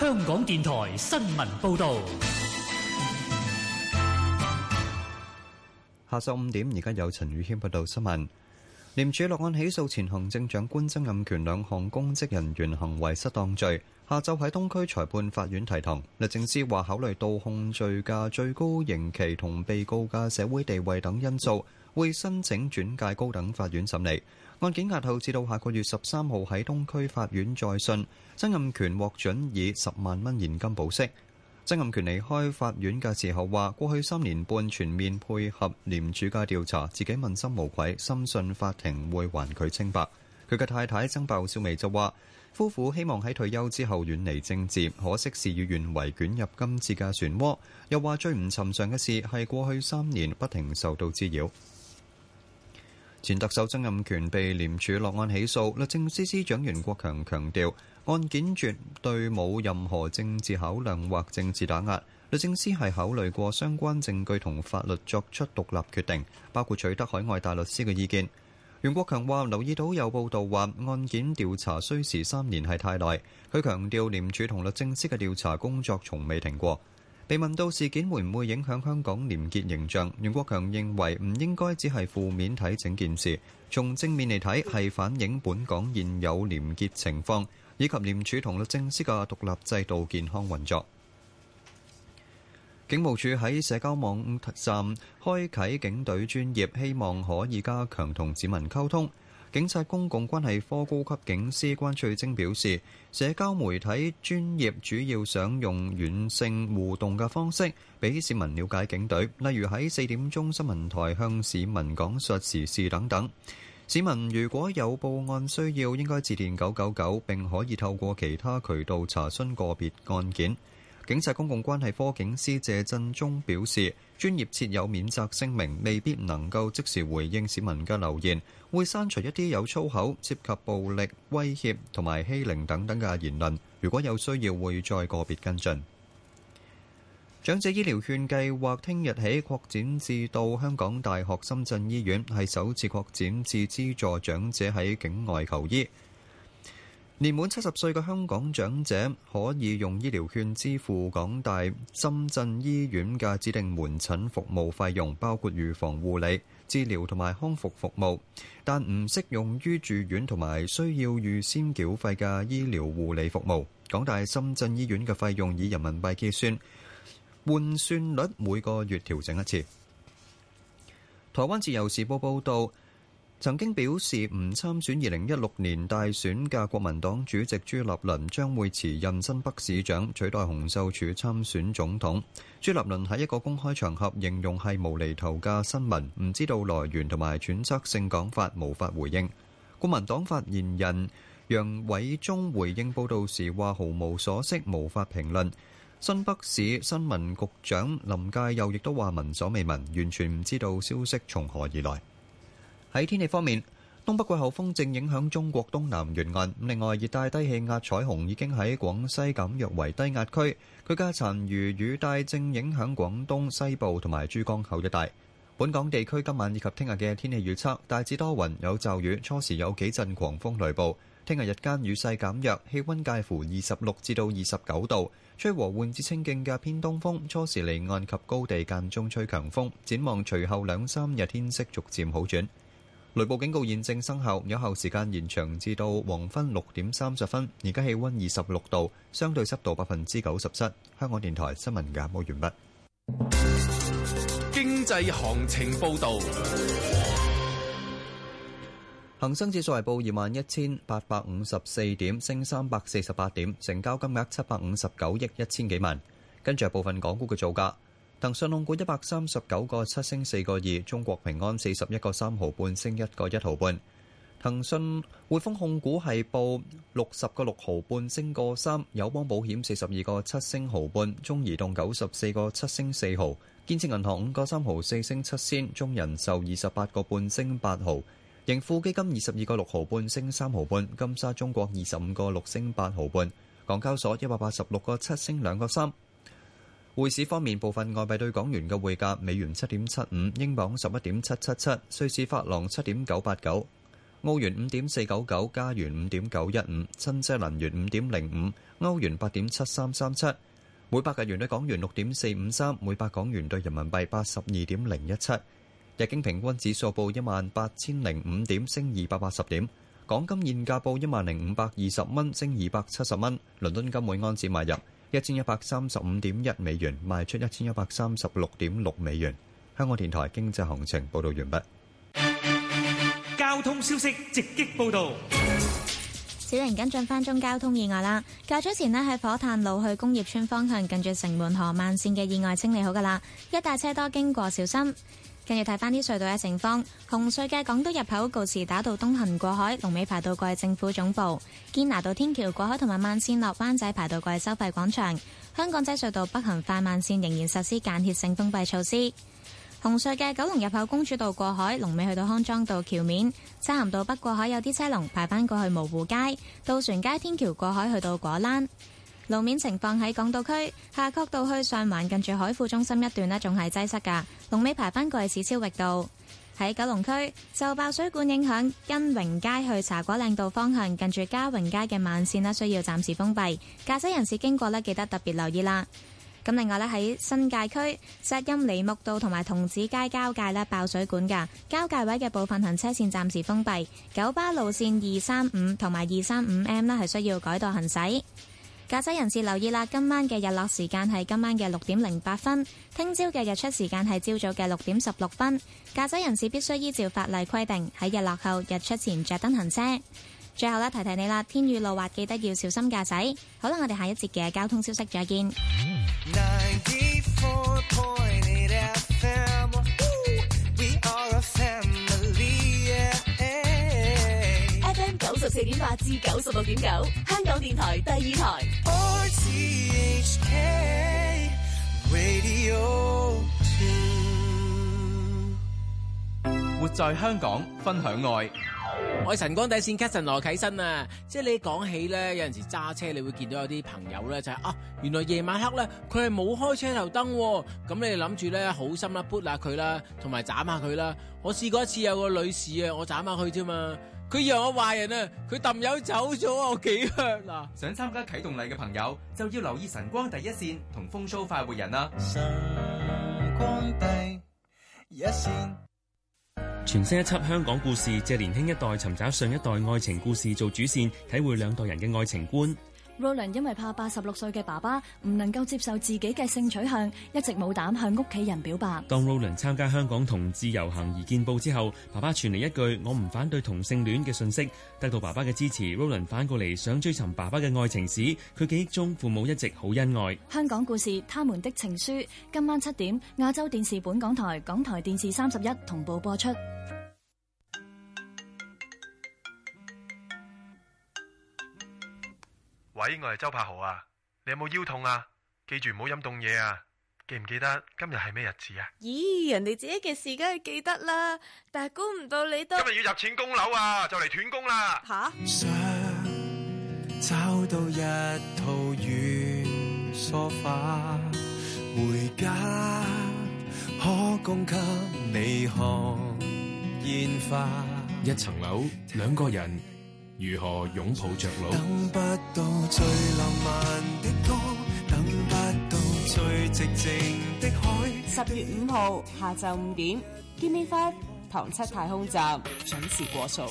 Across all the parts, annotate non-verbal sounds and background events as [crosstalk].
香港電台新聞報道。下晝五點，而家有陳宇謙報道新聞。廉署落案起訴前行政長官曾蔭權兩項公職人員行為失當罪。下晝喺東區裁判法院提堂，律政司話考慮到控罪嘅最高刑期同被告嘅社會地位等因素，會申請轉介高等法院審理。案件押後至到下個月十三號喺東區法院再訊。曾蔭權獲准以十萬蚊現金保釋。曾蔭權離開法院嘅時候話，過去三年半全面配合廉署嘅調查，自己問心無愧，深信法庭會還佢清白。佢嘅太太曾鮑笑薇就話，夫婦希望喺退休之後遠離政治，可惜事與願違，捲入今次嘅漩渦，又話最唔尋常嘅事係過去三年不停受到滋擾。前特首曾蔭權被廉署落案起訴，律政司司長袁國強強調案件絕對冇任何政治考量或政治打壓。律政司係考慮過相關證據同法律作出獨立決定，包括取得海外大律師嘅意見，袁國強話留意到有報道話案件調查需時三年係太耐，佢強調廉署同律政司嘅調查工作從未停過。被問到事件會唔會影響香港廉潔形象，袁國強認為唔應該只係負面睇整件事，從正面嚟睇係反映本港現有廉潔情況以及廉署同律政司嘅獨立制度健康運作。警務處喺社交網站開啟警隊專業，希望可以加強同市民溝通。警察公共關係科高級警司關翠晶表示，社交媒體專業主要想用軟性互動嘅方式，俾市民了解警隊，例如喺四點鐘新聞台向市民講述時事等等。市民如果有報案需要，應該致電九九九，並可以透過其他渠道查詢個別案件。警察公共關係科警司謝振中表示，專業設有免責聲明，未必能夠即時回應市民嘅留言，會刪除一啲有粗口、涉及暴力、威脅同埋欺凌等等嘅言論。如果有需要，會再個別跟進。長者醫療券計劃聽日起擴展至到香港大學深圳醫院，係首次擴展至資助長者喺境外求醫。年滿七十歲嘅香港長者可以用醫療券支付港大深圳醫院嘅指定門診服務費用，包括預防護理、治療同埋康復服務，但唔適用於住院同埋需要預先繳費嘅醫療護理服務。港大深圳醫院嘅費用以人民幣計算，換算率每個月調整一次。台灣自由時報報道。曾經表示唔參選2016年大選嘅國民黨主席朱立倫將會辭任新北市長，取代洪秀柱參選總統。朱立倫喺一個公開場合形容係無厘頭嘅新聞，唔知道來源同埋揣測性講法，無法回應。國民黨發言人楊偉中回應報導時話毫無所識，無法評論。新北市新聞局長林介佑亦都話聞所未聞，完全唔知道消息從何而來。喺天氣方面，東北季候風正影響中國東南沿岸。另外，熱帶低氣壓彩虹已經喺廣西減弱為低壓區，佢家殘餘雨帶正影響廣東西部同埋珠江口一帶。本港地區今晚以及聽日嘅天氣預測大致多雲，有驟雨，初時有幾陣狂風雷暴。聽日日間雨勢減弱，氣温介乎二十六至到二十九度，吹和緩至清勁嘅偏東風，初時離岸及高地間中吹強風。展望隨後兩三日天色逐漸好轉。雷暴警告現正生效，有效時間延長至到黃昏六點三十分。而家氣温二十六度，相對濕度百分之九十七。香港電台新聞嘅報完畢。經濟行情報導，恒生指數係報二萬一千八百五十四點，升三百四十八點，成交金額七百五十九億一千幾萬。跟住部分港股嘅造價。騰訊控股一百三十九個七升四個二，中國平安四十一個三毫半升一個一毫半，騰訊、匯豐控股係報六十個六毫半升個三，友邦保險四十二個七升毫半，中移動九十四個七升四毫，建設銀行五個三毫四升七仙，中人壽二十八個半升八毫，盈富基金二十二個六毫半升三毫半，金沙中國二十五個六升八毫半，港交所一百八十六個七升兩個三。匯市方面，部分外幣兌港元嘅匯價：美元七點七五，英鎊十一點七七七，瑞士法郎七點九八九，澳元五點四九九，加元五點九一五，新西蘭元五點零五，歐元八點七三三七，每百日元兌港元六點四五三，每百港元兌人民幣八十二點零一七。日經平均指數報一萬八千零五點，升二百八十點。港金現價報一萬零五百二十蚊，升二百七十蚊。倫敦金每安士買入。一千一百三十五點一美元賣出一千一百三十六點六美元。香港電台經濟行情報道完畢。交通消息直擊報道。小玲跟進返宗交通意外啦。較早前咧喺火炭路去工業村方向近住城門河慢線嘅意外清理好噶啦，一帶車多，經過小心。跟住睇翻啲隧道嘅情況，紅隧嘅港島入口告士打道東行過海，龍尾排到過去政府總部堅拿道天橋過海，同埋慢線落灣仔排到過去收費廣場。香港仔隧道北行快慢線仍然實施間歇性封閉措施。紅隧嘅九龍入口公主道過海，龍尾去到康莊道橋面，漆咸道北過海有啲車龍排返過去蕪湖街，渡船街天橋過海去到果欄。路面情況，喺港島區下曲道去上環近住海富中心一段呢，仲係擠塞噶。龍尾排翻過去市超域道，喺九龍區，受爆水管影響，欣榮街去茶果嶺道方向近住嘉榮街嘅慢線呢，需要暫時封閉。駕駛人士經過呢，記得特別留意啦。咁另外呢，喺新界區石蔭梨木道同埋童子街交界呢，爆水管噶交界位嘅部分行車線暫時封閉，九巴路線二三五同埋二三五 M 呢，係需要改道行駛。駕駛人士留意啦，今晚嘅日落時間係今晚嘅六點零八分，聽朝嘅日出時間係朝早嘅六點十六分。駕駛人士必須依照法例規定喺日落後、日出前着燈行車。最後啦，提提你啦，天雨路滑，記得要小心駕駛。好啦，我哋下一節嘅交通消息再見。94. 十四點八至九十六點九，香港電台第二台。R T H K Radio Two 活在香港，分享愛。我係晨光底線 Catherine 羅啟新啊，即係你講起咧，有陣時揸車你會見到有啲朋友咧就係、是、啊，原來夜晚黑咧佢係冇開車頭燈，咁你諗住咧好心啦撥下佢啦，同埋斬下佢啦。我試過一次有個女士啊，我斬下佢啫嘛。佢以為我壞人啊！佢揼友走咗，我幾香啊！想參加啟動禮嘅朋友就要留意神《晨光第一線》同《風騷快活人》啦！晨光第一線全新一輯香港故事，借年輕一代尋找上一代愛情故事做主線，體會兩代人嘅愛情觀。Roland 因為怕八十六歲嘅爸爸唔能夠接受自己嘅性取向，一直冇膽向屋企人表白。當 Roland 參加香港同志遊行而見報之後，爸爸傳嚟一句我唔反對同性戀嘅信息，得到爸爸嘅支持。Roland 反過嚟想追尋爸爸嘅愛情史，佢記憶中父母一直好恩愛。香港故事，他們的情書，今晚七點亞洲電視本港台、港台電視三十一同步播出。喂，我係周柏豪啊，你有冇腰痛啊？記住唔好飲凍嘢啊！記唔記得今日係咩日子啊？咦，人哋自己嘅事梗係記得啦，但係估唔到你都今日要入錢供樓啊，就嚟斷供啦！吓！想找到一套軟梳化，回家可供給你看煙花。一層樓，兩個人。如何擁抱著老？等不到最浪漫的歌，等不到最寂靜的海。十月五號下晝五點 Gimme 5，唐七太空站準時過數。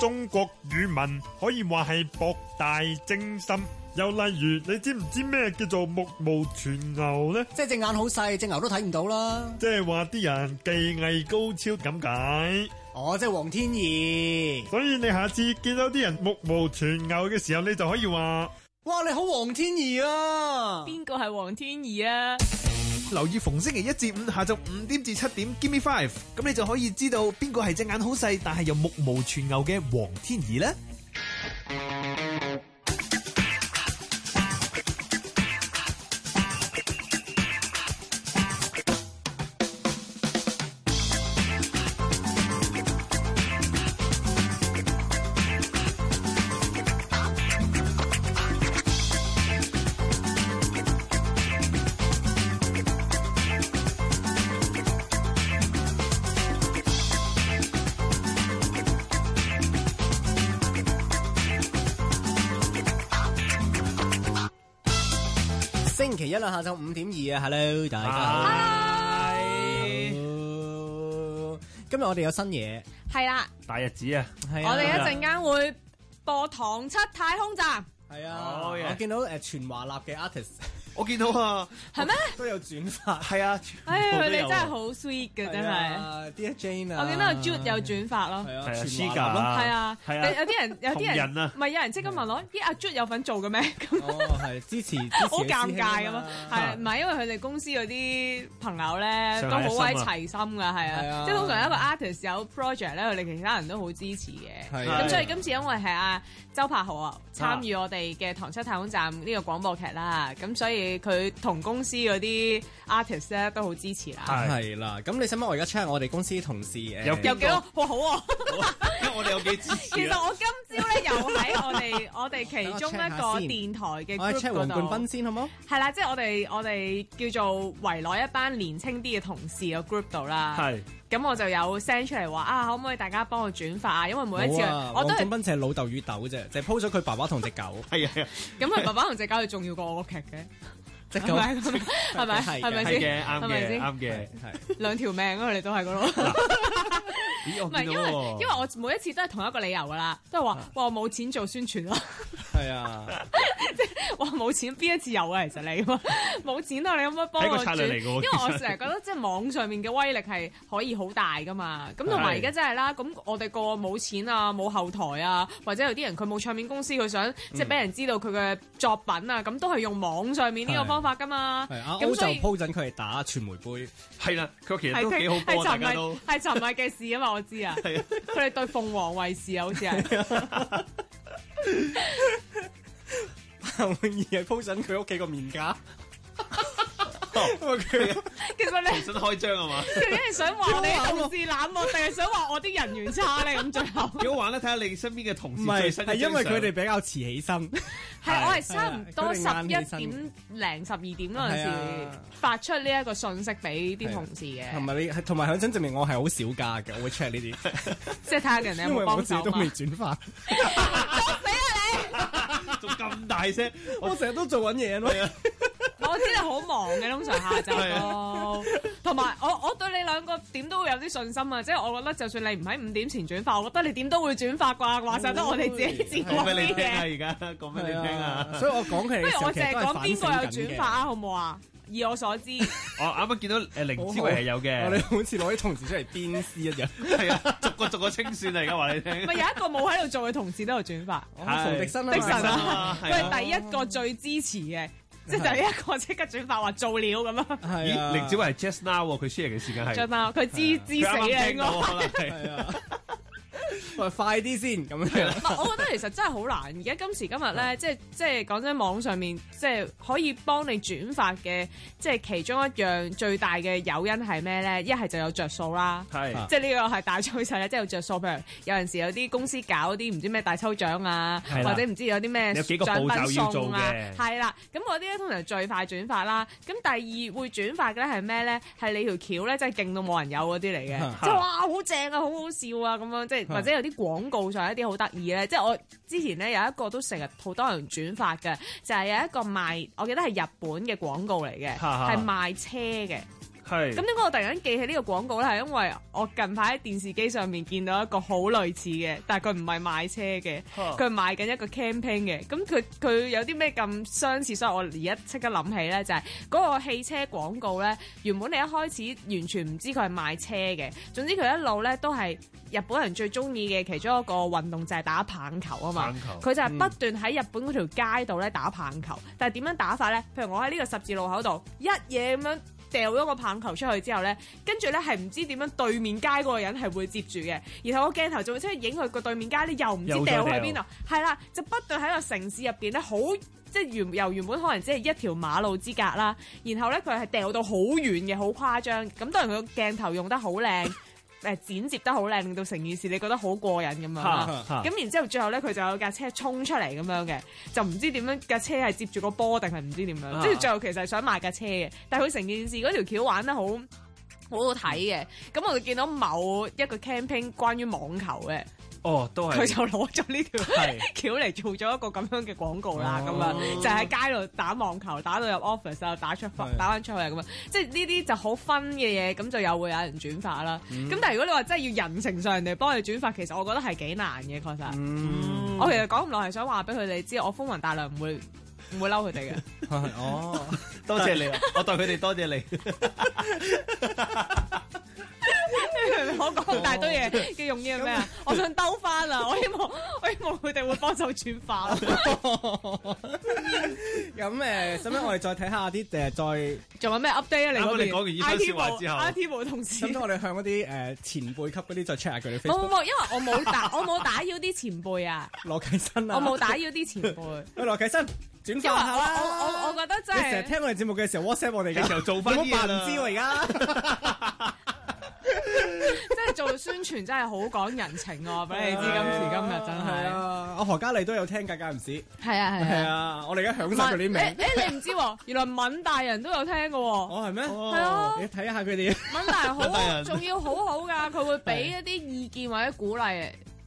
中國語文可以話係博大精深，又例如你知唔知咩叫做目無全牛咧？即係隻眼好細，隻牛都睇唔到啦。即係話啲人技藝高超咁解。哦，即係黃天頤。所以你下次見到啲人目無全牛嘅時候，你就可以話：哇，你好黃天頤啊！邊個係黃天頤啊？留意逢星期一至五下晝五點至七點，Give me five，咁你就可以知道邊個係隻眼好細，但係又目無全牛嘅黃天頤咧。下晝五點二啊，Hello 大家好。Hello 今日我哋有新嘢，係啦，大日子啊，啊我哋一陣間會播《唐七太空站》啊，係啊，我見到誒全華立嘅 artist。我見到啊，係咩都有轉發，係啊！佢哋、哎、真係好 sweet 嘅，真係、啊。Dear Jane 啊，我見到阿 Jude 有轉發咯，係啊,啊,啊,啊,啊,啊,啊,啊,啊，啊，係啊，有啲人有啲人唔係有人即刻問我：咦，阿 Jude 有份做嘅咩？咁、哦、係、啊、 [laughs] 支持，好尷 [laughs] 尬咁啊！係唔係因為佢哋公司嗰啲朋友咧、啊、都好鬼齊心嘅，係啊，即係通常一個 artist 有 project 咧，佢哋其他人都好支持嘅。咁、啊、所以今次因為係阿、啊、周柏豪啊參與我哋嘅《唐七太空站》呢、呢個廣播劇啦，咁、啊啊啊、所以。佢同公司嗰啲 artist 咧都好支持啦、啊，係啦。咁你使唔使我而家 check 下我哋公司同事嘅？有有幾好好好！我哋有幾支持、啊、其實我今朝咧又喺我哋我哋其中一個電台嘅 group 度。我 check 黃冠斌先，好冇？係啦，即、就、係、是、我哋我哋叫做圍內一班年青啲嘅同事個 group 度啦。係。咁我就有 send 出嚟話啊，可唔可以大家幫我轉發啊？因為每一次、啊、我都係，我陳老豆與豆啫，就 po 咗佢爸爸同隻狗。係 [laughs] 啊是的，咁 [laughs] 佢爸爸同隻狗，佢重要過我個劇嘅， [laughs] 即狗可咁，係 [laughs] 咪？係咪先？係咪先？啱嘅，啱嘅，係兩條命啊！你都係嗰度。唔係，哦、因為因為我每一次都係同一個理由噶啦，都係話，哇，冇錢做宣傳咯。係啊， [laughs] 即係話冇錢，邊一次有啊？其實你，冇錢啊！你可唔可以幫我？因為我成日覺得即係 [laughs] 網上面嘅威力係可以好大噶嘛。咁同埋而家真係啦，咁我哋個冇錢啊，冇後台啊，或者有啲人佢冇唱片公司，佢想即係俾人知道佢嘅作品啊，咁都係用網上面呢個方法噶嘛。咁就鋪準佢係打傳媒杯。係啦，佢其實都幾好嘅，大家都係尋日嘅事啊嘛。 [laughs] 我知啊，係啊，佢哋對鳳凰衛視啊，好似係。阿永儀係鋪緊佢屋企個名架。哦、其實你新開張啊嘛？佢係想話你同事懶，我定係想話我啲人緣差咧？咁最後。幾好玩咧！睇下你身邊嘅同事的是。唔係，係因為佢哋比較遲起身。係我係差唔多十一點零十二點嗰陣時候發出呢一個信息俾啲同事嘅。同埋、啊、你，同埋想證明我係好少假嘅，我會 check 呢啲，即係睇下人哋有冇幫我、啊啊、我。字都未轉發。死啦你！仲咁大聲？我成日都做緊嘢咯。啊 [laughs] 我知你好忙嘅，通常下就咯。同 [laughs] 埋、啊、我我對你兩個點都會有啲信心啊，即、就、係、是、我覺得就算你唔喺五點前轉發，我覺得你點都會轉發啩、哦。話晒得我哋自己自覺啲講俾你聽啊現在，而家講俾你聽啊，啊。所以我講嘅不如我淨係講邊個有轉發，發啊，好唔好啊？以我所知， [laughs] 我啱啱見到誒，凌之慧係有嘅。 [laughs] 你好似攞啲同事出嚟鞭屍一樣，係 [laughs] 啊，逐個逐個清算而家話你聽。咪 [laughs] 有一個冇喺度做嘅同事都有轉發，馮、啊、迪生啦、啊，佢係、啊啊啊、 [laughs] 第一個最支持嘅。 [laughs] [laughs] 即 [music] 就係、係，一個即刻轉發話做料咁啊。咦，凌子、啊、慧係 just now 喎，佢 share 嘅時間係 just now，佢知知死你我。 [laughs] 喂快啲先咁樣 [laughs] 我覺得其實真係好難。而家今時今日咧， [laughs] 即係即係講真，網上面即係可以幫你轉發嘅，即係其中一樣最大嘅誘因係咩咧？一係就有着數啦。係，即係呢個係大抽獎咧，即係有着數。譬如有陣時有啲公司搞啲唔知咩大抽獎啊，或者唔知有啲咩獎品有幾個送啊，係啦。咁嗰啲咧通常最快轉發啦。咁第二會轉發嘅咧係咩咧？係你條橋咧真係勁到冇人有嗰啲嚟嘅，即 [laughs] 係哇好正啊，好好笑啊咁樣，即係。 [laughs] 即係有啲廣告上一啲好得意咧，即係我之前咧有一個都成日好多人轉發嘅，就係有一個賣，我記得係日本嘅廣告嚟嘅，係 [laughs] 賣車嘅。咁點解我突然間記起呢個廣告咧？係因為我近排喺電視機上面見到一個好類似嘅，但佢唔係賣車嘅，佢賣緊一個 campaign 嘅。咁佢佢有啲咩咁相似？所以我而家即刻諗起咧，就係嗰個汽車廣告咧。原本你一開始完全唔知佢係賣車嘅。總之佢一路咧都係日本人最中意嘅其中一個運動就係打棒球啊嘛。佢就係不斷喺日本嗰條街度咧打棒球。但係點樣打法咧？譬如我喺呢個十字路口度一嘢咁樣掉咗個棒球出去之後咧，跟住咧係唔知點樣對面街嗰個人係會接住嘅，然後個鏡頭仲會出去影佢個對面街咧，又唔知掉去邊度，係啦，就不斷喺個城市入面咧，好即係原由原本可能只係一條馬路之隔啦，然後咧佢係掉到好遠嘅，好誇張，咁當然佢個鏡頭用得好靚。 [laughs] 誒剪接得好靚，令到成件事你覺得好過癮咁樣。咁 [music] [music] 然之後最後咧，佢就有架車衝出嚟咁樣嘅，就唔知點樣架車係接住個波定係唔知點樣。即係 [music] 最後其實想買架車嘅，但係佢成件事嗰條橋玩得好好好睇嘅。咁我哋見到某一個 campaign 關於網球嘅。哦，都係佢就攞咗呢條橋嚟 [laughs] 做咗一個咁樣嘅廣告啦，咁、哦、樣就喺街度打網球，打到入 office 啊，打出翻，打翻出去咁啊，即係呢啲就好 fun 嘅嘢，咁就又會有人轉發啦。咁、嗯、但係如果你話真係要人情上人哋幫佢轉發，其實我覺得係幾難嘅，確實。嗯、我其實講唔落係想話俾佢哋知，我風雲大量唔會唔會嬲佢哋嘅。 [laughs] 哦，多謝你啊，我代佢哋多謝你。 [laughs] [laughs] [laughs] 明明我講大堆嘢嘅用意係咩啊？我想兜翻啊！我希望，我希望佢哋會幫手轉發。咁 [laughs] 誒，使使我哋再睇下啲誒？再仲有咩 update 啊？剛剛你嗰邊？I T 部同事等等我哋向嗰啲誒前輩級嗰啲再 check 下佢哋。我因為我冇打，我冇打擾啲前輩啊。羅啟新，我冇打擾啲前輩。阿羅啟新，轉告下啦。我我我覺得真係。你聽我哋節目嘅時候，WhatsApp 我哋嘅時候做翻我唔知喎而家。 [laughs] 即 [laughs] 係做宣傳真係好講人情啊。俾你、啊、知今時今日真係、啊啊。我何嘉莉都有聽《格格唔止》啊，係啊係啊，我哋而家享受佢啲名。誒、欸欸，你唔知、啊， [laughs] 原來敏大人都有聽噶、啊。哦，係咩？係啊，哦、你睇下佢哋。敏大人,敏大人好，仲要好好噶，佢會俾一啲意見或者鼓勵。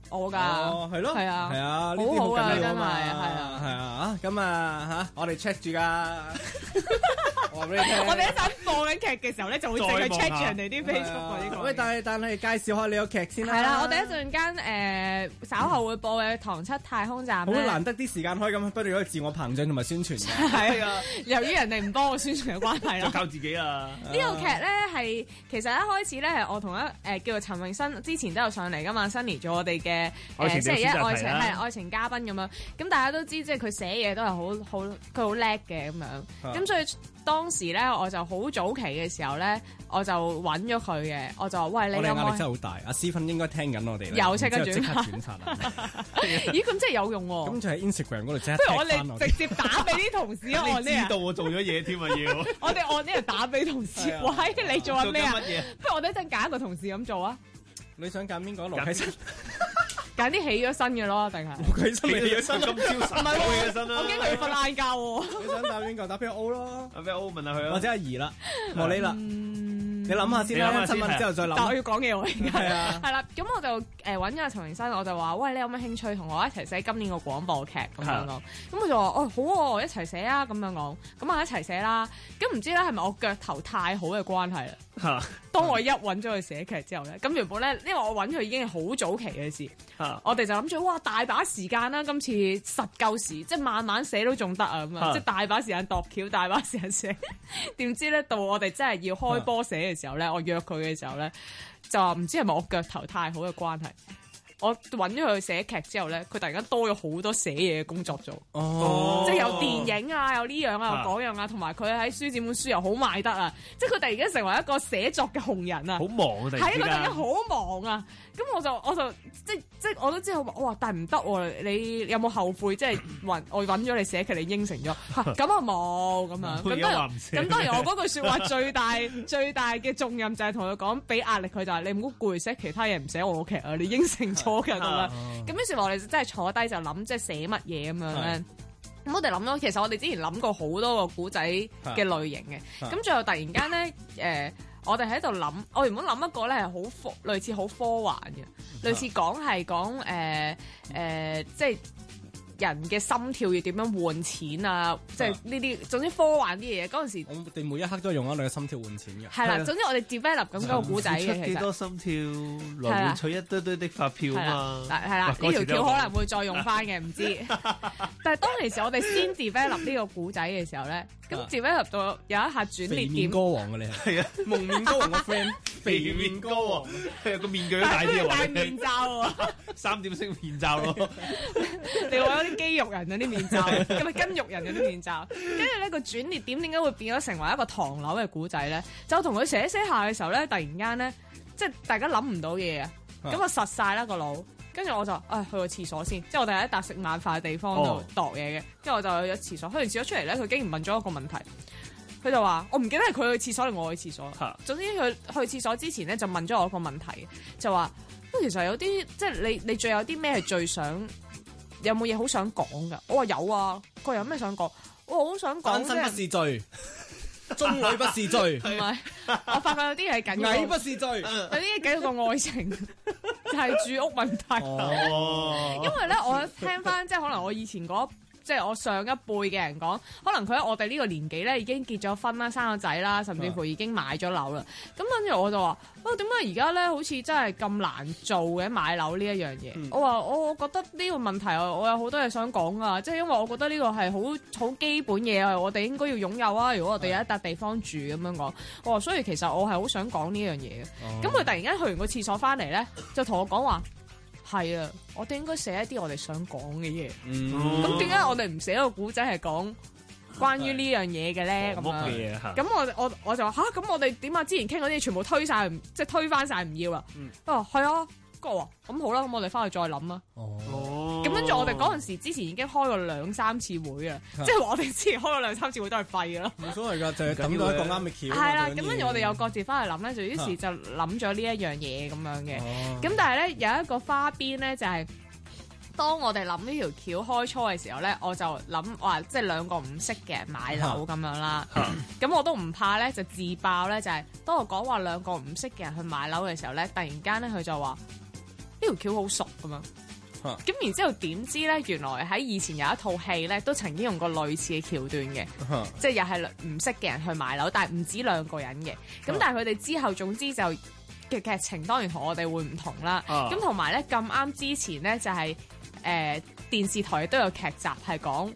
我噶，係、哦、咯，係啊，係啊，好好噶，真係，係啊，係 [laughs] 啊，咁啊，吓，我哋 check 住噶，我哋一陣播緊劇嘅時候咧，就會成日 check 住人哋啲 Facebook 嗰啲。喂，但係但係介紹下你個劇先啦。係啦，我哋一陣間誒稍後會播嘅《唐七太空站》嗯。好、嗯、難得啲時間開不可以咁如到佢自我膨脹同埋宣傳嘅、啊。係啊，由於人哋唔幫我宣傳嘅關係啦。靠自己啊！呢、呢個劇咧係其實一開始咧係我同一誒叫做陳榮新，之前都有上嚟噶嘛，Sunny 做我哋嘅。星期一愛情係愛，愛、啊、愛情嘉賓咁樣，咁大家都知，即係佢寫嘢都係好好，佢好叻嘅咁樣，咁所以當時咧，我就好早期嘅時候咧，我就揾咗佢嘅，我就話喂，你有有。我哋壓力真係好大，阿、啊、思芬應該聽緊我哋。有識嘅轉發，咦？咁真係有用喎、啊。咁就喺 Instagram 嗰度即刻。不如我哋直接打俾啲 [laughs] 同事、啊。 [laughs] 我知道我做咗嘢添啊？要 [laughs] 。我哋按呢度打俾同事， [laughs] 喂，你做緊咩啊？不如我哋一陣揀一個同事咁做啊？你想揀邊個？揀啲起咗身嘅咯，定係起咗身咁超神，唔係喎，起咗身啦！我驚佢瞓晏覺喎。你想 [laughs] 打邊個？打俾 O 囉？打俾 O 問下佢啦。或者阿怡啦，莫呢啦，你諗下先啦。問完之後再諗。但我要講嘢，我而家係啦。咁我就誒揾咗阿陳明生，我就話：喂，你有乜興趣同我一齊寫今年個廣播劇咁樣講？咁佢就話：哦、哎，好、啊，一齊寫啊！咁樣講，咁啊一齊寫啦。咁唔知咧係咪我腳頭太好嘅關係啦？當我一揾咗佢寫劇之後咧，咁原本咧，因為我揾佢已經係好早期嘅事。 [music] 我哋就諗住哇，大把時間啦、啊，今次實夠時，即係慢慢寫都仲得啊咁，啊，即係大把時間度橋，大把時間寫。點知咧到我哋真係要開波寫嘅時候咧， [music] 我約佢嘅時候咧，就唔知係咪我腳頭太好嘅關係，我搵咗佢去寫劇之後咧，佢突然間多咗好多寫嘢嘅工作做，哦、即係有電影啊，有呢樣啊，有嗰樣啊，同埋佢喺書展本書又好賣得啊，即係佢突然間成為一個寫作嘅紅人啊，好忙啊，係啊，佢突然間好忙啊。 [music] 咁我就我就即即我都知我話哇，但係唔得喎！你有冇後悔？即係揾我揾咗你寫劇你應承咗，咁 [laughs] 啊冇咁樣、樣。咁當然咁當然，我嗰句說話最大 [laughs] 最大嘅重任就係同佢講俾壓力、就係，佢就係你唔好攰寫其他嘢，唔寫我劇啊！你應承咗㗎。咁 [laughs] 咁樣。咁 [laughs] 於是我哋真係坐低就諗，即、就、係、係、寫乜嘢咁樣咧。 [laughs] [laughs] 我哋諗咯，其實我哋之前諗過好多個古仔嘅類型嘅，咁最後突然間咧，誒、 [laughs] 呃，我哋喺度諗，我原本諗一個咧係好科，類似好科幻嘅，類似講係講誒誒，即係。人嘅心跳要點樣換錢啊？即係呢啲，總之科幻啲嘢。嗰陣時，我哋每一刻都用一兩個心跳換錢嘅。係啦、啊啊，總之我哋 develop 咁多個故仔幾、啊、多心跳來換取一堆堆的發票啊嘛？係啦、啊，呢、啊啊、條，條條可能會再用翻嘅，唔、啊、知道。 [laughs] 但係當其時我哋先 develop 呢個古仔嘅時候咧，咁、啊、develop 到有一下轉捩點。面歌王嘅、啊、你係。係 [laughs] 啊，蒙面歌王嘅 friend， [laughs] 肥面歌喎， [laughs] 有個面具都戴住。戴 [laughs] 面罩、啊、 [laughs] 三點式面罩咯、啊。 [laughs] [laughs] 跟肌肉人嗰啲面罩，咁咪筋肉人啲面罩。跟住咧個轉裂點，點解會變咗成為一個唐樓嘅古仔咧？就同佢寫寫下嘅時候咧，突然間咧，即係大家諗唔到嘢啊！咁我實晒啦個腦，跟住我就誒、哎、去個廁所先。即係我哋喺一笪食晚飯嘅地方度度嘢嘅，跟、哦、住我就去咗廁所。去完廁所出嚟咧，佢竟然問咗一個問題，佢就話：我唔記得係佢去廁所定我去廁所。總之佢去廁所之前咧，就問咗我一個問題，就話：其實有啲即係你你仲有啲咩係最想？有冇嘢好想講噶？我話有啊，個人有咩想講？我好想講，單身不是罪，中 [laughs] 女不是罪，係 [laughs] 咪？我發覺有啲嘢緊要，矮不，不是罪，有啲嘢緊要過愛情，就係 [laughs] [laughs] 住屋問題。 [laughs] oh. 因為咧，我聽翻即係可能我以前嗰、嗰個。即係我上一輩嘅人講，可能佢喺我哋呢個年紀咧已經結咗婚啦、生咗仔啦，甚至乎已經買咗樓啦。咁跟住我就話：哦，點解而家咧好似真係咁難做嘅買樓呢一樣嘢？我話我覺得呢個問題，我有好多嘢想講啊！即係因為我覺得呢個係好好基本嘢，我哋應該要擁有啊。如果我哋有一笪地方住咁樣講、嗯，我話所以其實我係好想講呢樣嘢，咁佢突然間去完個廁所翻嚟咧，就同我講話。係、嗯嗯嗯，啊，我哋應該寫一啲我哋想講嘅嘢。咁點解我哋唔寫個古仔係講關於呢樣嘢嘅咧？咁樣，咁我我我就話吓，咁我哋點啊？之前傾嗰啲全部推晒，即係推翻晒唔要啦。嗯，哦，係啊。咁好啦，咁我哋翻去再諗啦。哦，咁跟住我哋嗰陣時之前已經開過兩三次會啊，即、oh. 係我哋之前開過兩三次會都係廢噶啦，冇 [laughs] 所謂噶、 [laughs] 啊，就係到一講啱嘅橋。係啦，咁跟住我哋又各自翻去諗咧，就於是就諗咗、oh. 呢一樣嘢咁樣嘅。咁但係咧，有一個花邊咧，就係、是、當我哋諗呢條橋開初嘅時候咧，我就諗話即係兩個唔識嘅人買樓咁樣啦。咁、 [laughs] 嗯、我都唔怕咧，就自爆咧，就係、是、當我講話兩個唔識嘅人去買樓嘅時候咧，突然間咧佢就話。呢、這、條、個、橋好熟㗎嘛，咁、huh. 然之後點知咧？原來喺以前有一套戲咧，都曾經用過類似嘅橋段嘅，huh. 即係又係唔識嘅人去買樓，但係唔止兩個人嘅。咁、huh. 但係佢哋之後總之就嘅劇情當然我同我哋會唔同啦。咁同埋咧，咁啱之前咧，就係、是、誒、呃、電視台都有劇集係講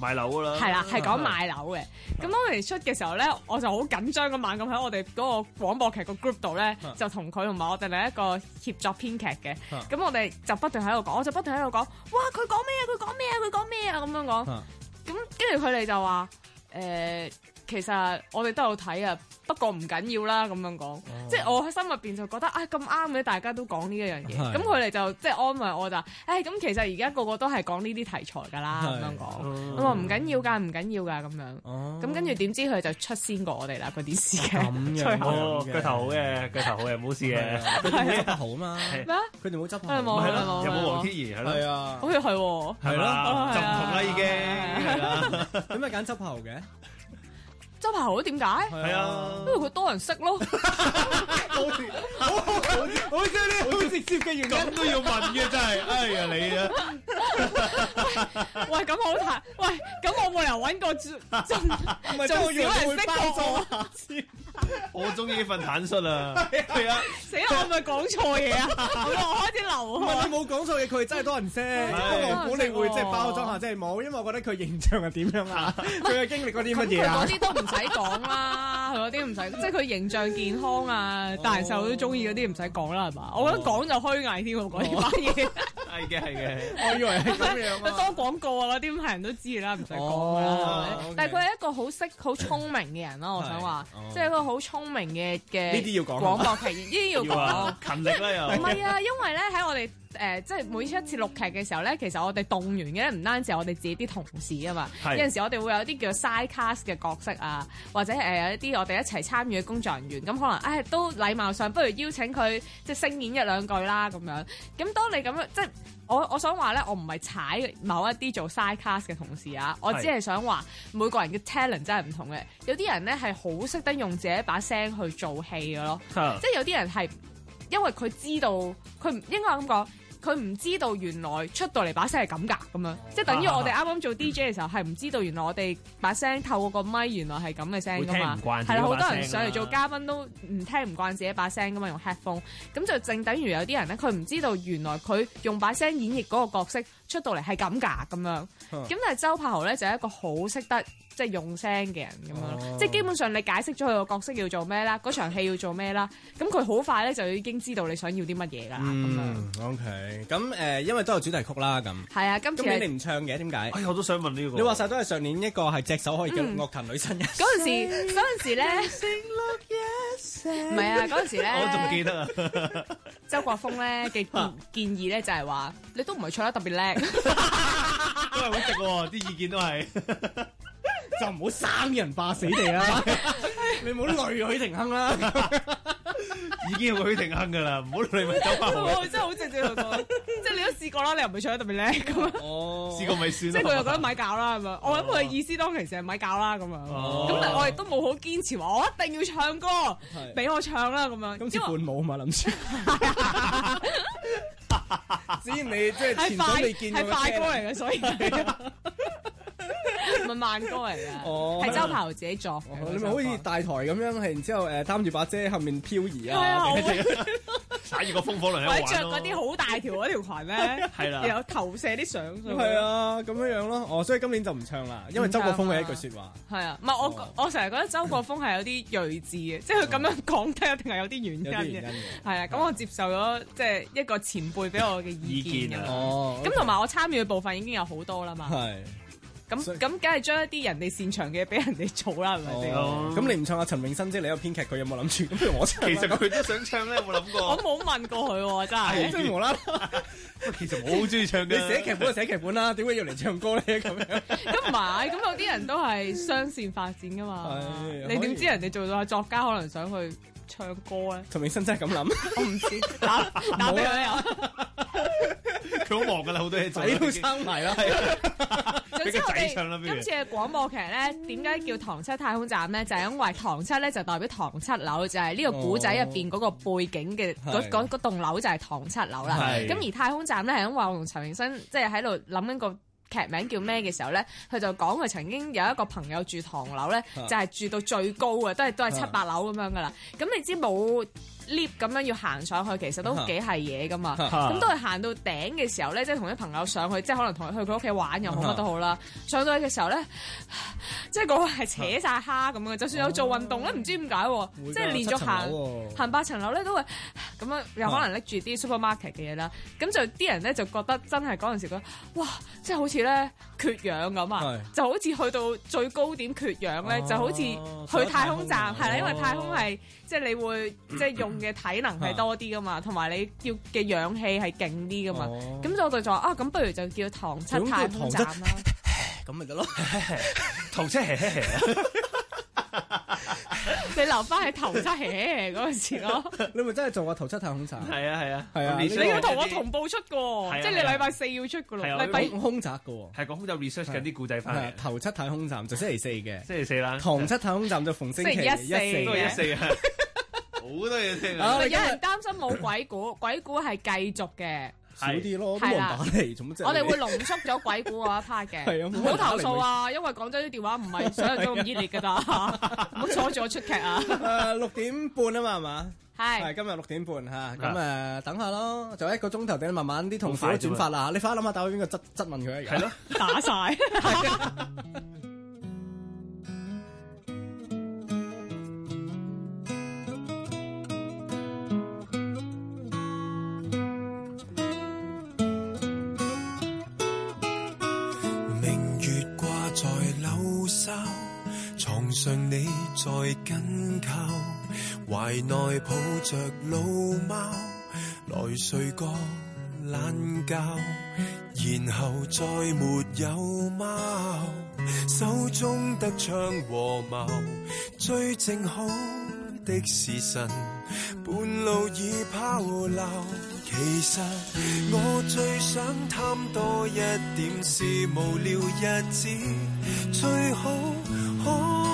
買樓㗎啦，係啦，係講買樓嘅。咁我哋出嘅時候咧，我就好緊張咁猛咁喺我哋嗰個廣播劇個 group 度咧，就同佢同埋我哋另一個協作編劇嘅。咁我哋就不斷喺度講，我就不斷喺度講，哇！佢講咩啊？佢講咩啊？佢講咩啊？咁樣講。咁跟住佢哋就話誒。呃其實我哋都有睇啊，不過唔緊要啦。咁樣講，即係我喺心入邊就覺得啊咁啱嘅，大家都講呢一樣嘢。咁佢哋就即係安慰我，就誒咁其實而家個個都係講呢啲題材㗎啦。咁樣講，我話唔緊要㗎，唔緊要㗎咁樣。咁跟住點知佢就出先過我哋啦個電視劇，腳頭嘅，腳頭嘅，腳頭好嘅冇事嘅，佢呢個好嘛？咩啊？佢哋冇執頭，係冇，係冇，又冇黃天頤係啊？好似係，係咯，就唔同啦已經。點解揀執頭嘅？周柏豪嗰，點解？係啊，因為佢多人識咯 [laughs] 好。我我好似呢好直接嘅，原咁都要問嘅真係。哎呀你啊！ [laughs] 喂，咁好睇？喂，咁我冇理由搵個做做少人識做啊！ [laughs] 我中意呢份坦率 [laughs] 啊，係啊！死，我係咪講錯嘢啊？ [laughs] 我， [laughs] [laughs] 我開始流汗。你冇講錯嘢，佢真係多人識。 [laughs] 我估你會即係 [laughs] 包裝下，真係冇，因為我覺得佢形象係點樣啊？佢 [laughs] 嘅 [laughs] [laughs] 經歷嗰啲乜嘢啊？嗰啲都唔使講啦，嗰啲唔使。 [laughs] [laughs] [laughs] 即係佢形象健康啊， [laughs] [laughs] 大人細路都中意嗰啲，唔使講啦，係嘛？我覺得講就虛偽添，講呢啲嘢。係 [laughs] 嘅，係嘅，我以為係咁樣，啊。佢 [laughs] 多廣告啊，啲咁係人都知啦，唔使講啦。Oh, okay. 但係佢係一個好識、好聰明嘅人咯， [laughs] 我想話，oh. 即係一個好聰明嘅嘅。呢啲要講，廣播劇呢啲要講 [laughs] 要、啊， [laughs] 勤力啦了又。唔 [laughs] 係啊，因為咧喺我哋。誒、呃，即係每一次錄劇嘅時候咧，其實我哋動員嘅咧唔單止係我哋自己啲同事啊嘛，有陣時候我哋會有啲叫 side cast 嘅角色啊，或者誒有一啲我哋一齊參與嘅工作人員，咁可能誒、哎、都禮貌上不如邀請佢即係聲演一兩句啦咁樣。咁當你咁樣即係我我想話咧，我唔係踩某一啲做 side cast 嘅同事啊，我只係想話每個人嘅 talent 真係唔同嘅，有啲人咧係好識得用自己把聲去做戲嘅咯，uh. 即係有啲人係因為佢知道佢唔應該咁講。佢唔知道原來出到嚟把聲係咁噶，咁樣即係等於我哋啱啱做 DJ 嘅時候係唔、啊啊、知道原來我哋把聲透過個咪原來係咁嘅聲噶嘛，係啦，好、那個、多人上嚟做嘉賓都唔聽唔慣自己把聲噶嘛，用 headphone，咁就正等於有啲人咧，佢唔知道原來佢用把聲演繹嗰個角色。出到嚟係咁㗎，咁樣咁但係周柏豪咧就係一個好識得即係用聲嘅人咁樣，即係基本上你解釋咗佢個角色要做咩啦，嗰場戲要做咩啦，咁佢好快咧就已經知道你想要啲乜嘢㗎啦。咁樣。O K，咁誒，因為都有主題曲啦，咁係啊，今次咁你哋唔唱嘅點解？哎呀，我都想問呢個。你話曬都係上年一個係隻手可以嘅樂壇女神啊！嗰陣時，嗰陣時咧，唔係啊，嗰陣時咧，我仲記得啊。周國峰咧嘅建議咧就係話，你都唔係唱得特別叻。 [laughs] 都係好直喎，啲 [laughs] 意見都係， [laughs] 就唔好生人霸死地啦。 [laughs] 你唔好累許廷鏗啦， [laughs] [laughs] 已經有許廷鏗噶啦，唔好累咪走埋真係好正接講， [laughs] 即係你都試過啦，你又唔會唱得特別叻咁啊？哦，試過咪算了，即係我又覺得咪教啦咁啊，我諗佢嘅意思當其時係咪教啦咁啊？哦，咁、哦、我亦都冇好堅持話我一定要唱歌，俾我唱啦咁樣。好似伴舞啊嘛，諗住。 [laughs] [laughs] 知 [laughs] 你即係、就是、前未輩，係快，快歌嚟嘅，所以唔係 [laughs] [laughs] 慢歌嚟嘅。哦，係周柏豪自己作、啊，你咪好似大台咁樣，係然之後誒擔住把遮後面漂移啊，打住、啊、 [laughs] [laughs] 個風火輪去玩咯、啊。着嗰啲好大條嗰條裙咩？係 [laughs] 啦、啊，有投射啲相，係、嗯、啊，咁樣樣咯。哦，所以今年就唔唱啦、啊，因為周國峰嘅一句說話係啊，唔係、哦、我我成日覺得周國峰係有啲睿智嘅， [laughs] 即係佢咁樣講得一定係有啲原因嘅。係 [laughs] 啊，咁我接受咗、啊、即係一個前輩。俾我嘅意見嘅，咁同埋我參與嘅部分已經有好多啦嘛。咁咁梗係將一啲人哋擅長嘅嘢俾人哋做啦，係咪先？咁、哦、你唔唱阿陳明生即你有編劇，佢有冇諗住？咁不如我其實佢都想唱咧， [laughs] 有冇諗過？我冇問過佢喎，真係。啦啦， [laughs] 其實我好中意唱嘅。你寫劇本就寫劇本啦，點 [laughs] 解要嚟唱歌咧？咁樣咁唔係，咁有啲人都係雙線發展噶嘛。你點知、啊、人哋做到作家，可能想去？唱歌咧，陳明生真係咁諗，我唔知 [laughs] 打，打打俾佢有，佢 [laughs] 好忙噶啦，好多嘢做，你都生埋啦。 [laughs] 今次嘅廣播劇咧，點、嗯、解叫唐七太空站咧？就係、因為唐七咧就代表唐七樓，就係、係、呢個古仔入邊嗰個背景嘅講嗰棟樓就係唐七樓啦。咁而太空站咧係因為我同陳明生即係喺度諗緊個，劇名叫咩嘅時候咧，佢就講佢曾經有一個朋友住唐樓咧，就係住到最高啊，都係都係七八樓咁樣㗎喇。咁你知冇？lift 咁樣要行上去其實都幾係嘢噶嘛，咁、啊啊、都係行到頂嘅時候咧，即係同啲朋友上去，即、就、係、是、可能同佢去佢屋企玩又好乜、啊、都好啦。上到去嘅時候咧，即係嗰個係扯晒蝦咁嘅，就算有做運動咧，唔、啊、知點解、啊，即係連續行、啊、行八層樓咧，都會咁樣又可能拎住啲 supermarket 嘅嘢啦。咁、啊、就啲人咧就覺得真係嗰陣時覺得哇，即、就、係、是、好似咧缺氧咁啊，就好似去到最高點缺氧咧、啊，就好似去太空站係啦、啊，因為太空係。啊即係你會、嗯、即係用嘅體能係多啲噶嘛，同、嗯、埋、嗯、你要嘅氧氣係勁啲噶嘛，咁、哦、我就就話啊，咁不如就叫唐七叫太空站啦，咁咪得咯，唐七係 [laughs] 你留翻係頭七嗰陣時咯 [laughs] 你咪真係做我頭七太空站？係啊，係啊，係啊，你要同我同步出噶、啊，即係你禮拜四要出噶咯，禮拜五、啊啊、空襲噶，係、啊、空有、啊啊、research 緊啲古仔翻嚟。頭七太空站就星期四嘅，星期四啦。唐七太空站就逢星期一、四嘅，好多嘢聽。 [laughs] [laughs] [laughs] [laughs] 有人擔心冇鬼故， [laughs] 鬼故係繼續嘅。少啲咯，咁、啊、我哋會濃縮咗鬼故嗰一 part 嘅，唔 [laughs] 好、啊、投訴啊！因為廣州啲電話唔係所有人都熱烈㗎咋，唔好阻住我出劇啊！誒六點半，半啊嘛，係、啊、嘛？係今日六點半嚇，咁、呃、誒等下咯，就一個鐘頭，等慢慢啲同事都轉發啦。你快啲諗下打去邊個質質問佢一樣，啊、 [laughs] 打曬完。 [laughs] 是的 [laughs] 像你在緊靠懷內抱着老貓來睡個懶覺，然後再沒有貓，手中得槍和矛，最靜好的時辰，半路已拋錨。其實我最想貪多一點是無聊日子，最好可。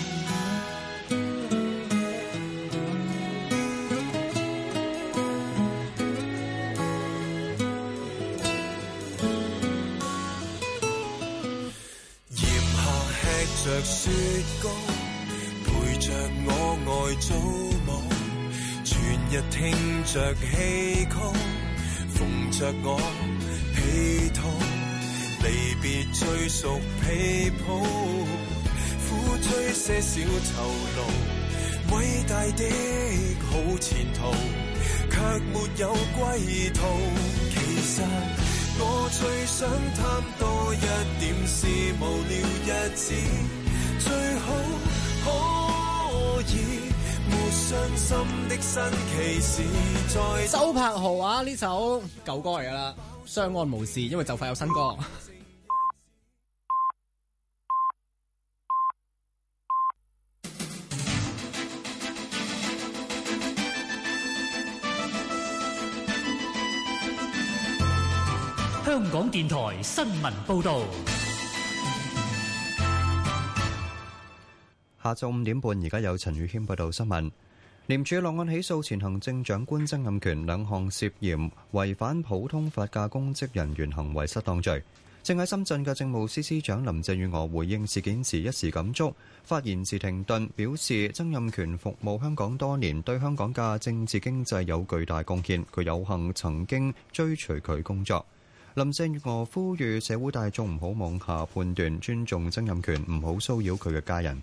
着雪糕，陪着我愛做夢，全日聽着戲曲，縫着我被套，離別最熟被鋪，苦追些小酬勞，偉大的好前途，卻沒有歸途，其實。我最想貪多一點，是無聊日子最好，可以沒傷心的新奇事再，周柏豪啊，呢首舊歌嚟㗎喇，相安無事，因為就快有新歌。香港電台新聞報道，下晝五點半，而家有陳宇謙報道新聞。廉署落案起訴前行政長官曾蔭權兩項涉嫌違反普通法嘅公職人員行為失當罪。正喺深圳嘅政務司司長林鄭月娥回應事件時一時感觸，發言時停頓，表示曾蔭權服務香港多年，對香港嘅政治經濟有巨大貢獻。佢有幸曾經追隨佢工作。林鄭月娥呼籲社會大眾唔好妄下判斷，尊重曾蔭權，唔好騷擾佢嘅家人。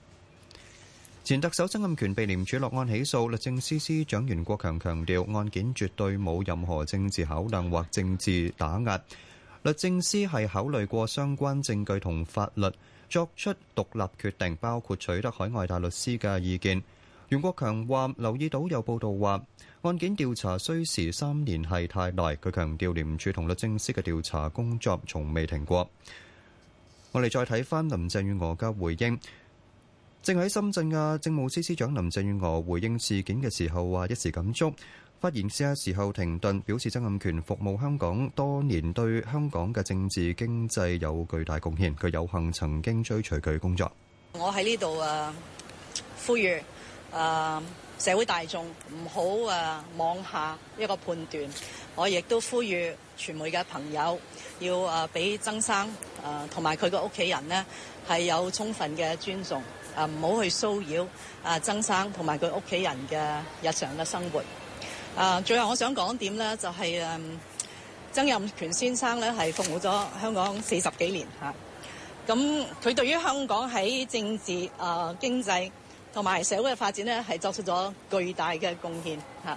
前特首曾蔭權被廉署落案起訴，律政司司長袁國強強調，案件絕對冇任何政治考量或政治打壓。律政司係考慮過相關證據同法律，作出獨立決定，包括取得海外大律師嘅意見。袁國強話留意到有報道話，案件調查需時三年係太耐。佢強調廉署同律政司嘅調查工作從未停過。我哋再睇翻林鄭月娥嘅回應，正喺深圳嘅政務司司長林鄭月娥回應事件嘅時候話：一時感觸，發言時候停頓，表示曾蔭權服務香港多年，對香港嘅政治經濟有巨大貢獻。佢有幸曾經追隨佢工作。我喺呢度誒，呼籲誒。啊社會大眾唔好誒妄下一個判斷，我亦都呼籲傳媒嘅朋友要誒俾曾生同埋佢嘅屋企人呢係有充分嘅尊重，唔好去騷擾曾生同埋佢屋企人嘅日常嘅生活。最後我想講點咧，就係誒曾蔭權先生咧係服務咗香港四十幾年嚇，咁佢對於香港喺政治經濟，同埋社會嘅發展咧，係作出咗巨大嘅貢獻嚇。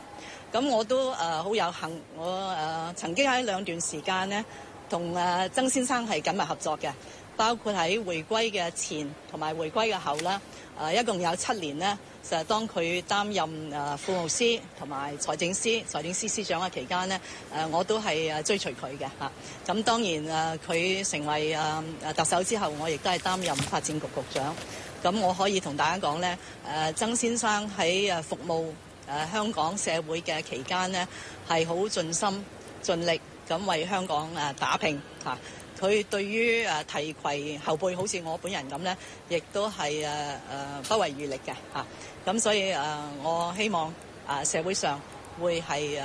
咁我都誒好有幸，我誒曾經喺兩段時間呢同誒曾先生係緊密合作嘅。包括喺回歸嘅前同埋回歸嘅後啦，誒一共有七年呢，就當佢擔任誒副務司同埋財政司、財政司司長嘅期間呢，誒我都係追隨佢嘅嚇。咁當然誒，佢成為誒特首之後，我亦都係擔任發展局局長。咁我可以同大家講咧，誒曾先生喺服務香港社會嘅期間咧，係好盡心盡力咁為香港打拼。佢、啊、對於提攜後輩，好似我本人咁咧，亦都係、啊啊、不遺餘力嘅嚇。咁、啊、所以誒、啊，我希望啊社會上會係誒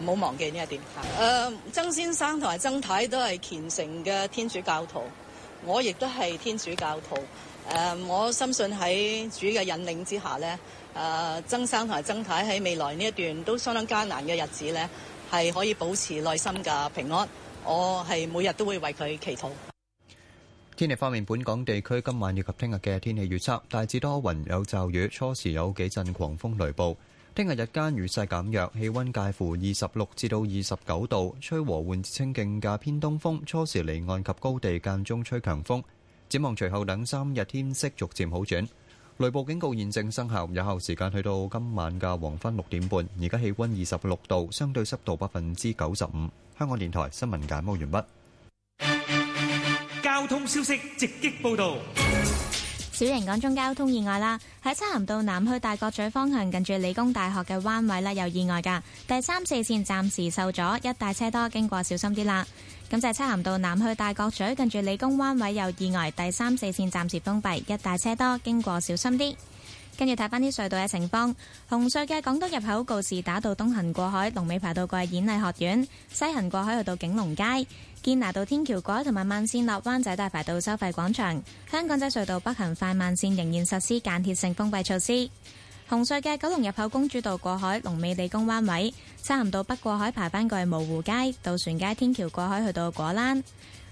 唔好忘記呢一點嚇、啊。曾先生同埋曾太都係虔誠嘅天主教徒，我亦都係天主教徒。誒，我深信喺主嘅引領之下呢，誒曾生同埋曾太喺未來呢一段都相當艱難嘅日子呢，係可以保持內心嘅平安。我係每日都會為佢祈禱。天氣方面，本港地區今晚以及聽日嘅天氣預測大致多雲有驟雨，初時有幾陣狂風雷暴。聽日日間雨勢減弱，氣溫介乎二十六至到二十九度，吹和緩清勁嘅偏東風，初時離岸及高地間中吹強風。展望隨後兩三日天色逐漸好轉。雷暴警告現正生效，有效時間去到今晚嘅黃昏六點半。而家氣溫二十六度，相對濕度百分之九十五。香港電台新聞簡報完畢。交通消息直擊報導。小型港中交通意外啦，喺漆咸道南去大角咀方向近住理工大學嘅彎位呢，有意外噶，第三四線暫時受阻，一大車多，經過小心啲啦。咁就係漆咸道南去大角咀近住理工彎位有意外，第三四線暫時封閉，一大車多，經過小心啲。跟住睇翻啲隧道嘅情況，紅隧嘅港島入口告士打道東行過海，龍尾排到過去演藝學院；西行過海去到景隆街、堅拿道天橋過海同埋慢線落灣仔大排到收費廣場。香港仔隧道北行快慢線仍然實施間歇性封閉措施。紅隧嘅九龍入口公主道過海，龍尾理工灣位，漆咸道北過海排翻過蕪湖街、渡船街天橋過海去到果欄。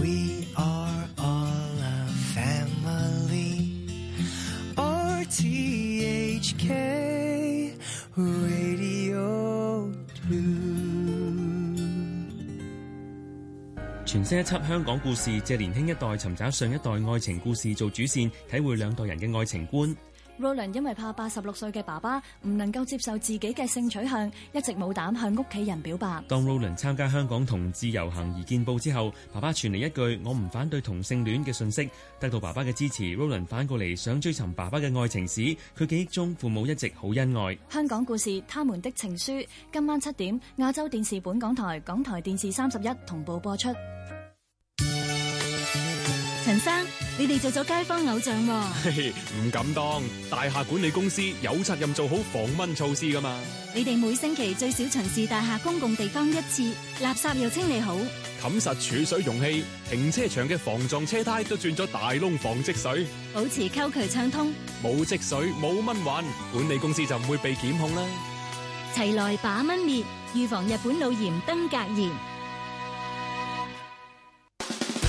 We are all a family, RTHK Radio 2。全新一輯香港故事借年輕一代尋找上一代愛情故事做主線，體會兩代人嘅愛情觀。Roland 因為怕八十六歲嘅爸爸唔能夠接受自己嘅性取向，一直冇膽向屋企人表白。當 Roland 參加香港同志遊行而見報之後，爸爸傳嚟一句我唔反對同性戀嘅信息，得到爸爸嘅支持。Roland 反過嚟想追尋爸爸嘅愛情史，佢記憶中父母一直好恩愛。香港故事，他們的情書，今晚七點，亞洲電視本港台、港台電視三十一同步播出。陳生。你哋做咗街坊偶像，啊，唔 [laughs] 敢當，大廈管理公司有責任做好防蚊措施噶嘛？你哋每星期最少巡視大廈公共地方一次，垃圾又清理好，冚實儲水容器，停車場嘅防撞車胎都轉咗大窿防積水，保持溝渠暢通，冇積水冇蚊患，管理公司就唔會被檢控啦。齊來把蚊滅，預防日本腦炎登革炎。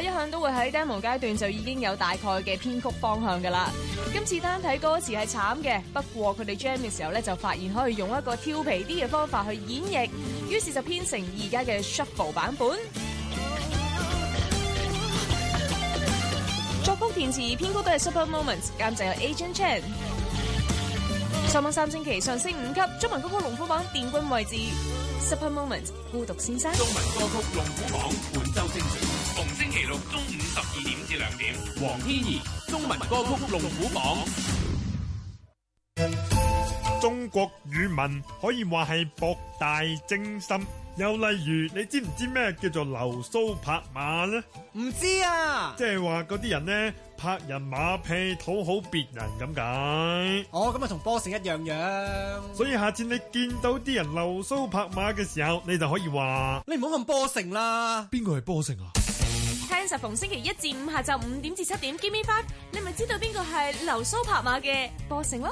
一向都會喺 demo 階段就已經有大概嘅編曲方向噶啦。今次單睇歌詞係慘嘅，不過佢哋 jam 嘅時候咧就發現可以用一個調皮啲嘅方法去演繹，於是就編成而家嘅 shuffle 版本。作曲填詞編曲都係 Supper Moment，監製有 Agent Chan。上榜三星期上升五級，中文歌曲龍虎榜殿軍位置。Supper Moment，孤獨先生。中文歌曲龍虎榜本周精逢星期六中午十二點至兩點，黃天頤中文歌曲龍虎榜。中國語文可以話係博大精深。又例如，你知唔知咩叫做流蘇拍馬咧？唔知啊！即係話嗰啲人呢，拍人馬屁討好別人咁解。哦，咁啊同波成一樣樣。所以下次你見到啲人流蘇拍馬嘅時候，你就可以話。你唔好咁波成啦。邊個係波成啊？逢星期一至五下晝五點至七點，Give me five，你咪知道邊個係流蘇拍馬嘅播成咯？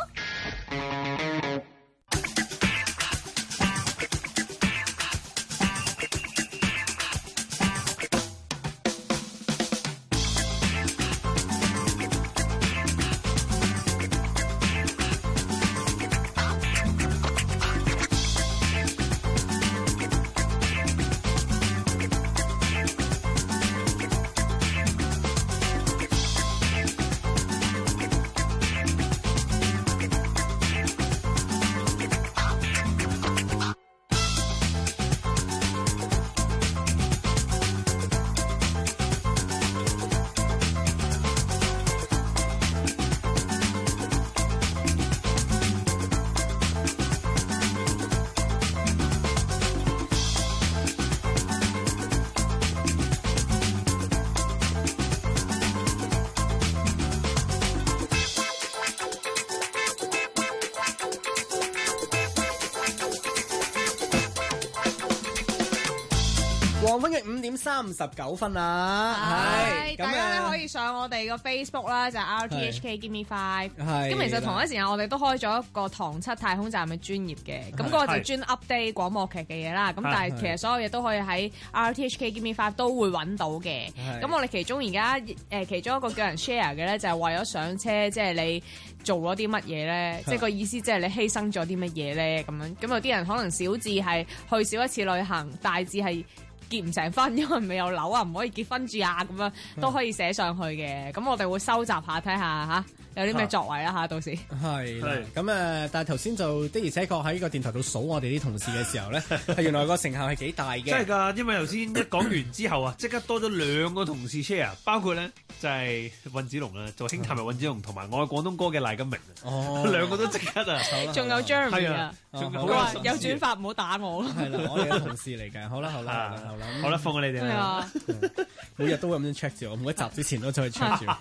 三十九分啦，係大家咧可以上我哋個 Facebook 啦，就係 RTHK Give Me Five，咁其實同一時間我哋都開咗一個唐七太空站嘅專業嘅，咁嗰個就專 update 廣播劇嘅嘢啦，咁但係其實所有嘢都可以喺 RTHK Give Me Five 都會揾到嘅，咁我哋其中而家誒其中一個叫人 share 嘅咧就係為咗上車，即係你做咗啲乜嘢咧，即係個意思即係你犧牲咗啲乜嘢咧咁樣，咁有啲人可能小至係去少一次旅行，大至係。結唔成婚，因為未有樓啊，唔可以結婚住啊，咁樣都可以寫上去嘅。咁我哋會收集下睇下嚇。有啲咩作為啊？到時係咁但係頭先就的而且確喺呢個電台度數我哋啲同事嘅時候咧， [laughs] 原來個成效係幾大嘅。真係㗎，因為頭先一講完之後啊，即 [coughs] 刻多咗兩個同事 share，包括咧就係韋子龍啊，做兄弟埋子龍，同、就、埋、是、我嘅廣東歌嘅賴金明，哦、兩個都即刻啊，仲有 Jeremy 啊，佢有轉發唔好打我哋 [laughs] 啦，我同事嚟㗎，好啦好啦， [laughs] 好啦，好啦，放過、啊、你哋。啊、 [laughs] 每日都會咁樣 check 住，我，每一集之前都再 check 住 [laughs]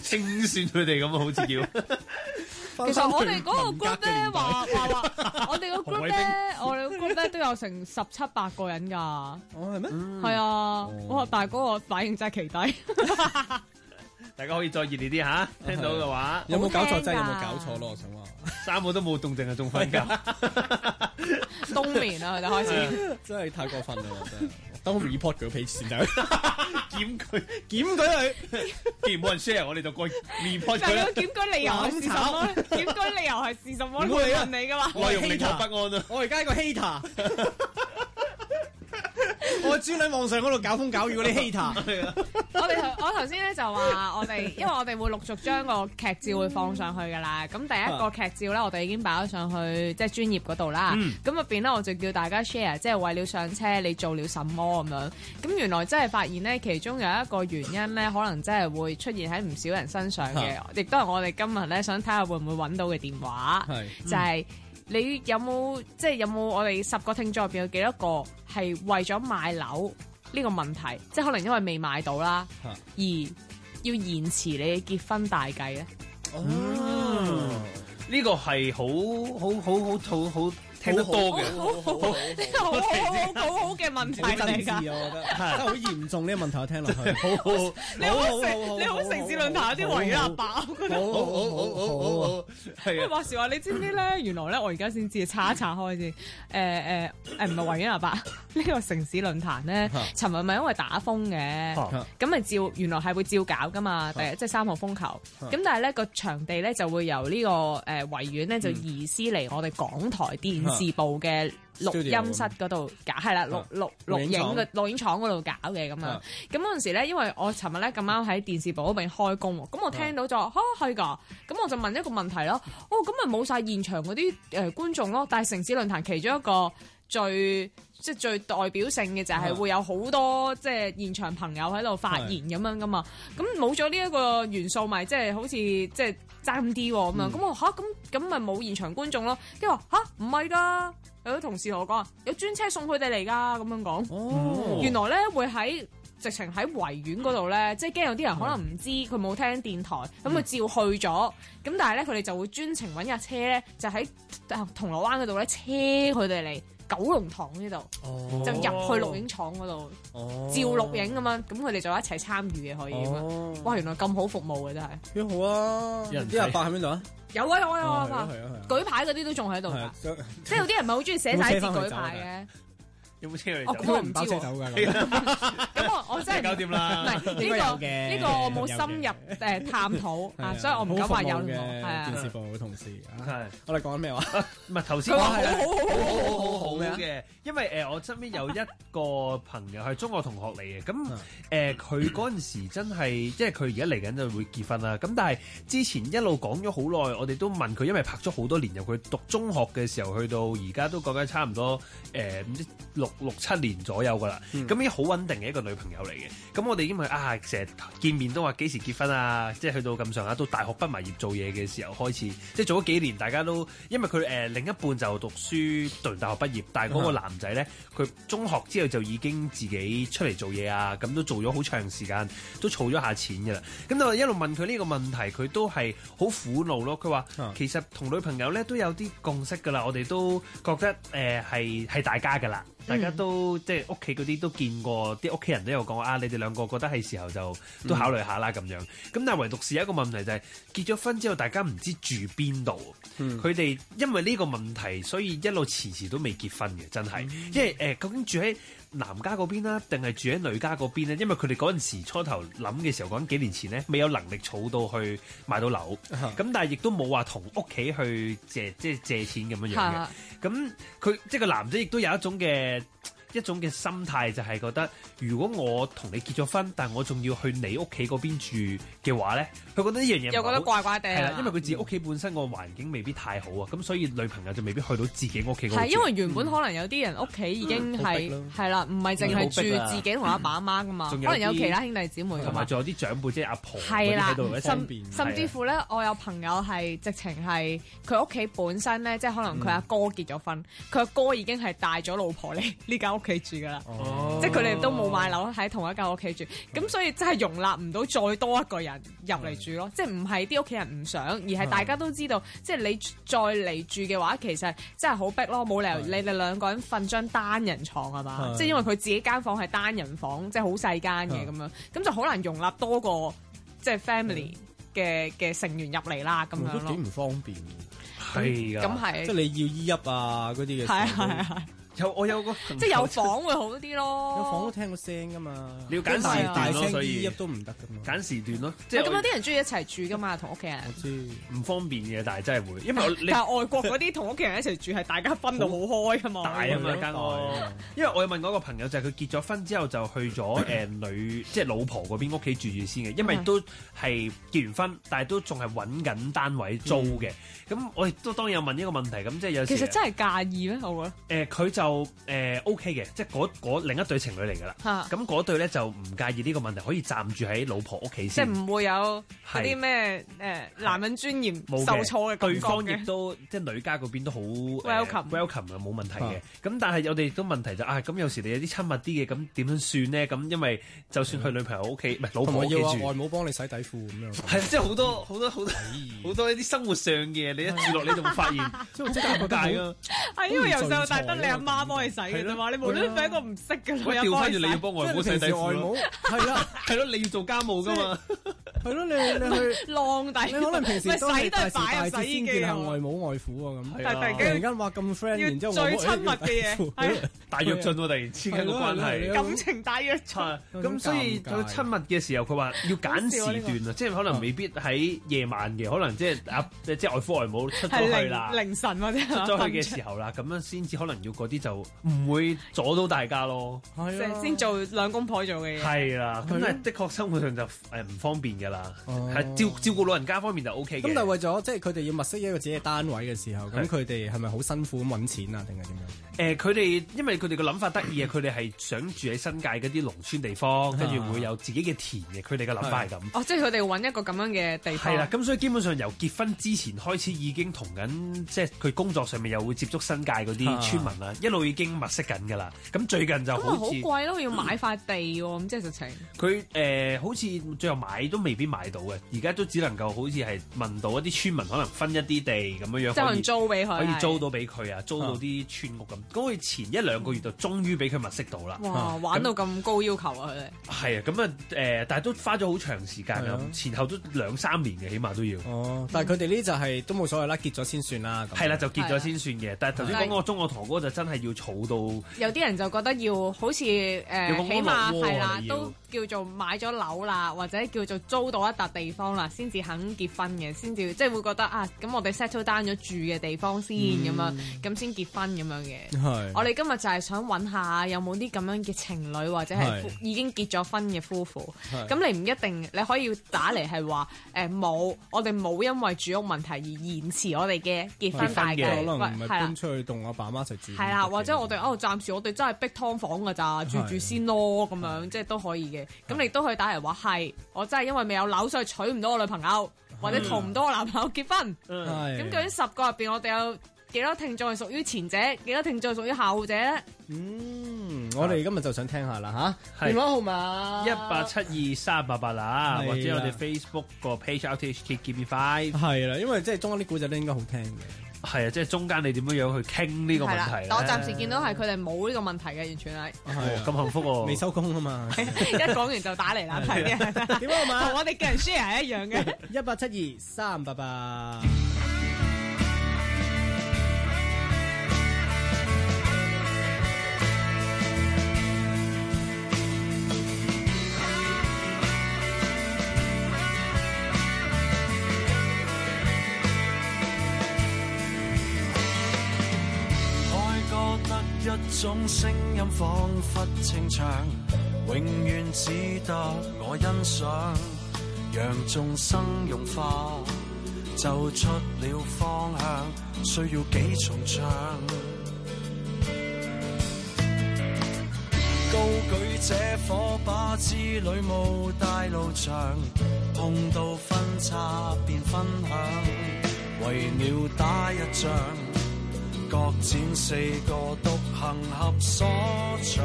[laughs] 清算佢哋。咁啊，好似要。其實我哋嗰個 group 咧，話話話，我哋個 group 咧，我哋個 group 咧都有成十七八個人噶。哦，係咩？係啊，我但大嗰個反應真係奇低，大家可以再熱烈啲吓，聽到嘅話，有冇搞錯？真係有冇搞錯咯？我想話三個都冇動靜啊，仲瞓覺。冬眠啊，開始。真係太過分啦！真係。當 report 佢 page 先 [laughs] 就，檢佢，檢佢佢，既然冇人 share， [laughs] 我哋就該 report 佢。大家檢舉理由是什麼？檢舉理由係是什 [laughs] 麼理由？唔係啊，我係一個 hater 不安啊，我而家一個 hater [laughs] 我知你網上嗰度搞風搞雨嗰啲 hater 我哋我頭先咧就話我哋，因為我哋會陸續將個劇照會放上去噶啦。咁、嗯、第一個劇照咧，我哋已經擺咗上去，即係專業嗰度啦。咁入邊咧，面我就叫大家 share，即係為了上車你做了什麼咁樣。咁原來真係發現咧，其中有一個原因咧，可能真係會出現喺唔少人身上嘅，亦都係我哋今日咧想睇下會唔會揾到嘅電話，就係、是。嗯你有冇，即係有冇我哋十個聽眾入邊有幾多個係為咗買樓呢個問題，即係可能因為未買到啦，而要延遲你嘅結婚大計咧？嗯，呢個係好好好好好。好好好好好。聽好多嘅，呢個 [noise] 好好好 [noise] 好嘅 [laughs] 問題嚟㗎，真係好、啊、嚴重呢個問題。 [laughs] 我聽落去，好好，你好好好好城市論壇啲維園阿伯，好好好好好，係好好好好好好好好話時話你知唔知咧？原來咧，我而家先知，查一查開先。誒誒誒，唔、呃、係維園阿伯，呢、這個城市論壇咧，尋日咪因為打風嘅，咁咪照原來係會照搞㗎嘛。誒、嗯，即係三號風球。咁、嗯、但係咧個場地咧就會由呢、這個誒、呃、維園咧就移師嚟我哋港台電。電視部嘅錄音室嗰度搞，係啦，錄錄錄影錄影廠嗰度搞嘅咁樣，咁嗰陣時咧，因為我尋日咧咁啱喺電視部嗰邊開工喎，咁我聽到咗，話係噶，咁、啊、我就問一個問題咯，哦咁咪冇晒現場嗰啲誒觀眾咯，但係城市論壇其中一個。最即係最代表性嘅就係會有好多、uh-huh. 即係現場朋友喺度發言咁樣噶嘛。咁冇咗呢一個元素咪即係好似即係爭啲咁啊。咁、就是 uh-huh. 我嚇咁咁咪冇現場觀眾咯。跟住話吓，唔係㗎，有啲同事同我講有專車送佢哋嚟㗎咁樣講。Oh. 原來咧會喺直情喺維園嗰度咧，uh-huh. 即係驚有啲人可能唔知佢冇、uh-huh. 聽電台咁，佢照去咗。咁、uh-huh. 但係咧佢哋就會專程揾架車咧，就喺銅鑼灣嗰度咧車佢哋嚟。九龍塘呢度，oh. 就入去錄影廠嗰度照錄影咁樣，咁佢哋就一齊參與嘅可以咁、oh. 哇，原來咁好服務嘅真係，幾、欸、好啊！啲阿伯喺邊度啊？有啊有啊有、oh, 啊，啊，啊！舉牌嗰啲都仲喺度，即係有啲人唔係好中意寫晒字 [laughs] 寫舉牌嘅。 [laughs] 有冇、哦那個、車嚟？ [laughs] 我估唔知喎。搞咁。我真係搞掂啦。呢、 [laughs] 呢個呢、呢個我冇深入誒探討 [laughs] 所以我唔敢話有冇嘅電視部嘅同事。係我哋講緊咩話？唔係頭先講好好好好嘅，因為誒我側邊有一個朋友係 [laughs] 中學同學嚟嘅，咁誒佢嗰陣時候真係，即係佢而家嚟緊就會結婚啦。咁但係之前一路講咗好耐，我哋都問佢，因為拍咗好多年由佢讀中學嘅時候，去到而家都講緊差唔多誒唔、呃、知六。六七年左右噶啦，咁已經好穩定嘅一個女朋友嚟嘅。咁我哋已經去啊，成日見面都話幾時結婚啊？即係去到咁上下，都大學畢埋業做嘢嘅時候開始，即係做咗幾年，大家都因為佢誒、呃、另一半就讀書，讀完大學畢業，但係嗰個男仔咧，佢、嗯、中學之後就已經自己出嚟做嘢啊，咁都做咗好長時間，都儲咗下錢噶啦。咁我一路問佢呢個問題，佢都係好苦惱咯。佢話、嗯、其實同女朋友咧都有啲共識噶啦，我哋都覺得誒係、呃、係大家噶啦。大家都即係屋企嗰啲都見過，啲屋企人都有講啊！你哋兩個覺得係時候就都考慮下啦咁、嗯、樣。咁但唯獨是有一個問題就係、是、結咗婚之後，大家唔知住邊度。佢、嗯、哋因為呢個問題，所以一路遲遲都未結婚嘅，真係、嗯。因為誒、呃，究竟住喺，男家嗰邊啦，定係住喺女家嗰邊咧？因為佢哋嗰陣時初頭諗嘅時候，講緊幾年前咧，未有能力儲到去買到樓，咁、uh-huh. 但係亦都冇話同屋企去借，即係借、借錢咁樣嘅。咁、uh-huh. 佢即係個男仔，亦都有一種嘅。一種嘅心態就係覺得，如果我同你結咗婚，但我仲要去你屋企嗰邊住嘅話咧，佢覺得呢樣嘢又覺得怪怪地。係啦，因為佢自己屋企本身個環境未必太好啊，咁、嗯、所以女朋友就未必去到自己屋企。係因為原本可能有啲人屋企已經係係啦，唔係淨係住自己同阿爸阿媽噶嘛、嗯，可能有其他兄弟姊妹同埋仲有啲長輩即係阿婆，佢喺身邊甚。甚至乎咧，我有朋友係直情係佢屋企本身咧，即係可能佢阿哥、哥結咗婚，佢、嗯、阿哥已經係帶咗老婆嚟呢間屋。 [laughs] 企住噶啦、哦，即係佢哋都冇買樓喺同一間屋企住，咁所以真係容納唔到再多一個人入嚟住咯。即係唔係啲屋企人唔想，而係大家都知道，即係你再嚟住嘅話，其實真係好逼咯，冇理由你哋兩個人瞓張單人床係嘛？即係因為佢自己間房係單人房，即係好細間嘅咁樣，咁就好難容納多個即係、即係、family 嘅嘅成員入嚟啦咁樣咯。都幾唔方便、嗯，係、嗯 e、啊，咁係，即係你要依一啊嗰啲嘅，係啊係啊。有我有個即係有房會好啲咯，有房都聽個聲噶嘛，你要揀、啊、時段咯，所以音音音都唔得噶嘛，揀時段咯。咁有啲人鍾意一齊住噶嘛，同屋企人。我知唔方便嘅，但係真係會，因為你但係外國嗰啲同屋企人一齊住係大家分到好開噶嘛。 [laughs] 大啊嘛間屋，因為我有問過一個朋友就係佢結咗婚之後就去咗誒、 [laughs] 呃、女即係老婆嗰邊屋企住住先嘅，因為都係結完婚，但係都仲係揾緊單位租嘅。咁、嗯、我亦都當然有問呢個問題，咁即係有時其實真係介意咩？我覺得誒，佢就。就誒 OK 嘅，即係嗰嗰另一對情侶嚟㗎啦。咁嗰對咧就唔介意呢個問題，可以暫住喺老婆屋企先。即係唔會有嗰啲咩誒男人尊嚴受挫嘅感覺嘅。對方亦都即係女家嗰邊都好 welcome、welcome 嘅，冇問題嘅。咁但係我哋都問題就啊，咁有時你有啲親密啲嘅，咁點樣算咧？咁因為就算去女朋友屋企唔係老婆屋企住，同埋要話外母幫你洗底褲咁樣。係啊，即係好多好多好多好多一啲生活上嘅嘢，你一住落你就會發現好尷尬咯。係因為由細大得你阿媽家幫你洗嘅啦，話你無端端揈個唔識嘅啦。我掉翻轉你要幫外母洗洗外母，係啦，係咯，你要做家務噶嘛，係咯，你你去晾底褲，你可能平時都係擺入洗衣機入外母外父啊咁。突然間話咁 friend，然之後最親密嘅嘢，大躍進喎，突然之間個關係感情大躍進。咁所以佢親密嘅時候，佢話要揀時段啊，即係可能未必喺夜晚嘅，可能即係啊，即係外父外母出咗去啦，凌晨或者出咗去嘅時候啦，咁樣先至可能要嗰啲。就唔會阻到大家咯，即係先做兩公婆做嘅嘢。係啦、啊，咁但係、啊、的確生活上就誒唔方便㗎啦。喺、哦、照照顧老人家方面就 O K。咁但係為咗即係佢哋要物色一個自己嘅單位嘅時候，咁佢哋係咪好辛苦咁揾錢啊？定係點樣？誒、呃，佢哋因為佢哋嘅諗法得意啊，佢哋係想住喺新界嗰啲農村地方，跟、啊、住會有自己嘅田嘅。佢哋嘅諗法係咁、啊。哦，即係佢哋揾一個咁樣嘅地方。係啦、啊，咁所以基本上由結婚之前開始已經同緊，即係佢工作上面又會接觸新界嗰啲村民啦，啊，一路都已經物色緊噶啦，咁最近就好貴咯、啊嗯，要買塊地、啊，咁即係實情。佢誒、呃，好似最後買都未必買到嘅，而家都只能夠好似係問到一啲村民，可能分一啲地咁樣樣，即租俾佢，可以租到俾佢啊，租到啲村屋咁。咁佢前一兩個月就終於俾佢物色到啦。哇，嗯、玩到咁高要求啊！佢哋係啊，咁啊，誒、呃，但係都花咗好長時間啊，前後都兩三年嘅，起碼都要。哦，但係佢哋呢就係、是嗯、都冇所謂啦，結咗先算啦。係啦，就結咗先算嘅。但係頭先講個中國堂哥就真係。要儲到，有啲人就覺得要好似誒、呃、起碼係啊都。叫做買咗樓啦，或者叫做租到一笪地方啦，先至肯結婚嘅，先至即係會覺得啊，咁我哋 settle down 咗住嘅地方先咁、嗯、樣，咁先結婚咁樣嘅。我哋今日就係想揾下有冇啲咁樣嘅情侶，或者係已經結咗婚嘅夫婦。係。咁你唔一定，你可以打嚟係話誒冇，我哋冇因為住屋問題而延遲我哋嘅結婚大計。結婚嘅可能唔係搬出去同我爸媽一齊住。係、那、啦、個，或者我哋哦，暫時我哋真係逼劏房㗎咋，住住先咯咁樣，即係都可以嘅。咁你都可以打嚟話係，我真係因為未有樓，所以娶唔到我女朋友，或者同唔到我男朋友結婚。咁究竟十個入邊，我哋有幾多聽眾係屬於前者，幾多聽眾係屬於後者咧？嗯，我哋今日就想聽下啦吓，電話號碼一八七二三八八啦，或者我哋 Facebook 個 page RTHK Gimme 5係啦，因為即係中間啲古仔都應該好聽嘅。係啊，即係中間你點樣樣去傾呢個問題？係我暫時見到係佢哋冇呢個問題嘅，完全係。係、哦、咁幸福喎，啊，未收工啊嘛， [laughs] 一講完就打嚟啦，係啊。點啊嘛？我哋嘅人 share 係一樣嘅，一八七二三八八。種聲音仿佛清唱，永遠只得我欣賞。讓眾生融化，就出了方向。需要幾重唱？高舉這火把，之類，霧帶路長，碰到分岔便分享，為妙打一仗。各展四個獨行俠所長，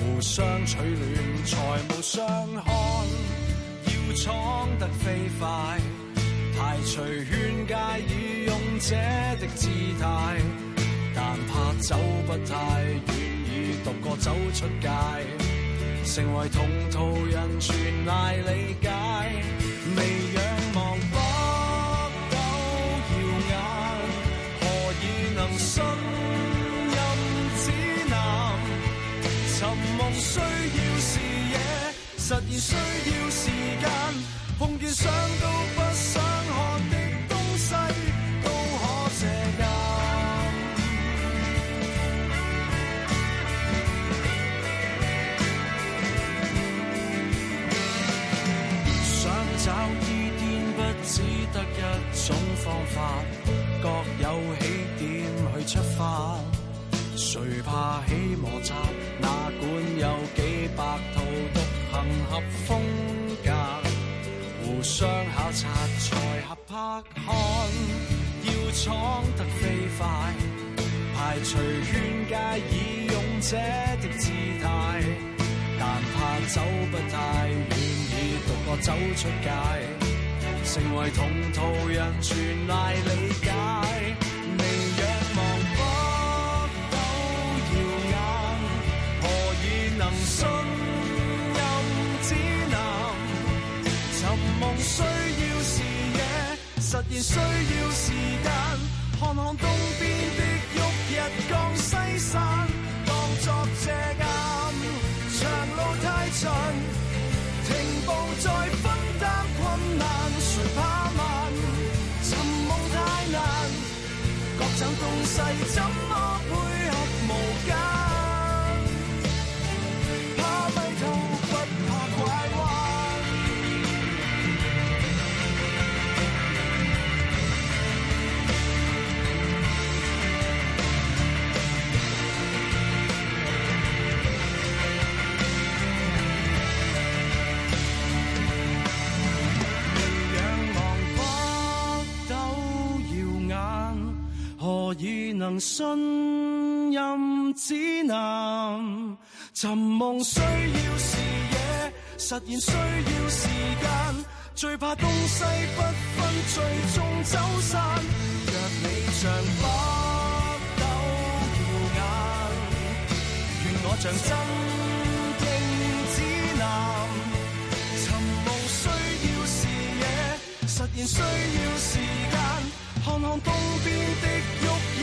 互相取暖，財務相看。要闖得飛快，排除勸誡，以勇者的姿態。但怕走不太遠，已獨個走出街，成為同途人，全賴理解。想都不想學的東西，都可卸任。想找知天不只得一種方法，各有起點去出發。誰怕起摩擦，哪管有幾百套獨行俠風。上下拆才合拍看，看要闖得飛快，排除勸誡以勇者的姿態，但怕走不太遠，已獨個走出界，成為同途人全賴理解。你實現需要時間，看看東邊的旭日降西山，當作借鑒。長路太長，停步再分擔困難，誰怕問？尋夢太難，各走東西怎麼配合無間？信任指南，尋夢需要視野，實現需要時間，最怕東西不分，最終走散。若你像北斗耀眼，願我像真經指南。尋夢需要視野，實現需要時間，看看東邊的。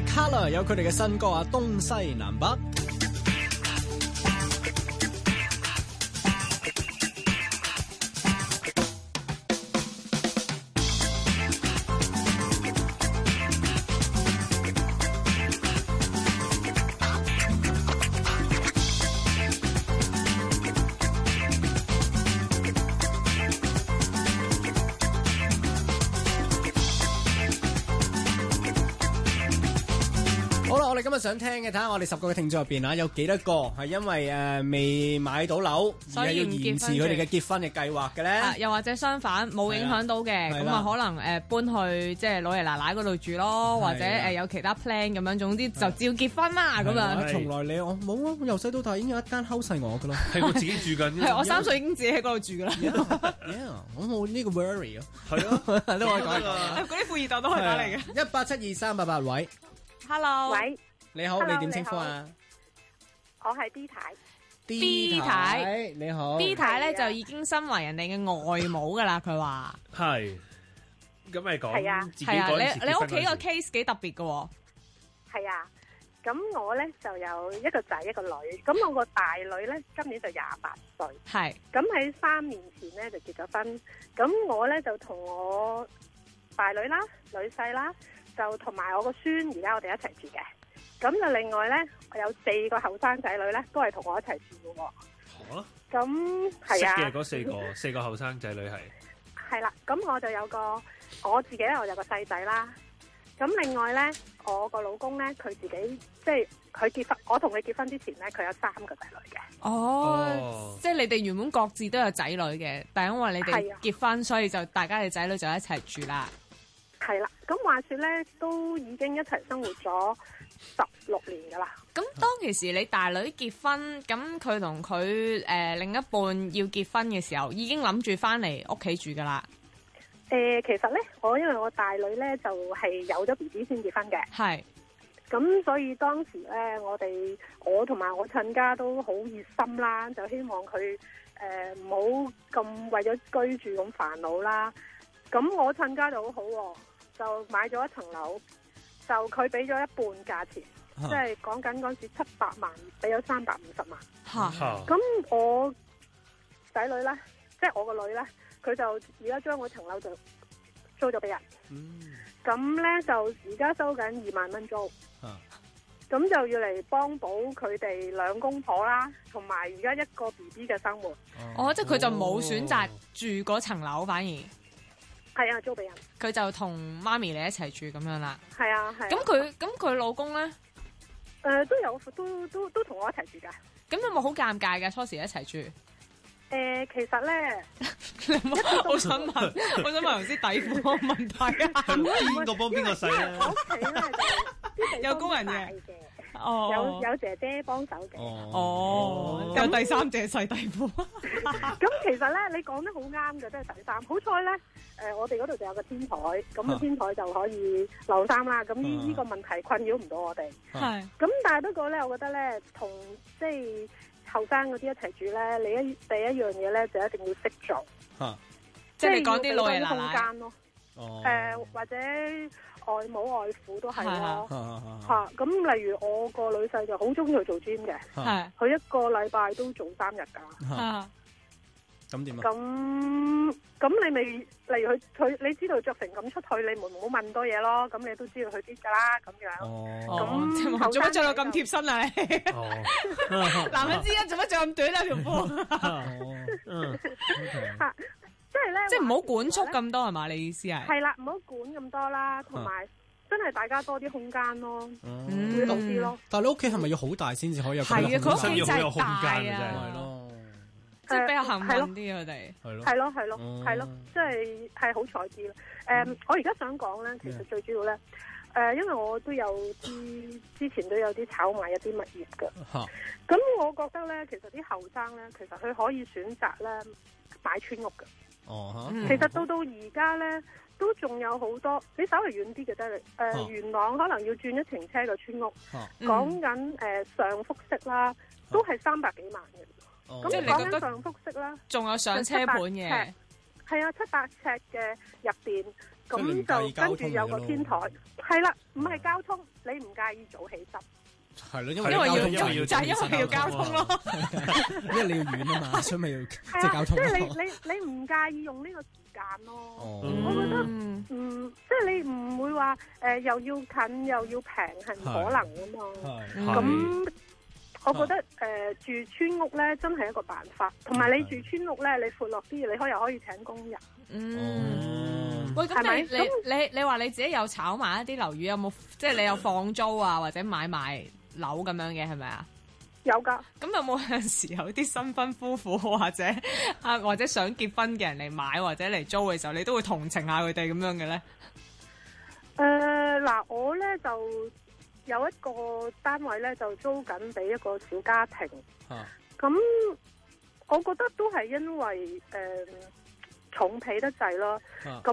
Color 有佢哋嘅新歌啊，《東西南北》。想聽嘅睇下，我哋十個嘅聽眾入邊啊，有幾多個係因為誒未買到樓所以要延遲佢哋嘅結婚嘅計劃嘅咧？又或者相反冇影響到嘅，咁啊可能誒搬去即係老爺奶奶嗰度住咯，或者誒有其他 plan 咁樣，總之就照結婚啦咁樣。從來你我冇啊！我由細到大已經有一間 house 係我嘅啦，係我自己住緊。係我三歲已經自己喺嗰度住嘅啦。我冇呢個 worry 咯。係咯，你話講。嗰啲富二代都可以打嚟嘅。一八七二三八八位。Hello。喂。你好，Hello, 你點稱呼啊？我係 D 太，D 太你好。D 太咧、啊、就已經身為人哋嘅外母噶啦，佢話係咁咪講，係啊，你你屋企個 case 幾特別噶？係啊，咁、啊啊啊、我咧就有一個仔一個女，咁我個大女咧今年就廿八歲，係咁喺三年前咧就結咗婚，咁我咧就同我大女啦、女婿啦，就同埋我個孫，而家我哋一齊住嘅。咁就另外咧，我有四個後生仔女咧，都係同我一齊住嘅喎、哦。嚇！咁係啊，啊識嘅嗰四個， [laughs] 四個後生仔女係。係啦、啊，咁我就有個我自己咧，我有個細仔啦。咁另外咧，我個老公咧，佢自己即係佢結婚，我同佢結婚之前咧，佢有三個仔女嘅、哦。哦，即係你哋原本各自都有仔女嘅，但因為你哋結婚、啊，所以就大家嘅仔女就一齊住啦。係啦、啊，咁話說咧，都已經一齊生活咗十六年噶啦。咁當其時你大女結婚，咁佢同佢誒另一半要結婚嘅時候，已經諗住返嚟屋企住噶啦。誒、呃，其實咧，我因為我大女咧就係、是、有咗 B B 先結婚嘅。係。咁所以當時咧，我哋我同埋我親家都好熱心啦，就希望佢誒唔好咁為咗居住咁煩惱啦。咁我親家就好好、啊，就買咗一層樓。就佢俾咗一半價錢，即係講緊嗰陣時七百萬，俾咗三百五十萬。咁 [music] 我仔女咧，即係我個女咧，佢就而家將嗰層樓就租咗俾人。咁咧 [music] 就而家收緊二萬蚊租，咁 [music] 就要嚟幫補佢哋兩公婆啦，同埋而家一個 B B 嘅生活。哦，即係佢就冇選擇住嗰層樓，反而。係啊，租俾人。佢就同媽咪你一齊住咁樣啦。係啊，係。咁佢咁佢老公咧，誒，都有都都都同我一齊住噶咁有冇好尷尬噶初時一齊住？誒，其實咧，你好想問，我想問頭先底褲問題啊，唔好話邊個幫邊個洗啦。有工人嘅。哦哦哦哦哦有有姐姐幫手嘅，哦，哦，哦，哦，哦，哦、嗯，有第三者洗底褲、嗯。咁其實咧，你講得好啱嘅，真係洗衫，好彩咧，誒、呃，我哋嗰度就有個天台，咁個天台就可以晾衫啦。咁呢依個問題困擾唔到我哋。係、嗯。咁但係不過咧，我覺得咧，同即係後生嗰啲一齊住咧，你一第一樣嘢咧就一定要識做。嚇！即係講啲老奶奶空間咯。誒、呃，或者。外母外父都係咯、啊，咁、啊啊啊啊啊、例如我個女婿就好中意去做 gym 嘅，佢、啊、一個禮拜都做三日㗎，咁點啊？咁咁、啊嗯啊啊、你咪例如佢佢你知道着成咁出去，你唔好問多嘢咯。咁你都知道佢啲㗎啦，咁樣。哦，咁做乜着到咁貼身啊？你男人之間做乜着咁短啊條褲？ [laughs] 啊 [laughs] [laughs] [laughs] 啊 [laughs] [laughs] 即係咧，即係唔好管束咁多係嘛？你意思係？係啦，唔好管咁多啦，同埋真係大家多啲空間咯，會好、嗯、啲咯。但係你屋企係咪要好大先至可以有空？係、嗯、啊，佢屋企真係大啊，係咯，即係比較幸運啲佢哋。係咯，係咯，係咯，係咯，即係係好彩啲啦。誒、um，我而家想講咧，其實最主要咧，誒、呃，因為我都有啲 [laughs] 之前都有啲炒賣一啲物業㗎。咁我覺得咧，其實啲後生咧，其實佢可以選擇咧買村屋㗎。哦、uh-huh.，其實到到而家咧，都仲有好多，你稍微遠啲就得啦。誒、呃，uh-huh. 元朗可能要轉一程車嘅村屋，講緊誒上複式啦，都係三百幾萬嘅。咁你講緊上複式啦，仲、uh-huh. uh-huh. 有上車盤嘅，係啊，七百尺嘅入邊，咁就跟住有個天台，係、uh-huh. 啦、啊，唔係交通，你唔介意早起身。係咯，因為交通因為要因為因為是因為要交通咯，因為，通啊啊、 [laughs] 因為你要遠啊嘛， [laughs] 所以咪要即係交通。即係、就是、你你你唔介意用呢個時間咯、哦？我覺得嗯即係、嗯就是、你唔會話誒、呃、又要近又要平，係唔可能噶嘛。咁、嗯、我覺得誒、啊呃、住村屋咧真係一個辦法，同埋你住村屋咧你闊落啲，你可又可以請工人。嗯，嗯喂咁你係咪你你你話你，你自己有炒埋一啲樓宇，有冇即係你有放租啊，或者買賣？樓咁樣嘅係咪啊？有噶，咁有冇有陣時候啲新婚夫婦或者啊或者想結婚嘅人嚟買或者嚟租嘅時候，你都會同情下佢哋咁樣嘅咧？誒，嗱，我咧就有一個單位咧就租緊俾一個小家庭，咁、啊、我覺得都係因為誒、呃、重皮得滯咯，咁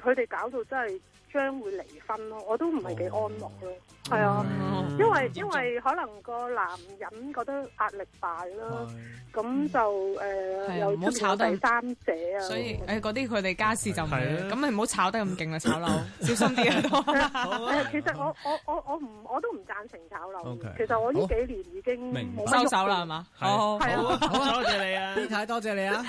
佢哋搞到真係。將會離婚咯，我都唔係幾安樂咯，係、oh. 啊，okay. 因為因為可能個男人覺得壓力大囉，咁、okay. 就又唔好炒第三者啊，所以嗰啲佢哋家事就唔係，啦，咁咪唔好炒得咁勁 [laughs] [laughs] 好啊，炒樓小心啲啊。其實我我我我唔我都唔贊成炒樓，okay. 其實我呢幾年已經冇收手啦，係嘛，係好好啊，好 [laughs] 多謝你啊，太多謝你啊。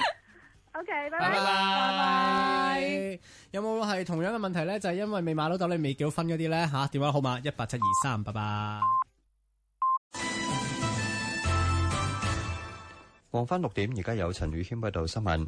O K，拜拜，拜拜，有冇係同樣嘅問題呢？就係、是、因為未買樓，你未結婚嗰啲呢。嚇、啊、電話號碼一八七二三，拜拜。黃昏六點，而家有陳宇軒報道新聞。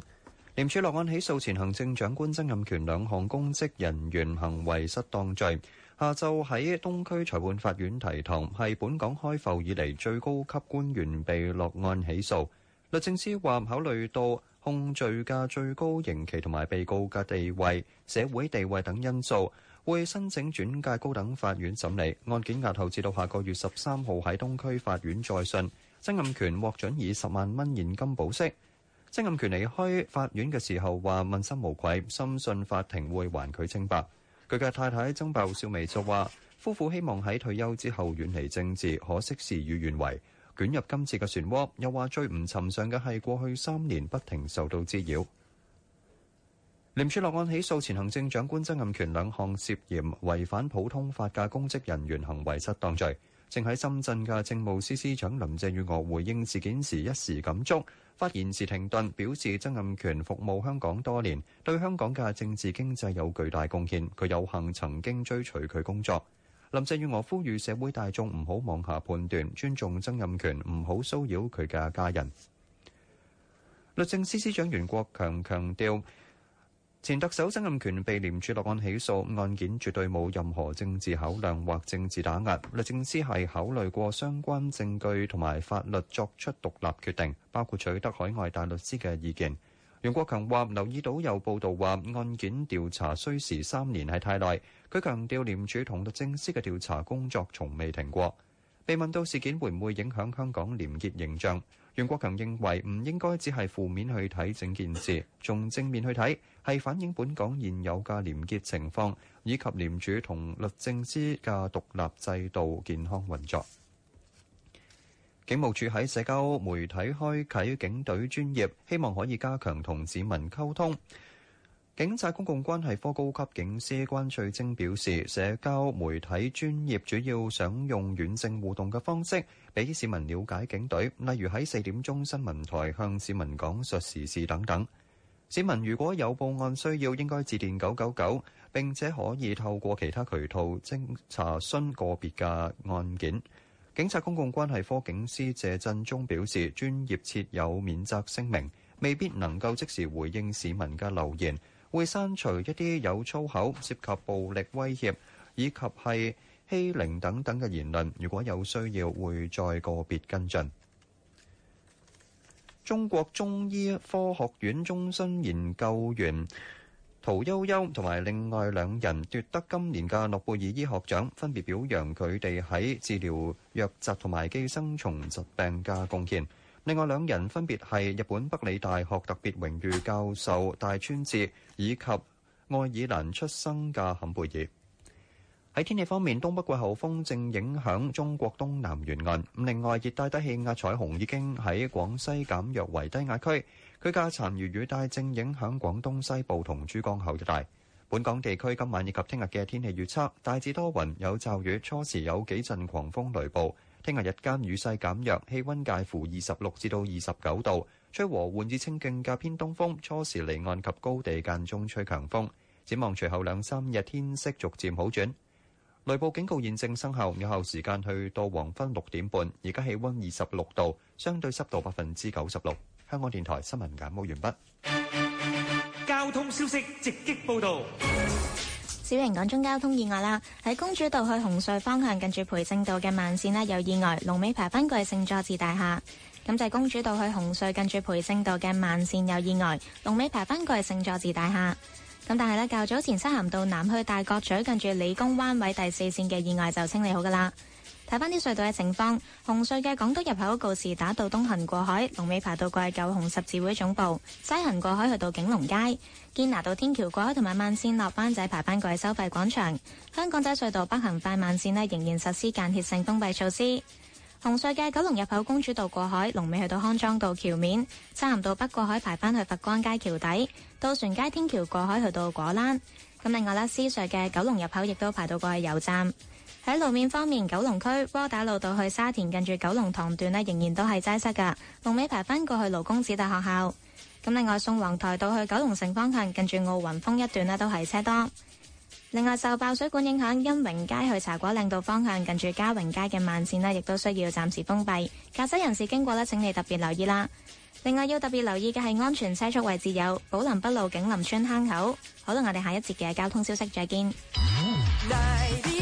廉署落案起訴前行政長官曾蔭權兩項公職人員行為失當罪。下晝喺東區裁判法院提堂，係本港開埠以嚟最高級官員被落案起訴。律政司話考慮到控罪嘅最高刑期同埋被告嘅地位、社會地位等因素，會申請轉介高等法院審理案件。押後至到下個月十三號喺東區法院再訊。曾蔭權獲准以十萬蚊現金保釋。曾蔭權離開法院嘅時候話：問心無愧，深信法庭會還佢清白。佢嘅太太曾鮑笑薇就話夫婦希望喺退休之後遠離政治，可惜事與願違。捲入今次嘅漩渦，又話最唔尋常嘅係過去三年不停受到滋擾。廉署落案起訴前行政長官曾蔭權兩項涉嫌違反普通法嘅公職人員行為失當罪。正喺深圳嘅政務司司長林鄭月娥回應事件時，一時感觸，發言時停頓，表示曾蔭權服務香港多年，對香港嘅政治經濟有巨大貢獻，佢有幸曾經追隨佢工作。林鄭月娥呼籲社會大眾唔好妄下判斷，尊重曾蔭權，唔好騷擾佢嘅家人。楊國強話留意到有報道話案件調查需時三年，係太耐。佢強調廉署同律政司嘅調查工作從未停過。被問到事件會唔會影響香港廉潔形象，楊國強認為唔應該只係負面去睇整件事，從正面去睇係反映本港現有嘅廉潔情況，以及廉署同律政司嘅獨立制度健康運作。警務處喺社交媒體開啓警隊專頁，希望可以加強同市民溝通。警察公共關係科高級警司關翠晶表示，社交媒體專業主要想用軟性互動嘅方式俾市民了解警隊，例如喺警察公共關係科警司謝振中表示，專頁設有免責聲明，未必能夠即時回應市民嘅留言，會刪除一啲有粗口、涉及暴力威脅以及係欺凌等等嘅言論。如果有需要，會再個別跟進。中國中醫科學院中心研究員。屠悠悠同埋另外兩人奪得今年嘅諾貝爾醫學獎,分別表揚佢哋喺治療瘧疾同埋寄生蟲疾病嘅貢獻,另外兩人分別係日本北里大學特別榮譽教授大川智,以及愛爾蘭出生嘅坎貝爾。喺天氣方面,東北季候風正影響中國東南沿岸,另外熱帶低氣壓彩虹已經喺廣西減弱為低壓區。局部殘餘雨帶正影響廣東西部同珠江口一帶，本港地區今晚以及聽日嘅天氣預測大致多雲有驟雨，初時有幾陣狂風雷暴。聽日日間雨勢減弱，氣溫介乎二十六至到二十九度，吹和緩至清勁較偏東風，初時離岸及高地間中吹強風，展望隨後兩三日天色逐漸好轉，雷暴警告現正生效，有效時間去到黃昏六點半。而家氣溫二十六度，相對濕度百分之九十六。香港電台新聞簡報完畢。交通消息直擊報道。小瑩講中交通意外啦，喺公主道去紅隧方向，近住培正道嘅慢線咧有意外，龍尾排翻過去聖佐治大廈。咁就係公主道去紅隧，近住培正道嘅慢線有意外，龍尾排翻過去聖佐治大廈。咁但係呢，較早前西行道南去大角咀，近住理工灣位第四線嘅意外就清理好噶啦。睇翻啲隧道嘅情況，紅隧嘅港島入口告士打道東行過海，龍尾排到過去舊紅十字會總部；西行過海去到景隆街，堅拿道天橋過海同埋慢線落灣仔排返過去收費廣場。香港仔隧道北行快慢線呢仍然實施間歇性封閉措施。紅隧嘅九龍入口公主道過海，龍尾去到康莊道橋面，西行到北過海排返去佛光街橋底，渡船街天橋過海去到果欄。咁另外呢獅隧嘅九龍入口亦都排到過去油站。喺路面方面，九龍區窩打老道去沙田近住九龍塘段呢，仍然都係擠塞噶。龍尾排返過去勞工子弟學校。咁另外，宋皇台道去九龍城方向，近住奧運峰一段呢，都係車多。另外，受爆水管影響，恩榮街去茶果嶺道方向近住嘉榮街嘅慢綫呢，亦都需要暫時封閉。駕駛人士經過呢，請你特別留意啦。另外，要特別留意嘅係安全車速位置有寶林北路景林村坑口。好啦，我哋下一節嘅交通消息再見。Oh.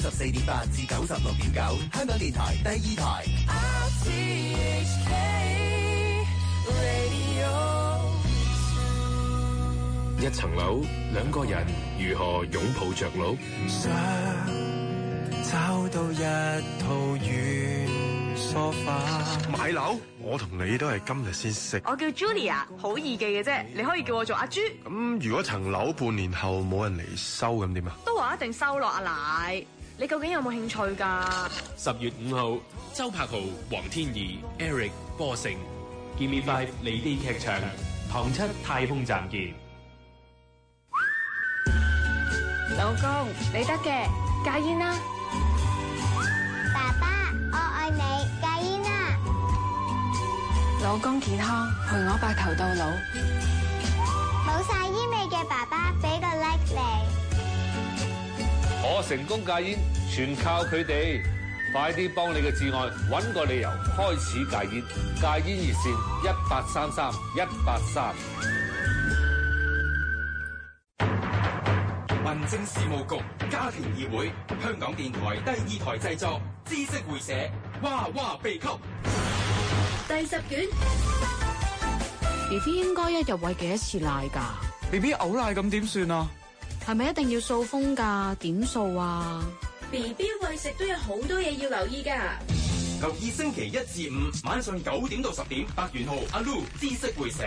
十四點八至九十六點九，香港電台第二台。一層樓兩個人如何擁抱著樓？想找到一套軟梳化。買樓，我同你都係今日先識。我叫 Julia，好易記嘅啫，你可以叫我做阿朱。咁如果層樓半年後冇人嚟收，咁點啊？都話一定收落阿奶。你究竟有冇興趣噶？十月五號，周柏豪、黃天頤、Eric、波成、Gimme 5離地劇場、唐七太空站見。老公，你得嘅戒煙啦！爸爸，我愛你，戒煙啦！老公健康，陪我白頭到老。冇晒煙味嘅爸爸，俾個 like 你。我成功戒煙，全靠佢哋。快啲幫你嘅至愛搵個理由，開始戒煙。戒煙熱線：一八三三一八三。民政事務局家庭議會，香港電台第二台製作，知識會社。哇哇秘笈，第十卷。B B 應該一日喂幾多次寶寶、呃、奶噶？B B 嘔奶咁點算啊？係咪一定要掃風噶？點掃啊？B B 喂食都有好多嘢要留意噶。求二星期一至五晚上九點到十點，百元號阿 Lu 知識會社。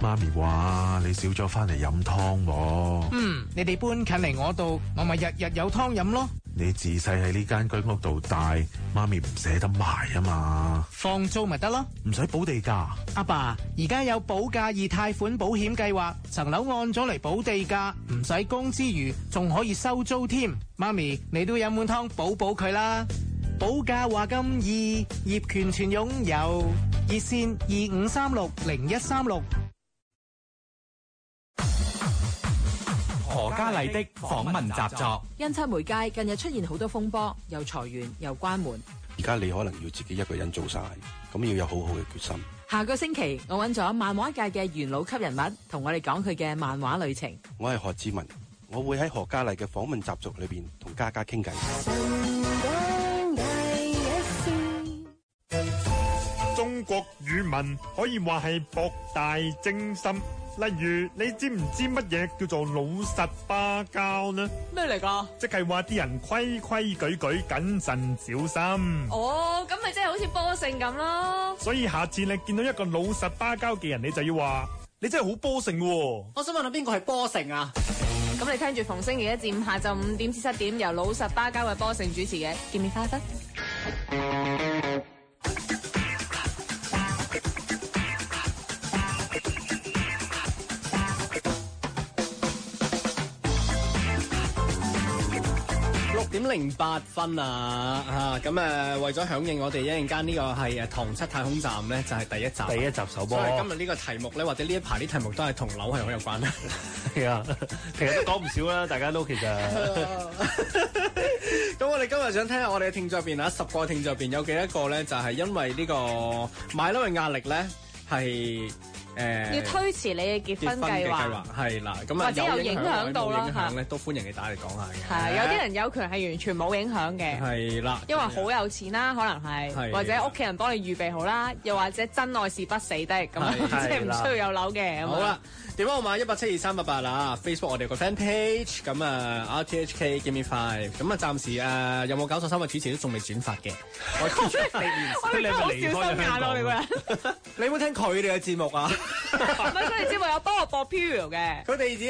媽咪話：你少咗翻嚟飲湯喎。嗯，你哋搬近嚟我度，我咪日日有湯飲咯。你自細喺呢間居屋度大，媽咪唔捨得賣啊嘛，放租咪得咯，唔使補地價。阿爸,爸，而家有保價易貸款保險計劃，層樓按咗嚟補地價，唔使供之餘，仲可以收租添。媽咪，你都飲碗湯補補佢啦，保價話咁易，業權全擁有，熱線二五三六零一三六。何嘉麗的訪問習作，因七媒界近日出現好多風波，又裁員又關門，而家你可能要自己一個人做晒，咁要有好好嘅決心。下個星期我揾咗漫畫界嘅元老級人物，同我哋講佢嘅漫畫旅程。我係何志文，我會喺何嘉麗嘅訪問習作裏邊同家家傾偈。中國語文可以話係博大精深。例如，你知唔知乜嘢叫做老實巴交呢？咩嚟噶？即係話啲人規規矩矩、謹慎小心。哦，咁咪即係好似波城咁咯。所以，下次你見到一個老實巴交嘅人，你就要話你真係好波城喎。我想問下邊個係波城啊？咁你聽住逢星期一至五下晝五點至七點，由老實巴交嘅波城主持嘅見面花花。點零八分啊！嚇咁誒，為咗響應我哋一陣間呢個係誒，唐七太空站咧，就係、是、第一集，第一集首播。今日呢個題目咧，或者呢一排啲題目都係同樓係好有關啦。啊， [laughs] 其實都講唔少啦， [laughs] 大家都其實。咁 [laughs] [laughs] 我哋今日想聽下我哋嘅聽眾邊啊？十個聽眾邊有幾多個咧？就係、是、因為呢個買樓嘅壓力咧，係。誒，要推遲你嘅結婚計劃，係啦，咁或者有影響到啦嚇，咧都歡迎你打嚟講下嘅。係，有啲人有權係完全冇影響嘅，係啦，因為好有錢啦、啊，可能係，或者屋企人幫你預備好啦，又或者真愛是不死的咁，即係唔需要有樓嘅。好啦。電話號碼一八七二三八八啦，Facebook 我哋個 Fan Page，咁啊、uh, RTHK Give Me Five，咁啊暫時啊，uh, 有冇搞錯三位主持人都仲未轉發嘅 [laughs] [laughs] ，我哋真係好小心眼咯、啊，你個人， [laughs] 你有冇聽佢哋嘅節目啊？唔 [laughs] 係， [laughs] 佢哋節目有幫我播 p e r i o 嘅，佢哋自己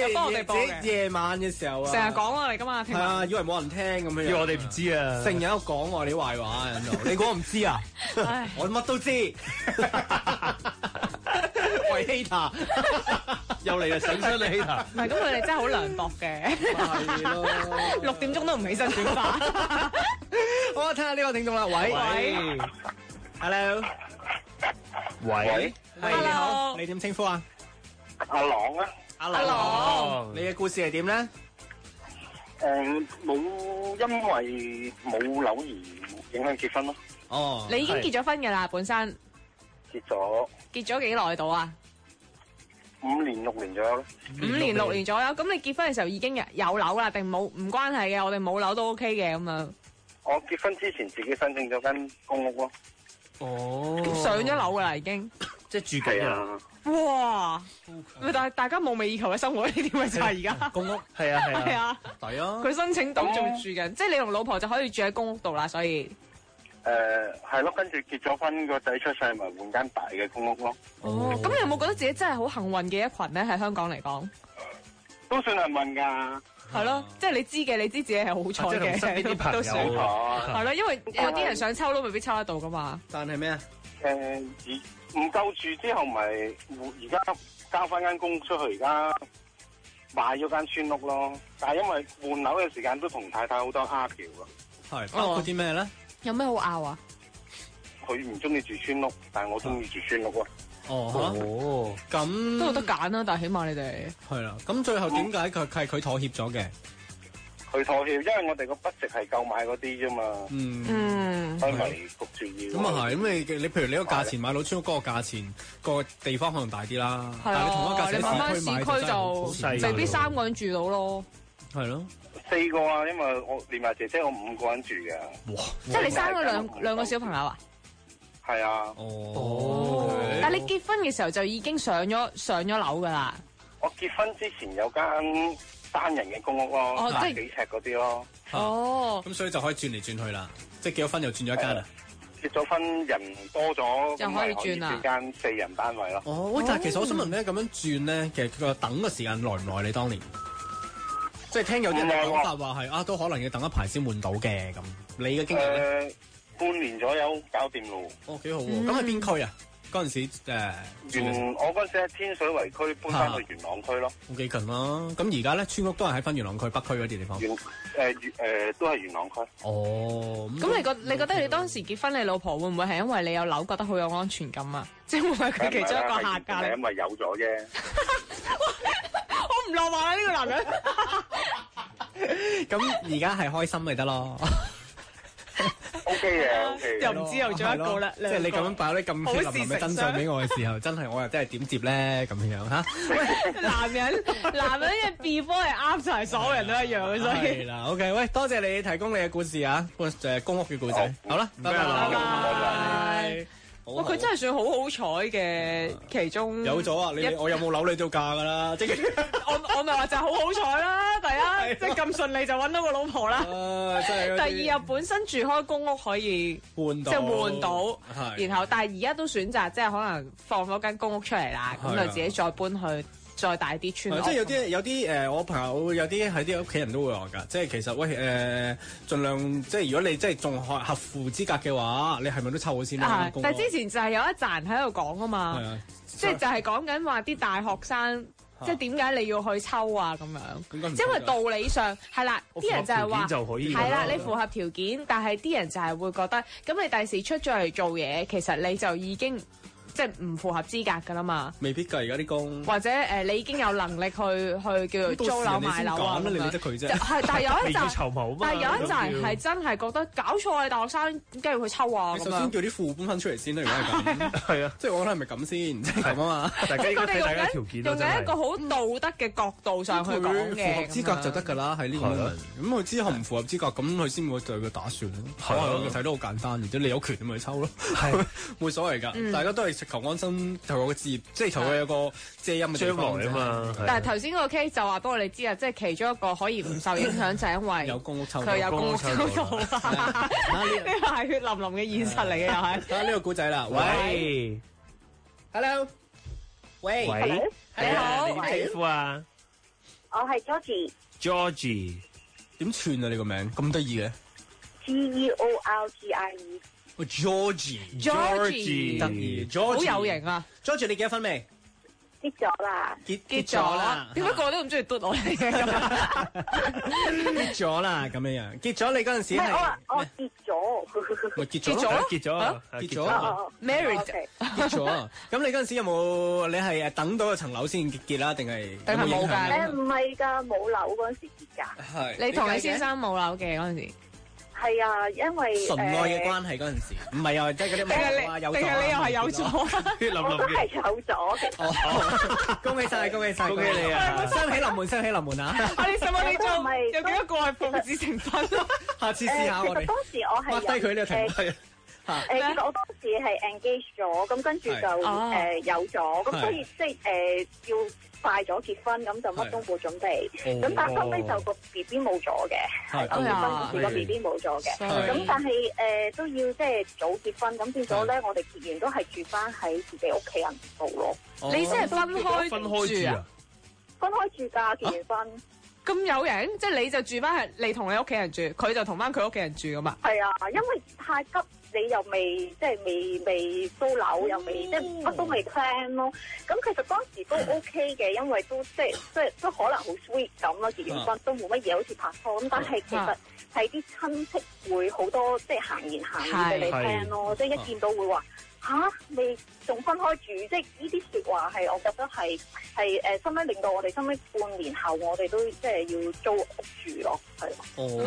夜晚嘅時候啊，成日講我哋噶嘛，係啊，以為冇人聽咁樣，以為我哋唔知啊，成日有講我哋壞話，你估我唔知啊，啊 [laughs] 我乜、啊、 [laughs] 都知。 [laughs] 喂，希塔又嚟啊！醒身啦，希塔。唔係，咁佢哋真係好涼薄嘅。係咯。六點鐘都唔起身煮飯。好，我睇下呢個聽眾啦。喂喂，Hello，喂，你好，你點稱呼啊？阿朗啊，阿朗。阿朗。你嘅故事係點咧？誒，冇因為冇樓而影響結婚咯。哦。你已經結咗婚嘅啦，本身。結咗。結咗幾耐到啊？五年六年左右咯。五年六年左右，咁你結婚嘅時候已經有有樓啦，定冇唔關係嘅？我哋冇樓都 O K 嘅咁樣。我結婚之前自己申請咗間公屋咯。哦，上咗樓噶啦已經。即係住期啊！哇，咪但係大家夢寐以求嘅生活呢啲咪就係而家公屋。係啊係啊，抵啊！佢申請到仲住緊，即係你同老婆就可以住喺公屋度啦，所以。誒、呃，係咯，跟住結咗婚，個仔出世，咪換間大嘅公屋咯。哦，咁你有冇覺得自己真係好幸運嘅一群咧？喺香港嚟講，都算幸運噶。係咯、嗯，即係你知嘅，你知自己係好彩嘅。啊、是的朋友都算彩。係 [laughs] 咯 [laughs] 因為有啲人想抽都未必抽得到噶嘛。但係咩啊？誒，唔、呃、夠住之後，咪而家交翻間公屋出去，而家買咗間村屋咯。但係因為換樓嘅時間都同太太好多拗撬啊。係包括啲咩咧？有咩好拗啊？佢唔中意住村屋，但係我中意住村屋啊！哦，咁、哦、都有得揀啦、啊，但係起碼你哋係啦。咁、啊、最後點解佢係佢妥協咗嘅？佢、嗯、妥協，因為我哋個筆值係夠買嗰啲啫嘛。嗯，所以咪焗住要。咁啊係，咁你你譬如你個價錢買到村屋嗰個價錢，個地方可能大啲啦。係啊，但你同一價錢買返市區就未必三個人住到咯。係咯、啊。四個啊，因為我連埋姐姐，我五個人住嘅。哇！即係你生咗兩兩個小朋友啊？係啊。哦。哦，但係你結婚嘅時候就已經上咗上咗樓噶啦。我結婚之前有間單人嘅公屋咯，即係幾尺嗰啲咯。哦。咁、就是啊、哦、所以就可以轉嚟，轉去啦、嗯，即係結咗婚又轉咗一間啦。結咗婚人多咗，又可以轉啦。間四,四人單位咯、哦。哦，但係其實我想問咧，咁、嗯、樣轉咧，其實佢個等嘅時間耐唔耐？你當年？即係聽有啲人講法話係、嗯、啊，都可能要等一排先換到嘅。咁你嘅經驗咧、呃？半年左右搞掂咯。哦，幾好喎。咁喺邊區啊？嗰、嗯、陣、啊、時誒、呃，我嗰陣時喺天水圍區搬翻去元朗區咯，好、啊、幾近咯、啊。咁而家咧，村屋都係喺翻元朗區北區嗰啲地方。誒、誒、呃呃，都係元朗區。哦。咁你個你覺得你當時結婚，你老婆會唔會係因為你有樓覺得好有安全感啊？即係唔會佢其中一個客家嚟？唔因，因為有咗啫。 [laughs] 唔浪漫啊，呢個男人，咁而家係開心咪得咯？O K 嘅，O K 又唔知又做一個啦。即係你咁樣擺啲咁血淋淋嘅真相俾我嘅時候，真係我又真係點接咧？咁樣吓？喂，男人，男人嘅 before 係啱晒，所有人都一樣，所以係啦。O K，喂，多謝你提供你嘅故事啊，誒，公屋嘅故仔，好啦，拜拜。佢、哦、真係算好好彩嘅其中，有咗啊！你我有冇樓你都嫁㗎啦，即 [laughs] 係我我咪話就好好彩啦！第一、啊、即係咁順利就搵到個老婆啦、啊。第二日本身住開公屋可以換，即係換到。換到啊、然後但係而家都選擇即係可能放咗間公屋出嚟啦，咁、啊、就自己再搬去。再大啲、嗯、即係有啲有啲、呃、我朋友有啲喺啲屋企人都會攞㗎，即係其實喂儘、呃、量即係如果你即係仲合合乎資格嘅話，你係咪都抽咗先、啊、我但係之前就係有一紮人喺度講啊嘛，啊即係就係講緊話啲大學生，啊、即係點解你要去抽啊咁樣？因為道理上係啦，啲人就係話係啦，你符合條件，但係啲人就係會覺得，咁你第時出咗嚟做嘢，其實你就已經。即係唔符合資格㗎啦嘛，未必㗎，而家啲工或者誒、呃、你已經有能力去 [laughs] 去叫做租樓賣樓、啊、你先你得佢啫 [laughs] 一，係， [laughs] 但有一就但有一陣係真係覺得搞錯，你大學生點解要佢抽啊？首先叫啲副官分出嚟先啦， [laughs] 如果係咁，啊， [laughs] 即係我覺得係咪咁先咁啊嘛？即係佢哋條件。用咗一個好道德嘅角度上去，講嘅，符合資格就得㗎啦，喺呢個嘢，咁佢之後唔符合資格，咁佢先會對佢打算咯。係啊，睇得好簡單，而且你有權咪去抽咯，冇 [laughs] 所謂㗎，嗯、大家都求安心，求個置業，即係求佢有個遮陰嘅將來啊嘛。但係頭先個 case 就話，俾我哋知啊，即係其中一個可以唔受影響就係因為有公屋抽到，公屋抽到有公屋抽到呢個係血淋淋嘅現實嚟嘅又係。睇下、嗯、呢、嗯這個古仔啦，喂，喂，Hello，喂，喂，你好，你好，hey? 你點稱呼啊？我係 Georgie。Georgie，點串啊？你個名咁得意嘅。G e o r g i e George，George，得意，好有型啊！George，你結咗婚未？結咗啦，結結咗啦，點解個個都唔中意嘟我嘅？結咗啦，咁樣樣，結咗你嗰陣時係我結咗，結咗，結咗，結咗。Marie 結咗，咁你嗰陣時有冇？你係誒等到個層樓先結結啦，定係？定係冇噶？唔係噶，冇樓嗰陣時結噶，係你同你先生冇樓嘅嗰陣時。係啊，因為純愛嘅關係嗰陣時，唔係啊，即係嗰啲咩話有了、啊、定係你又係有咗、啊啊？我都係有咗嘅。 [laughs] 哦、 [laughs] 恭喜晒，恭喜晒！恭喜你啊！雙喜臨門，雙喜臨門啊！我哋想問你收翻呢張，呃、試試時是有幾多個係奉子成婚？下次試、呃、下我哋。低佢呢度停。誒、啊，其實我當時係 engage 咗，咁跟住就誒有咗，咁、呃啊呃、所以即係誒要快咗結婚，咁就乜都冇準備，咁、哦、但後尾就個 B B 冇咗嘅，係我結婚嗰時個 B B 冇咗嘅，咁但係誒、呃、都要即係早結婚，咁變咗咧我哋結完都係住翻喺自己屋企人度咯、啊。你即係分開住啊？分開住噶、啊、結完婚，咁有人即係你就住翻係你同你屋企人住，佢就同翻佢屋企人住噶嘛？係啊，因為太急。你又未即係未未租樓，又未、嗯、即乜都未 plan 咯。咁其實當時都 OK 嘅，因為都即係即，即，即都可能好 sweet 咁咯，葉永斌都冇乜嘢好似拍拖。咁但係其實係啲親戚會好多即係閒言閒語俾你聽咯，即係一見到會話。啊會吓？你仲分開住，即係呢啲說話係，我覺得係係誒，使乜令到我哋使乜半年後，我哋都即係要租屋住咯，係嘛？哦！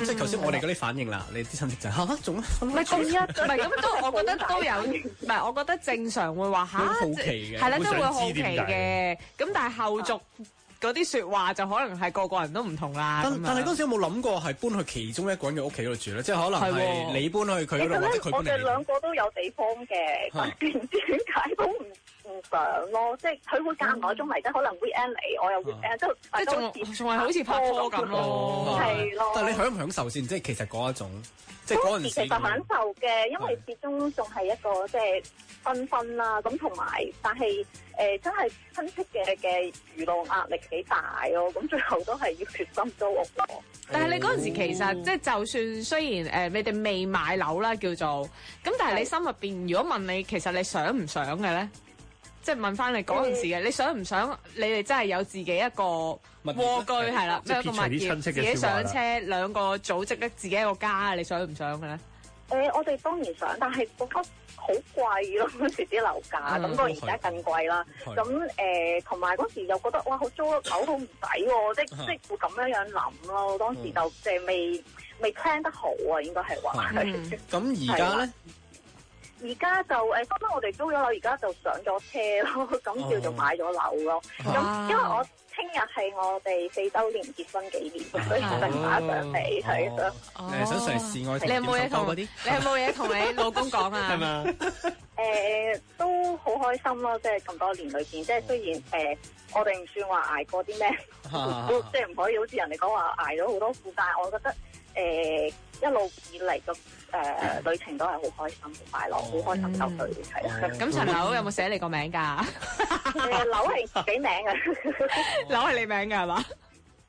嗯、即係頭先我哋嗰啲反應啦，你啲親戚就吓、係？仲唔係仲一？唔係咁都，我覺得都有，唔係我覺得正常會話吓，會好奇嘅。係啦、啊，都會好奇嘅，咁但係後續。啊嗰啲説話就可能係個個人都唔同啦。但但係嗰時有冇諗過係搬去其中一個人嘅屋企嗰度住咧？即係可能係你搬去佢嗰度，或者佢搬去你嗰度。我哋兩個都有地方嘅，但係唔知點解都唔～想咯，即係佢會夾唔嗰種嚟，即、嗯、可能 w e 你，我又 w e a 即係仲係好似拍拖咁咯，係咯。但係你享唔享受先？即係其實嗰一種，即係嗰陣時其實享受嘅，因為始終仲係一個即係分分啦。咁同埋，但係誒、呃，真係親戚嘅嘅輿論壓力幾大咯。咁最後都係要決心租屋咯、哦。但係你嗰陣時其實即係就算雖然誒、呃，你哋未買樓啦，叫做咁，但係你心入邊如果問你，其實你想唔想嘅咧？即係問翻你嗰陣時嘅，你想唔想你哋真係有自己一個蝸居係啦，即係一個物業，自己上車，兩個組織得自己一個家，你想唔想嘅咧？誒，我哋當然想，但係覺得好貴咯，嗰時啲樓價，咁到而家更貴啦。咁誒，同埋嗰時又覺得哇，好租屋樓好唔抵喎，即係即係會咁樣樣諗咯。當時就就未未 plan 得好啊，應該係話。咁而家咧？而家就誒，啱啱我哋租咗樓，而家就上咗車咯，咁叫做買咗樓咯。咁、oh. 因為我聽日係我哋四周年結婚紀念，oh. 所以想上嚟睇一睇。誒、oh. oh. oh. oh，你嚟示愛同你講嗰啲。你有冇嘢同你老公講啊？係 [laughs] 咪？誒、 [laughs] 呃，都好開心咯！即係咁多年裏邊，即係雖然誒、呃，我哋唔算話捱過啲咩， [laughs] 即係唔可以好似人哋講話捱咗好多苦，但係我覺得。誒、嗯、一路以嚟個誒旅程都係好開心，好快樂，好、哦、開心收隊嘅。係咁層樓有冇寫你個名㗎、 [laughs] 呃？樓係自己名㗎？樓 [laughs] 係你名㗎係嗎？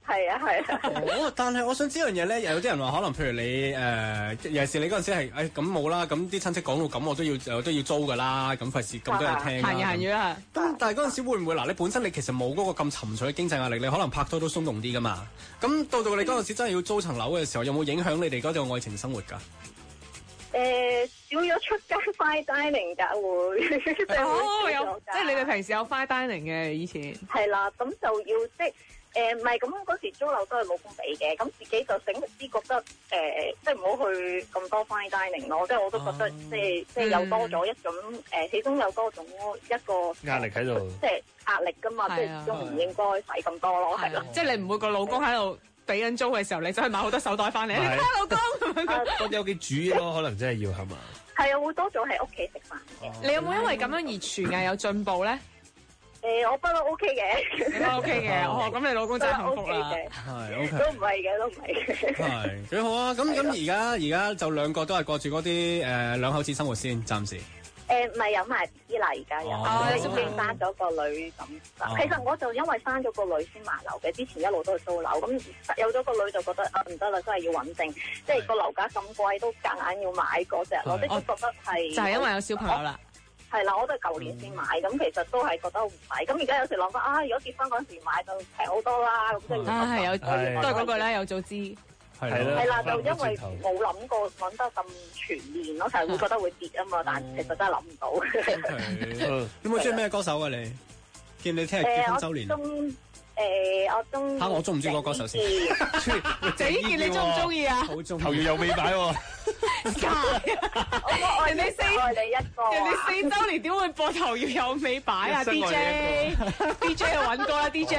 係啊，係啊。是啊 [laughs] 但係我想知樣嘢咧，又有啲人話可能，譬如你誒、呃，尤其是你嗰陣時係誒咁冇啦，咁啲親戚講到咁，我都要都要租噶啦，咁費事咁多人聽啊，行嚟行去啊。咁但係嗰陣時會唔會嗱，你本身你其實冇嗰個咁沉重嘅經濟壓力，你可能拍拖都鬆動啲噶嘛。咁到到你嗰陣時真係要租層樓嘅時候，嗯、有冇影響你哋嗰段愛情生活㗎？誒、呃，少咗出街快 d ifine dining 噶，會，哦，有。即係你哋平時有 fine dining 嘅以前？係啦，啊，咁就要即誒，唔係咁嗰時租樓都係老公俾嘅，咁自己就醒目啲覺得誒，即係唔好去咁多 fine dining 咯，即係我都覺得即係即係又多咗一種誒，始終有多種一個壓力喺度，即係壓力噶嘛，即係始終唔應該使咁多咯，係咯。即係你唔會個老公喺度俾緊租嘅時候，你走去買好多手袋翻嚟，你睇下老公咁樣咁多啲屋企煮嘢咯，可能真係要係嘛？係啊，會多咗喺屋企食飯。你有冇因為咁樣而廚藝有進步咧？誒、呃，我不嬲 OK 嘅，OK 嘅，咁、okay. 你老公真幸福啦，係、okay. okay.，都唔係嘅，都唔係嘅，係，幾好啊，咁咁而家而家就兩個都係過住嗰啲誒兩口子生活先，暫時，誒、呃，唔係有埋依啲啦，而家有，哦、啊，仲變生咗個女咁、啊，其實我就因為生咗個女先買樓嘅，之前一路都係租樓，咁有咗個女就覺得啊唔得啦，真係要穩定，即係個樓價咁貴都夾硬要買嗰隻，我都就覺得係、哦，就係、是、因為有小朋友啦。係啦，我都係舊年先買，咁其實都係覺得唔買。咁而家有時諗翻啊，如果結婚嗰時買就平好多啦。咁即係啊，係有都係嗰句咧，有早知係啦。係啦，就因為冇諗過揾得咁全面咯，成日會覺得會跌啊嘛。但係其實真係諗唔到。嗯、 [laughs] 你有冇中意咩歌手啊？你見你聽聽日結婚周年。誒、欸，我中誒、呃、我中、啊、我中唔中意個歌手先？李 [laughs] 健你中唔中意啊？ [laughs] 頭搖又未擺喎、啊。 [laughs] [laughs] 我愛你四，我愛你一個，人哋四周年點會播頭要有尾擺啊？DJ，DJ 又搵歌啦，DJ。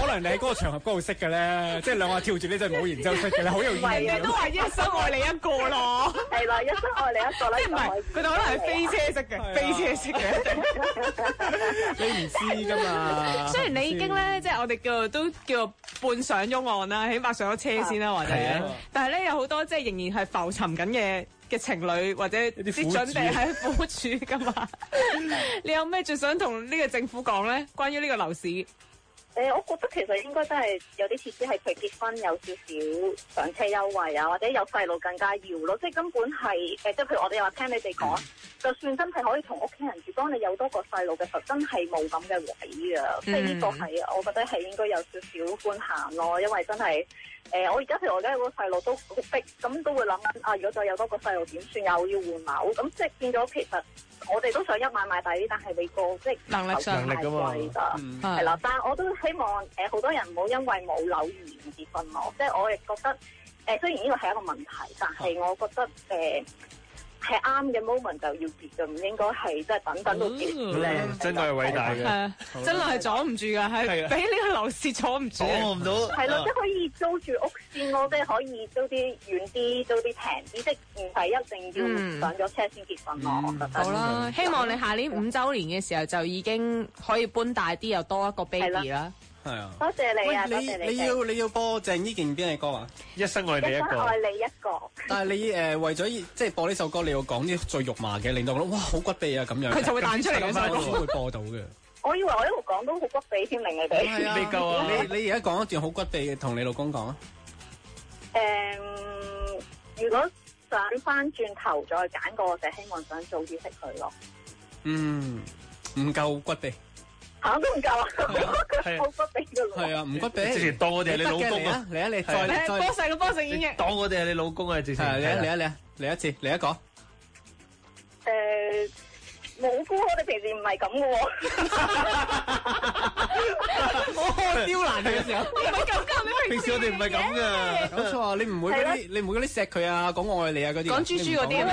可能你喺嗰個場合嗰度識嘅咧，即係兩下跳住呢，真係冇然之後識嘅咧，好容易。唔係，都話一生愛你一個咯、啊。係啦、啊，一生愛你一個啦。即唔係，佢哋、嗯、可能係、 [laughs] 啊、 [laughs] 飛車式嘅、啊，飛車式嘅。 [laughs] 你唔知噶嘛？雖然你已經咧，即係我哋叫都叫半上咗岸啦，起碼上咗車先啦、嗯，或者。但係咧有好多即係仍然係留尋緊嘅嘅情侶或者你準備喺府處噶嘛？ [laughs] 你有咩最想同呢個政府講咧？關於呢個樓市？誒、呃，我覺得其實應該都係有啲設施係佢結婚有少少上車優惠啊，或者有細路更加要咯，即係根本係誒，即、呃、係譬如我哋又話聽你哋講。嗯就算真係可以同屋企人住，當你有多個細路嘅時候，真係冇咁嘅位啊、嗯！即係呢個係我覺得係應該有少少寬限咯，因為真係、呃、我而家譬如我而家有個細路都好逼，咁都會諗緊啊！如果再有多個細路點算又要換樓咁，即係變咗其實我哋都想一買買啲，但係你個即係能力上太貴㗎，係啦、嗯嗯。但我都希望好、呃、多人唔好因為冇樓而唔結婚咯。即係我亦覺得誒、呃，雖然呢個係一個問題，但係我覺得、嗯呃係啱嘅 moment 就要結嘅，唔應該係即係等等都結，哦。真係偉大嘅，真係阻唔住㗎，係俾呢個樓市阻唔住。阻唔到。係咯，即 [laughs] 係可以租住屋先咯，即係可以租啲遠啲，租啲平啲，即係唔係一定要等咗車先結婚。嗯、我覺得好啦，希望你下年五週年嘅時候就已經可以搬大啲，又多一個 baby 啦。係啊，多謝，謝你啊！你謝謝你，你要你要播鄭伊健邊嘅歌啊？一生愛你一，個一生愛你一個。 [laughs] 但係你誒、呃，為咗即係播呢首歌，你要講啲最肉麻嘅，令到我哇好骨痹啊咁樣。佢就會彈出嚟咁樣，我先會播到嘅。 [laughs] 我以為我一路講都好骨痹添，你哋。係啊，未 [laughs] 夠啊！你你而家講一段好骨痹嘅同你老公講啊。誒、um，如果想翻轉頭再揀個，就希望想早啲識佢咯。嗯，唔夠骨痹。我都唔夠，係好骨柄噶，係啊，唔骨柄，直情當我哋係你老公啊，嚟啊嚟，再再，幫成個幫成演員，當我哋係你老公啊，直情，嚟啊嚟啊嚟，嚟一次，嚟一個。誒，老公，我哋平時唔係咁噶喎，我刁難你嘅時候，平時我哋唔係咁噶，冇錯啊，你唔會嗰啲，你唔會嗰啲錫佢啊，講我愛你啊嗰啲，講豬豬嗰啲咧。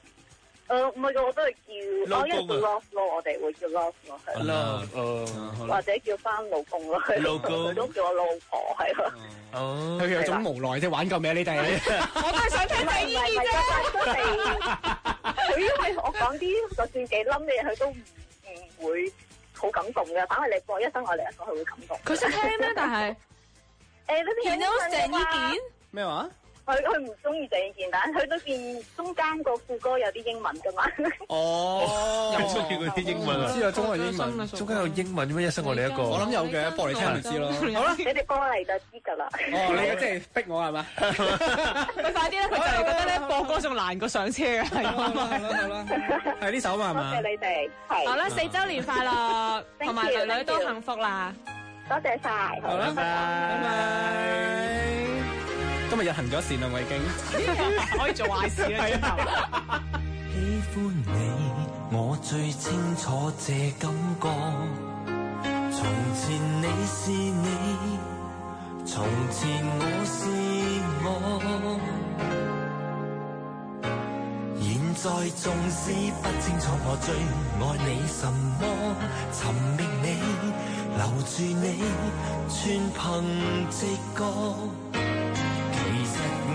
誒，唔係嘅，我都係叫老公咯，我哋會叫老公咯，或者叫翻老公咯，佢都叫我老婆係咯。哦，佢有種無奈啫，玩夠未啊？你哋我都係想聽正意見。佢因為我講啲就算幾冧嘅嘢，佢都唔唔會好感動嘅。反為你播一生愛你一個，佢會感動。佢識聽咩？但係誒，呢啲嘢都正意見咩話？佢佢唔中意第一件，但係佢都見中間個副歌有啲英文噶嘛。哦，又中意嗰啲英文啊！知啦，中文英文，中間有英文？點解一生我哋一個，我諗有嘅，播嚟聽下知咯。好啦，你哋播嚟就知㗎啦。哦，你嘅即係逼我係嘛？你快啲啦！佢就係覺得咧，播歌仲難過上車啊！係嘛？係呢首嘛係嘛？多謝你哋，好啦，四週年快樂，同埋女女都幸福啦，多謝晒，好啦，拜拜。今日行咗善係咪已經可以做壞事啊？ [laughs] [laughs] 喜歡你，我最清楚這感覺。從前你是你，從前我是我。現在縱使不清楚我最愛你什麼，尋覓你，留住你，全憑直覺。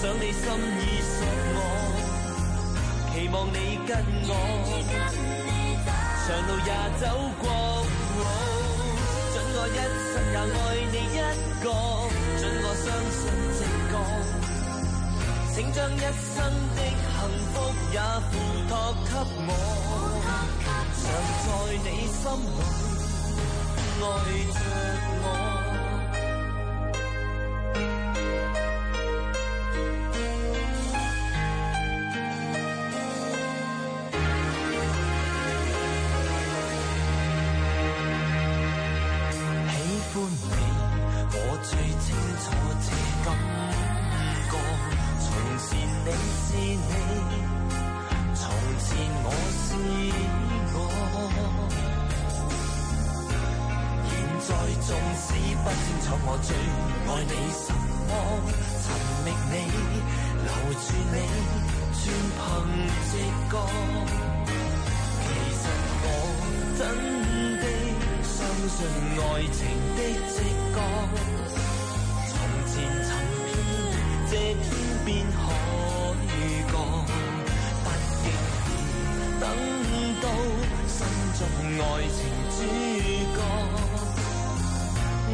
想你心意錫我，期望你跟我，長路也走過。准我一生也愛你一個，嗯、准我相信直覺、嗯，請將一生的幸福也付託給我，常在你心裏愛着我。只不清楚我最愛你什麼，尋覓你，留住你，全憑直覺。其實我真的相信愛情的直覺，從前曾遍這天邊海角，不經意等到心中愛情主角。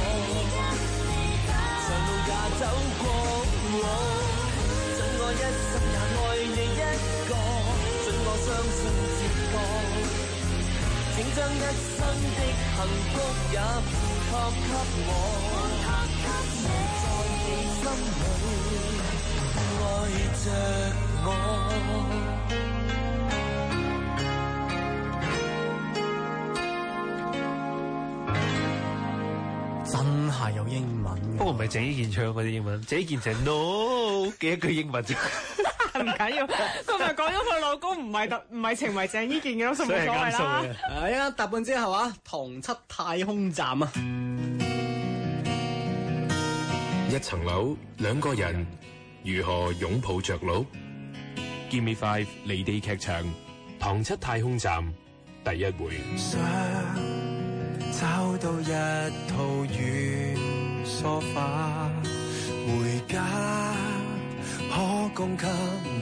長路也走過，准我一生也愛你一個，准我相信絕望，請將一生的幸福也付託給我。付託給我在你心裏愛着我。都唔係鄭伊健唱嗰啲英文，鄭伊健就 no 嘅一句英文字，唔緊要。佢咪講咗佢老公唔係特唔係情迷鄭伊健嘅，所以冇所謂啦。係啊，搭半之後啊，唐七太空站啊，一層樓兩個人如何擁抱著老？Gimme 5離地劇場，唐七太空站第一回。想找到一套雨。梳化回家，可供給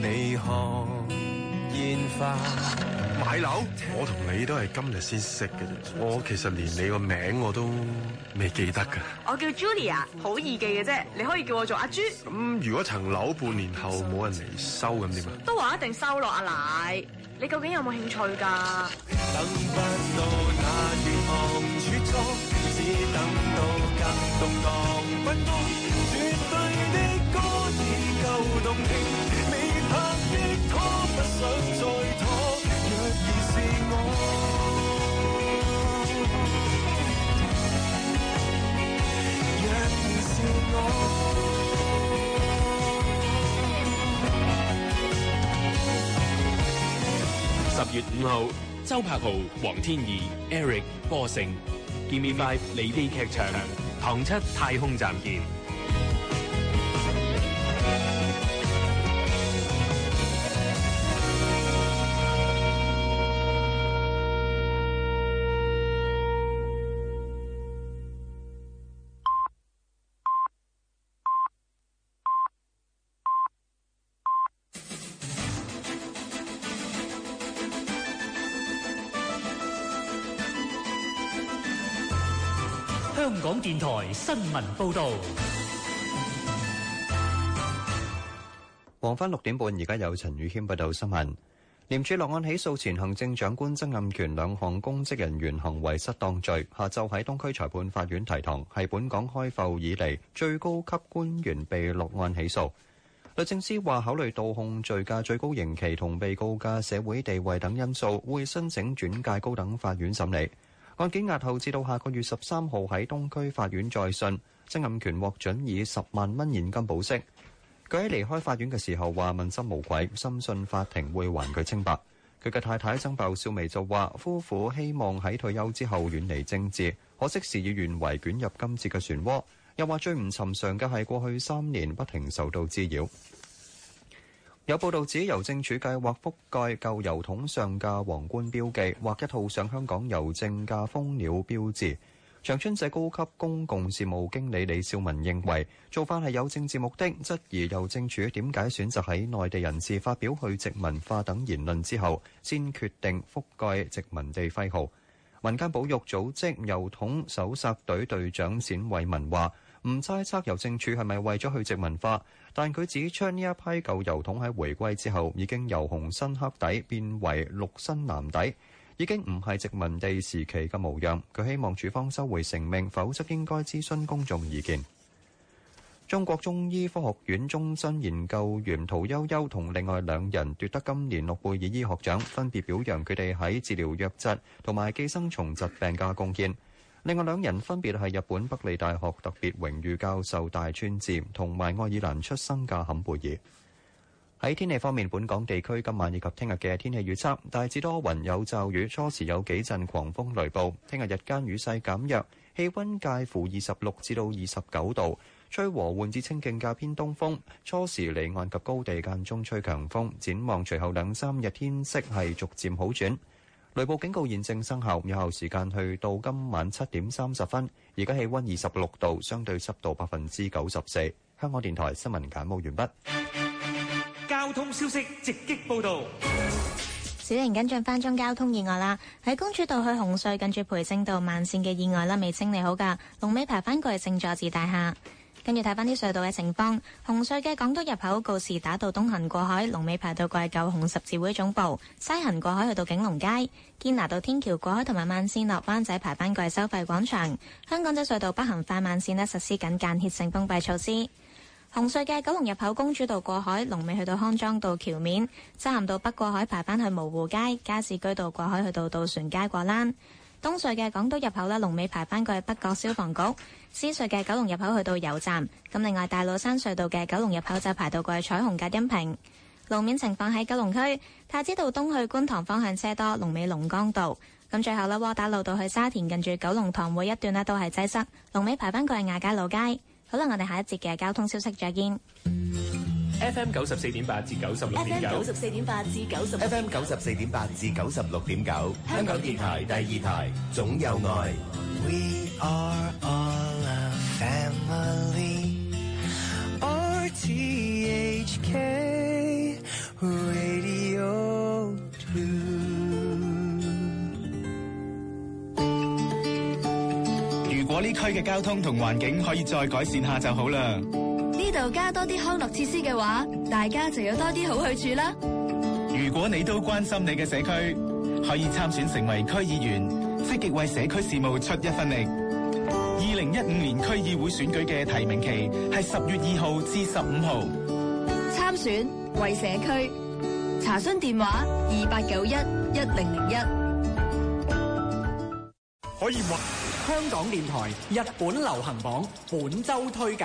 你看煙花。買樓，我同你都係今日先識嘅啫。我其實連你個名我都未記得㗎。我叫 Julia，好易記嘅啫。你可以叫我做阿朱。咁如果層樓半年後冇人嚟收，咁點啊？都話一定收落阿奶。你究竟有冇興趣㗎？等不到那十月五號，周柏豪、黃天頤、Eric、波盛 Gimme 5離地劇場，唐七太空站見。香港電台新聞報道，黃昏六點半而家有陳宇謙報道新聞。廉署落案起訴前行政長官曾蔭權兩項公職人員行為失當罪，下晝喺東區裁判法院提堂，係本港開埠以嚟最高級官員被落案起訴。律政司話考慮到控罪嘅最高刑期同被告嘅社會地位等因素，會申請轉介高等法院審理。案件押後至到下個月十三號喺東區法院再訊。曾蔭權獲准以十萬蚊現金保釋。佢喺離開法院嘅時候話：問心無愧，深信法庭會還佢清白。佢嘅太太曾鮑笑薇就話：夫婦希望喺退休之後遠離政治，可惜事與願違，捲入今次嘅漩渦。又話最唔尋常嘅係過去三年不停受到滋擾。有報道指郵政處計劃覆蓋舊郵筒上架皇冠標記或一套上香港郵政架蜂鳥標誌。長春社高級公共事務經理李少文認為做法係有政治目的，質疑郵政處點解選擇喺內地人士發表去殖民化等言論之後先決定覆蓋殖民地徽號。民間保育組織郵筒守殺隊隊長冼偉文話，唔猜測郵政署係咪為咗去殖民化，但佢指出呢一批舊郵筒喺回歸之後已經由紅身黑底變為綠身藍底，已經唔係殖民地時期嘅模樣。佢希望署方收回成命，否則應該諮詢公眾意見。中國中醫科學院終身研究員屠呦呦同另外兩人奪得今年諾貝爾醫學獎，分別表揚佢哋喺治療瘧疾同埋寄生蟲疾病嘅貢獻。另外兩人分別係日本北里大學特別榮譽教授大川占同埋愛爾蘭出生嘅坎貝爾。喺天氣方面，本港地區今晚以及聽日嘅天氣預測大致多雲有驟雨，初時有幾陣狂風雷暴。聽日日間雨勢減弱，氣温介乎二十六至到二十九度，吹和緩至清勁嘅偏東風。初時離岸及高地間中吹強風。展望隨後兩三日天色係逐漸好轉。雷暴警告現正生效，有效時間去到今晚七點三十分。而家氣温二十六度，相對濕度百分之九十四。香港電台新聞簡報完畢。交通消息直擊報道。小瑩跟進翻宗交通意外啦，喺公主道去紅隧跟住培正道慢綫嘅意外啦，未清理好噶，龍尾排翻過去聖佐治大廈。跟住睇翻啲隧道嘅情況，紅隧嘅港島入口告士打道東行過海，龍尾排到貴九紅十字會總部；西行過海去到景隆街，堅拿道天橋過海同埋慢線落灣仔排返去收費廣場。香港仔隧道北行快慢線實施緊間歇性封閉措施。紅隧嘅九龍入口公主道過海，龍尾去到康莊道橋面，西行到北過海排返去蕪湖街，加士居道過海去到渡船街過欄。東隧嘅港島入口啦，龍尾排返過去北角消防局；獅隧嘅九龍入口去到油站，咁另外大老山隧道嘅九龍入口就排到過去彩虹隔音屏。路面情況喺九龍區，太子道東去觀塘方向車多，龍尾龍江道。咁最後咧，窩打老道去沙田近住九龍塘會一段都係擠塞，龍尾排返過去亞皆老街。好啦，我哋下一節嘅交通消息再見。F M 九十四點八至九十六點九。F M 九十四點八至九十六。F M 九十四點八至九十六點九。香港電台第二台，總有愛。We are all family。R T H K Radio Two。如果呢區嘅交通同環境可以再改善下就好啦。就加多啲康樂設施嘅話，大家就有多啲好去處啦。如果你都關心你嘅社區，可以參選成為區議員，積極為社區事務出一份力。二零一五年區議會選舉嘅提名期係十月二號至十五號。參選為社區，查詢電話二八九一一零零一。可以獲，香港電台日本流行榜本周推介。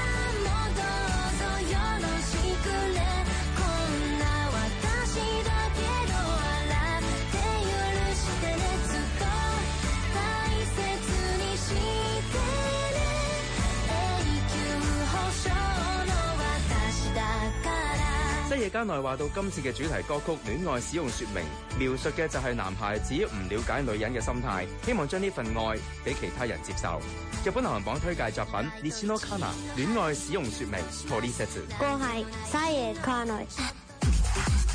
夜間內話到今次嘅主題歌曲《戀愛使用說明》，描述嘅就係男孩子唔了解女人嘅心態，希望將呢份愛俾其他人接受。日本流行榜推介作品《Nishino Kana》《戀愛使用說明》《Tori Setsu》，歌係《Shine Kano》。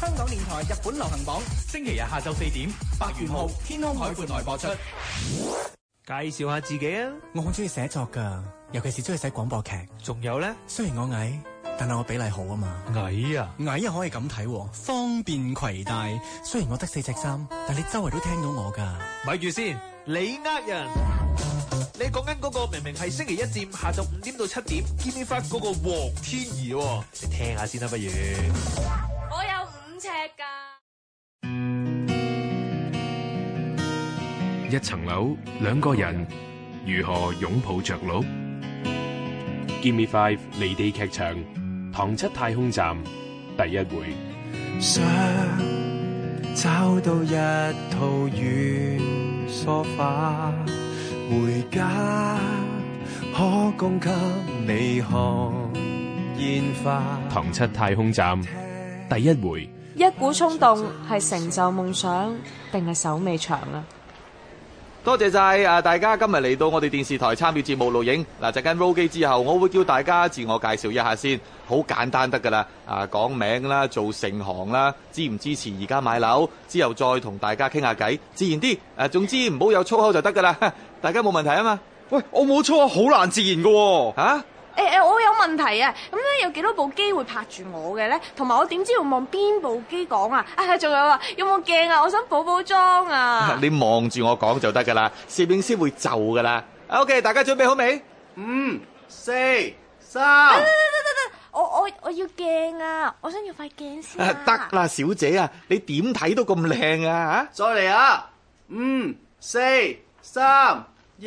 香港電台日本流行榜星期日下晝四點八月號天空海闊台播出。介紹下自己啊，我好中意寫作噶，尤其是中意寫廣播劇。仲有咧，雖然我矮。但係我比例好啊嘛，矮啊矮可以咁睇、啊、方便攜帶。雖然我得四尺三，但你周圍都聽到我噶。咪住先，你呃人？你講緊嗰個明明係星期一至五下晝五點到七點？Gimme Five、那、嗰個黃天頤、啊，你聽下先啦，不如？我有五尺噶，一層樓兩個人如何擁抱着佬 Gimme Five 離地劇場。唐七太空站第一回，想找到一套軟梳化回家，可供給你看煙花。唐七太空站第一回，一股衝動係成就夢想，定係手尾長啦。多謝晒啊！大家今日嚟到我哋電視台參與節目錄影嗱，陣間 roll 機之後，我會叫大家自我介紹一下先。好簡單得噶啦！啊，講名啦，做成行啦，支唔支持而家買樓？之後再同大家傾下偈，自然啲。誒，總之唔好有粗口就得噶啦。大家冇問題啊嘛？喂，我冇粗口，好難自然噶喎嚇。誒、啊哎、我有問題啊。咁咧有幾多部機會拍住我嘅咧？同埋我點知要望邊部機講啊？啊，仲有啊，有冇鏡啊？我想補補妝啊。 [laughs] 你望住我講就得噶啦，攝影師會遷就噶啦。OK，大家準備好未？五、四、三。哎哎哎哎哎哎我我我要鏡啊！我想要塊鏡先得啦，小姐啊，你點睇都咁靚啊吓！再嚟啊，五四三二，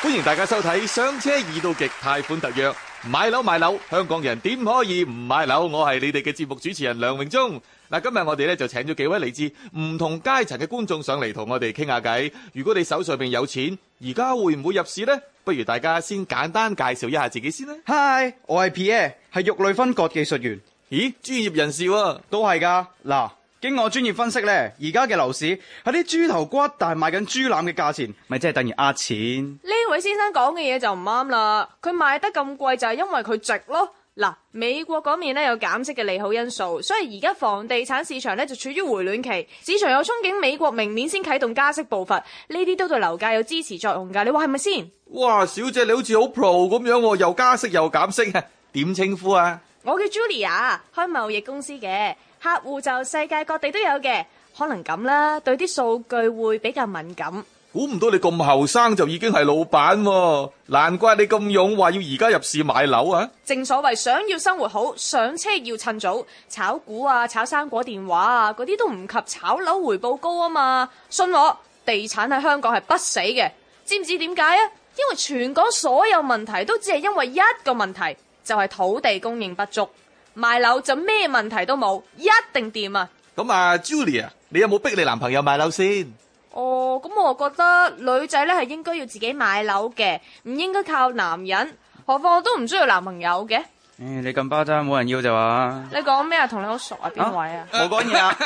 歡迎大家收睇上車易到極貸款特約買樓買樓，香港人點可以唔買樓？我係你哋嘅節目主持人梁榮忠嗱。今日我哋咧就請咗幾位嚟自唔同階層嘅觀眾上嚟同我哋傾下偈。如果你手上邊有錢，而家會唔會入市咧？不如大家先簡單介紹一下自己先啦。Hi，我係 Pa 係肉類分割技術員。咦，專業人士喎、啊，都係噶。嗱，經我專業分析呢，而家嘅樓市係啲豬頭骨，但係賣緊豬腩嘅價錢，咪即係等於呃錢。呢位先生講嘅嘢就唔啱啦。佢賣得咁貴就係因為佢值咯。嗱，美國嗰面咧有減息嘅利好因素，所以而家房地產市場咧就處於回暖期，市場有憧憬美國明年先啟動加息步伐，呢啲都對樓價有支持作用㗎。你話係咪先？哇，小姐你好似好 pro 咁樣，又加息又減息啊？點稱呼啊？我叫 Julia，開貿易公司嘅，客戶就世界各地都有嘅，可能咁啦，對啲數據會比較敏感。估唔到你咁後生就已經係老闆喎、啊，難怪你咁勇，話要而家入市買樓啊！正所謂想要生活好，上車要趁早，炒股啊、炒生果、電話啊，嗰啲都唔及炒樓回報高啊嘛！信我，地產喺香港係不死嘅，知唔知點解啊？因為全港所有問題都只係因為一個問題，就係、是、土地供應不足，買樓就咩問題都冇，一定掂啊！咁啊，Julia，你有冇逼你男朋友買樓先？哦，咁我覺得女仔咧係應該要自己買樓嘅，唔應該靠男人。何況我都唔需要男朋友嘅。誒，你咁花心，冇人要就話。你講咩啊？同你好熟啊？邊位啊？我講嘢啊！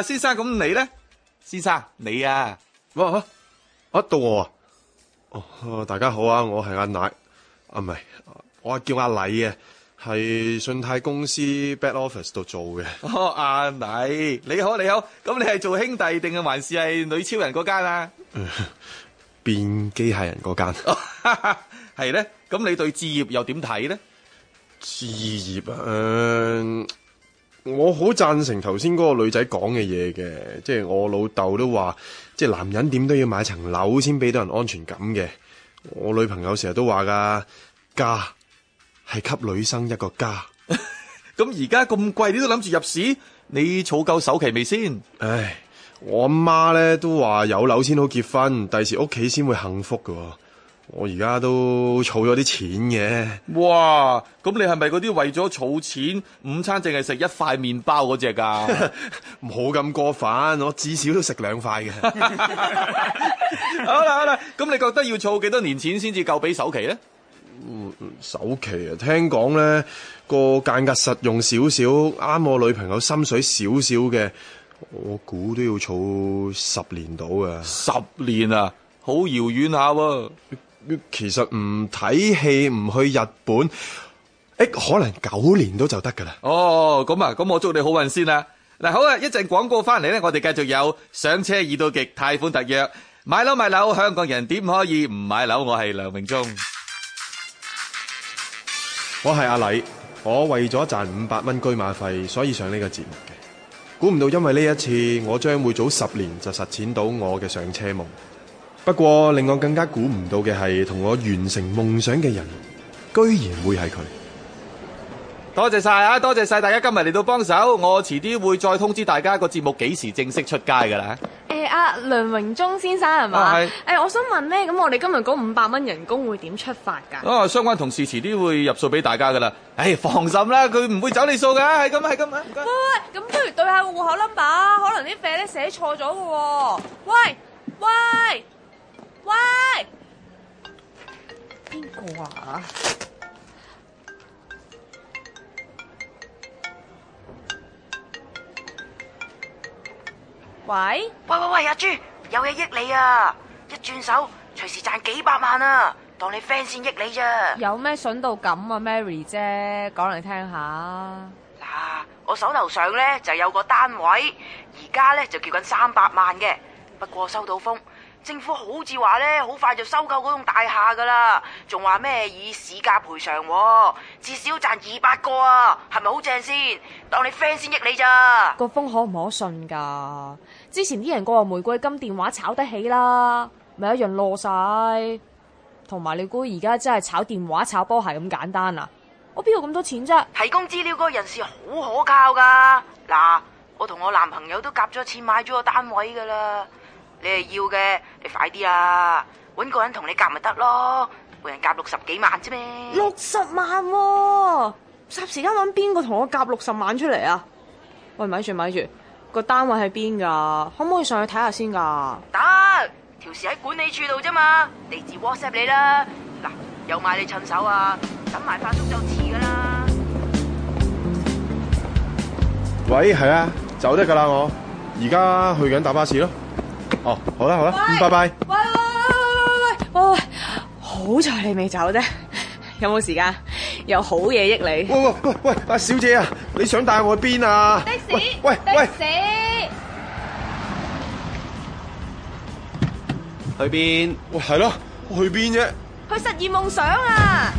誒，先生咁你咧？先生你啊？好，啊到我啊！哦，大家好啊，我係阿奶，啊唔係，我係叫阿禮嘅。係信貸公司 back office 度做嘅。哦，阿、啊、奶，你好，你好。咁你係做兄弟定係還是係女超人嗰間啊？變機械人嗰間。係、哦、咧。咁你對置業又點睇咧？置業誒、呃，我好讚成頭先嗰個女仔講嘅嘢嘅。即係我老豆都話，即係男人點都要買層樓先俾到人安全感嘅。我女朋友成日都話噶家。係給女生一個家，咁而家咁貴，你都諗住入市？你儲夠首期未先？唉，我阿媽咧都話有樓先好結婚，第時屋企先會幸福噶。我而家都儲咗啲錢嘅。哇，咁你係咪嗰啲為咗儲錢，午餐淨係食一塊麵包嗰隻噶？唔好 [laughs] 咁過份，我至少都食兩塊嘅。好啦好啦，咁你覺得要儲幾多年錢先至夠俾首期咧？首期啊，聽講呢個間隔實用少少，啱我女朋友心水少少嘅，我估都要儲十年到啊！十年啊，好遙遠下，其實唔睇戲唔去日本，誒，可能九年都就得噶啦。哦，咁啊，咁我祝你好運先啦。嗱，好啊，一陣廣告翻嚟呢，我哋繼續有上車易到極，貸款特約，買樓買樓，香港人點可以唔買樓？我係梁榮忠。我係阿禮，我為咗賺五百蚊居馬費，所以上呢個節目嘅。估唔到，因為呢一次，我將會早十年就實踐到我嘅上車夢。不過令我更加估唔到嘅係，同我完成夢想嘅人，居然會係佢。多謝晒啊！多謝晒大家今日嚟到幫手，我遲啲會再通知大家個節目幾時正式出街噶啦。誒，阿梁榮忠先生係嘛？係。誒，我想問咧，咁我哋今日嗰五百蚊人工會點出發噶？啊，相關同事遲啲會入數俾大家噶啦。誒，放心啦，佢唔會走你數嘅。係咁，係咁啊！唔該。喂喂，咁不如對下戶口 number 啊？可能啲 file 咧寫錯咗嘅。喂喂喂！邊個啊！喂喂喂喂，阿朱有嘢益你啊！一轉手隨時賺幾百萬啊！當你 friend 先益你咋？有咩笋到咁啊，Mary 姐？講嚟聽下。嗱、啊，我手頭上咧就有個單位，而家咧就叫緊三百萬嘅。不過收到風，政府好似話咧好快就收購嗰棟大廈噶啦，仲話咩以市價賠償，至少賺二百個啊！係咪好正先？當你 friend 先益你咋？個風可唔可信噶？之前啲人過話玫瑰金電話炒得起啦，咪一樣落晒，同埋你估而家真係炒電話炒波鞋咁簡單啊？我邊有咁多錢啫？提供資料嗰個人士好可靠噶。嗱，我同我男朋友都夾咗錢買咗個單位噶啦。你係要嘅，你快啲啊！搵個人同你夾咪得咯，每人夾六十幾萬啫咩？六十萬、哦，霎時間搵邊個同我夾六十萬出嚟啊？喂，咪住咪住。個單位喺邊噶？可唔可以上去睇下先噶？得，條匙喺管理處度啫嘛，地址 WhatsApp 你啦。嗱，有埋你，趁手啊，等埋發叔就遲噶啦。喂，係啊，走得噶啦我了，而家去緊搭巴士咯。哦，好啦好啦，嗯，拜拜。喂喂喂喂喂喂喂喂，喂好彩你未走啫。有冇時間？有好嘢益你。喂喂喂喂，阿小姐啊，你想帶我去邊啊？的士，喂，的士，去邊？喂，係咯，我去邊啫？去實現夢想啊！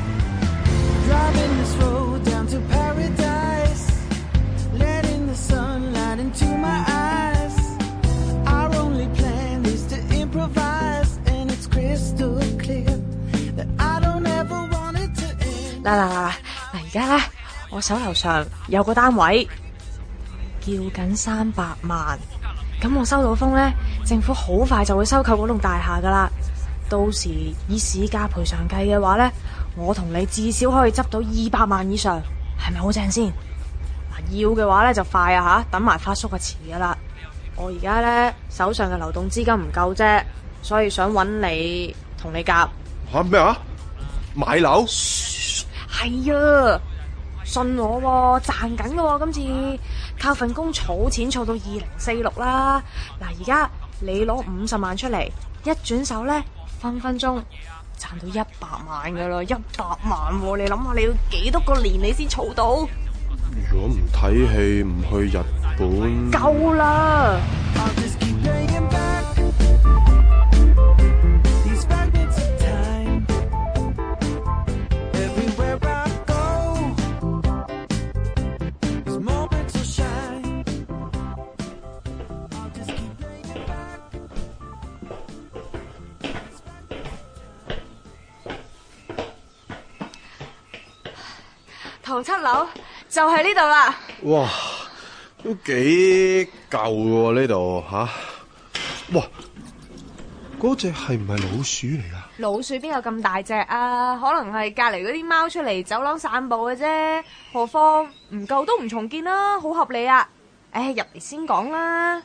嗱嗱嗱嗱，嗱而家咧，我手頭上有個單位叫緊三百萬，咁我收到風咧，政府好快就會收購嗰棟大廈噶啦。到時以市價賠償計嘅話咧，我同你至少可以執到二百萬以上，係咪好正先？嗱，要嘅話咧就快啊吓，等埋發叔就遲噶啦。我而家咧手上嘅流動資金唔夠啫，所以想搵你同你夾。吓咩啊？買樓？係啊，信我喎、哦，賺緊喎、哦，今次靠份工儲錢儲到二零四六啦。嗱，而家你攞五十萬出嚟，一轉手咧，分分鐘賺到一百萬噶喇！一百萬、哦。你諗下，你要幾多個年你先儲到？如果唔睇戲唔去日本，夠啦。唐七樓就喺呢度啦！哇，都幾舊喎呢度吓！哇，嗰隻係唔係老鼠嚟噶？老鼠邊有咁大隻啊？可能係隔籬嗰啲貓出嚟走廊散步嘅啫。何況唔舊都唔重建啦，啊，好合理啊！誒，哎，入嚟先講啦，啊。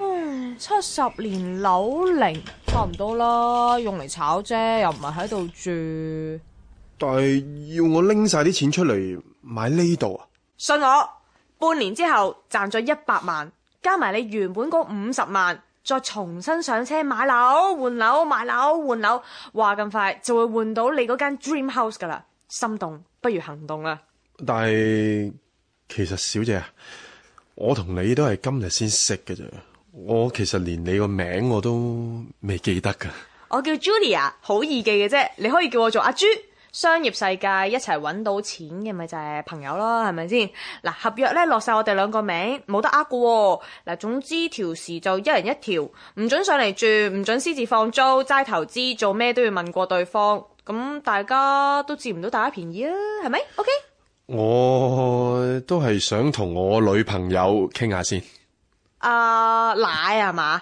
嗯，七十年樓齡差唔多啦，用嚟炒啫，又唔係喺度住。但係要我拎晒啲錢出嚟買呢度啊？信我，半年之後賺咗一百萬，加埋你原本嗰五十萬，再重新上車買樓換樓買樓換樓，話咁快就會換到你嗰間 dream house 噶啦。心動不如行動啊！但係其實小姐啊，我同你都係今日先識嘅啫。我其實連你個名我都未記得噶。我叫 Julia，好易記嘅啫。你可以叫我做阿朱。商業世界一齊揾到錢嘅咪就係朋友咯，係咪先？嗱，合約呢，落晒我哋兩個名，冇得呃㗎喎。嗱，總之條事就一人一條，唔准上嚟住，唔准私自放租、齋投資，做咩都要問過對方。咁大家都佔唔到大家便宜啊，係咪？OK，我都係想同我女朋友傾下先。阿奶吖嘛？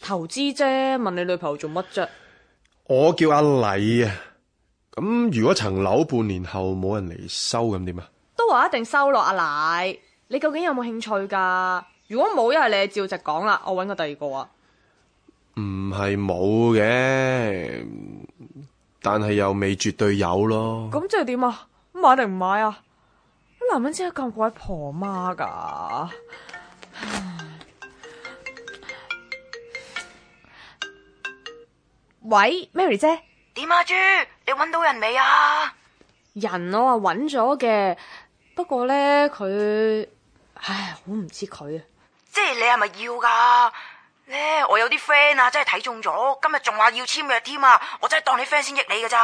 投資啫，問你女朋友做乜啫？我叫阿禮啊。咁如果層樓半年後冇人嚟收咁點啊？都話一定收落阿奶，你究竟有冇興趣噶？如果冇，又係你照直講啦，我揾個第二個啊。唔係冇嘅，但係又未絕對有咯。咁即係點啊？買定唔買啊？男人真係咁鬼婆媽噶。喂，Mary 姐。點啊朱，你揾到人未啊？人我話揾咗嘅，不過咧佢唉好唔知佢啊！即係你係咪要噶？咧我有啲 friend 啊，真係睇中咗，今日仲話要簽約添啊！我真係當你 friend 先益你噶咋？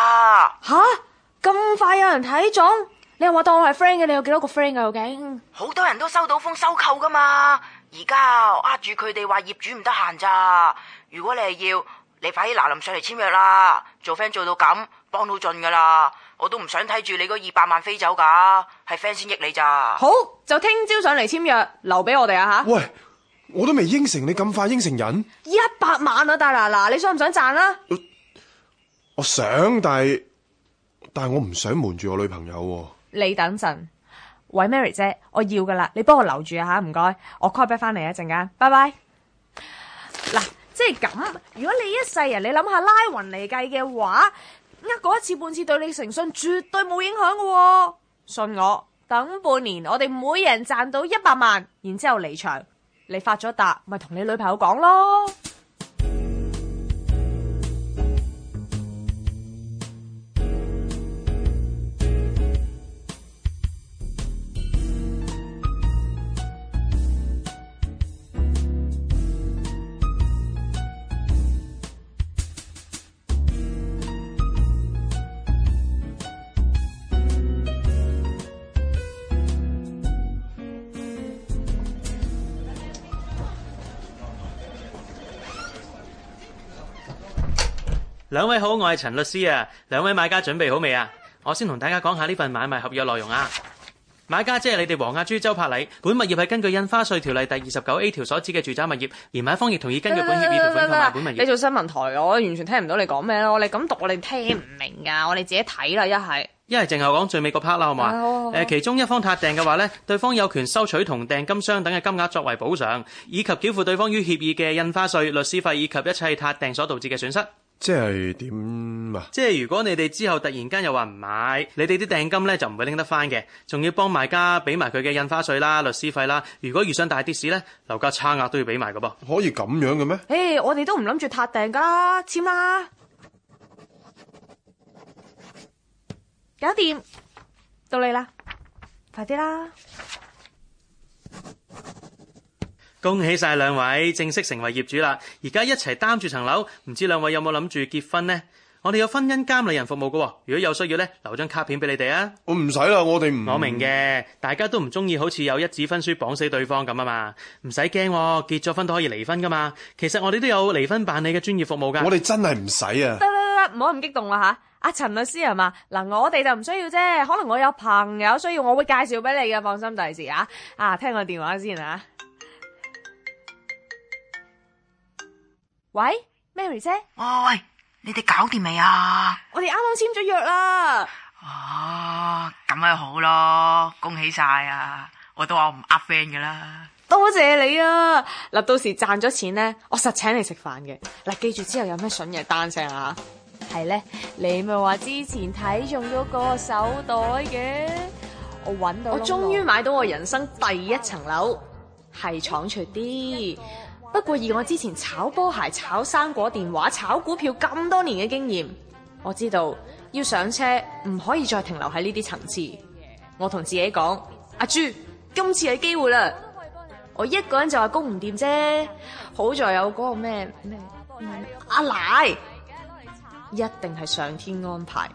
吓、啊、咁快有人睇中？你又話當我係 friend 嘅？你有幾多個 friend 啊？究竟？好多人都收到風收購噶嘛？而家呃住佢哋話業主唔得閒咋？如果你係要。你快啲嗱臨上嚟簽約啦！做 friend 做到咁幫到盡噶啦，我都唔想睇住你嗰二百萬飛走噶，係 friend 先益你咋？好就聽朝上嚟簽約，留俾我哋啊吓！喂，我都未應承你咁快應承人一百萬啊！大嗱嗱，你想唔想賺啦、啊？我想，但係但係我唔想瞞住我女朋友、啊。你等陣，喂 Mary 姐，我要噶啦，你幫我留住啊吓，唔該，我 call back 翻嚟一陣間，拜拜嗱。即係咁，如果你一世人，你諗下拉勻嚟計嘅話，呃嗰一次半次對你誠信絕對冇影響嘅哦。信我，等半年，我哋每人賺到一百萬，然之後離場，你發咗達，咪同你女朋友講咯。兩位好，我係陳律師啊。兩位買家準備好未啊？我先同大家講下呢份買賣合約內容啊。買家即係你哋黃亞珠、周柏禮，本物業係根據印花稅條例第二十九 A 條所指嘅住宅物業，而買方亦同意根據本協議條款購買本物業。你做新聞台，我完全聽唔到你講咩咯。我哋咁讀，我哋聽唔明噶。 [laughs] 我哋自己睇啦，一係一係，淨係講最尾嗰 part 啦，好嘛？誒， [laughs] 其中一方撻訂嘅話咧，對方有權收取同訂金相等嘅金額作為補償，以及繳付對方於協議嘅印花稅、律師費以及一切撻訂所導致嘅損失。即係點啊？即係如果你哋之後突然間又話唔買，你哋啲訂金咧就唔會拎得返嘅，仲要幫買家俾埋佢嘅印花稅啦、律師費啦。如果遇上大跌市咧，樓價差額都要俾埋嘅噃。可以咁樣嘅咩？誒，hey，我哋都唔諗住撻訂噶啦，簽啦，搞掂，到你啦，快啲啦！恭喜晒，兩位正式成為業主啦！而家一齊擔住層樓，唔知兩位有冇諗住結婚呢？我哋有婚姻監理人服務噶，如果有需要咧，留張卡片俾你哋啊。我唔使啦，我哋唔我明嘅，大家都唔中意好似有一紙婚書綁死對方咁啊嘛。唔使驚，結咗婚都可以離婚噶嘛。其實我哋都有離婚辦理嘅專業服務噶。我哋真係唔使啊！得得得，唔好咁激動啦吓。阿陳律師係嘛，嗱，我哋就唔需要啫。可能我有朋友需要，我會介紹俾你嘅，放心大事啊。啊，聽我電話先啊喂，Mary 姐，哇喂，你哋搞掂未啊？我哋啱啱簽咗約啦。哦，咁咪好咯，恭喜曬啊！我都話我唔呃 friend 噶啦。多謝你啊！嗱，到時賺咗錢咧，我實請你食飯嘅。嗱，記住之後有咩筍嘢單聲啊。係咧，你咪話之前睇中咗個手袋嘅，我搵到。我終於買到我人生第一層樓，係搶出啲。不過，以我之前炒波鞋、炒生果、電話、炒股票咁多年嘅經驗，我知道要上車唔可以再停留喺呢啲層次。我同自己講：阿朱，今次係機會啦！我一個人就話供唔掂啫，好在有嗰個咩咩阿奶，一定係上天安排。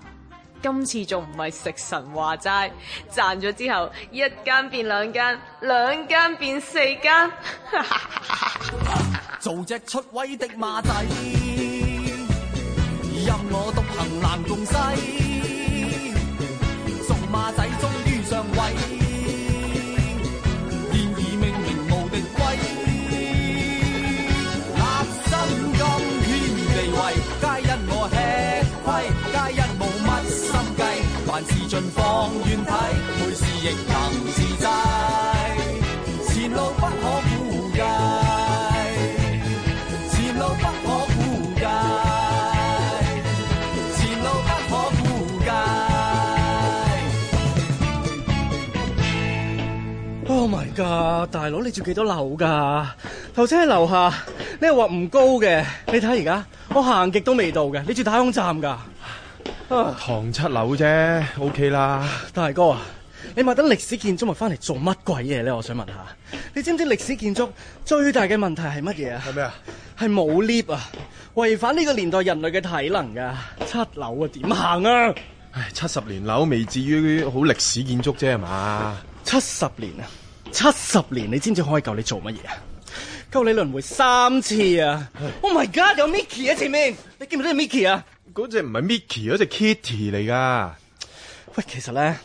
今次仲唔係食神話齋，賺咗之後一間變兩間，兩間變四間， [laughs] 做隻出位的馬仔，任我獨行難共西。盡放願睇，每事亦能自在。前路不可估計，前路不可估計，前路不可估計。Oh my god，大佬，你住幾多樓噶？頭先喺樓下，你又話唔高嘅，你睇下而家，我行極都未到嘅，你住太空站噶？啊，唐七樓啫，OK 啦。大哥啊，你買得歷史建築物翻嚟做乜鬼嘢咧？我想問下，你知唔知歷史建築最大嘅問題係乜嘢啊？係咩啊？係冇 lift 啊，違反呢個年代人類嘅體能噶、啊。七樓啊，點行啊？唉，七十年樓未至於好歷史建築啫，係嘛？七十年啊，七十年，你知唔知可以夠你做乜嘢啊？夠你輪回三次啊 [laughs] ！Oh my god，有 Mickey 啊，前面，你記唔記得 Mickey 啊？嗰隻唔係 Mickey，嗰隻 Kitty 嚟噶。喂，其實咧，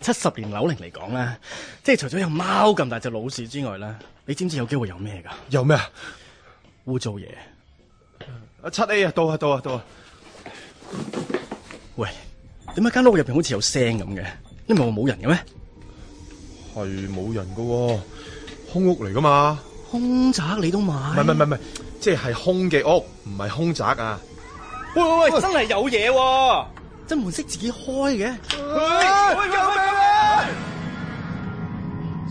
七十年樓齡嚟講咧，即係除咗有貓咁大隻老鼠之外咧，你知唔知有機會有咩噶？有咩？污糟嘢！啊七 A 啊，到啊到啊到啊！喂，點解間屋入邊好似有聲咁嘅？唔係話冇人嘅咩？係冇人噶、哦，空屋嚟噶嘛？凶宅你都買？唔係唔係唔係，即係、係、空嘅屋，唔係凶宅啊！喂喂喂，真係有嘢喎，啊！真唔識自己開嘅，救命啊！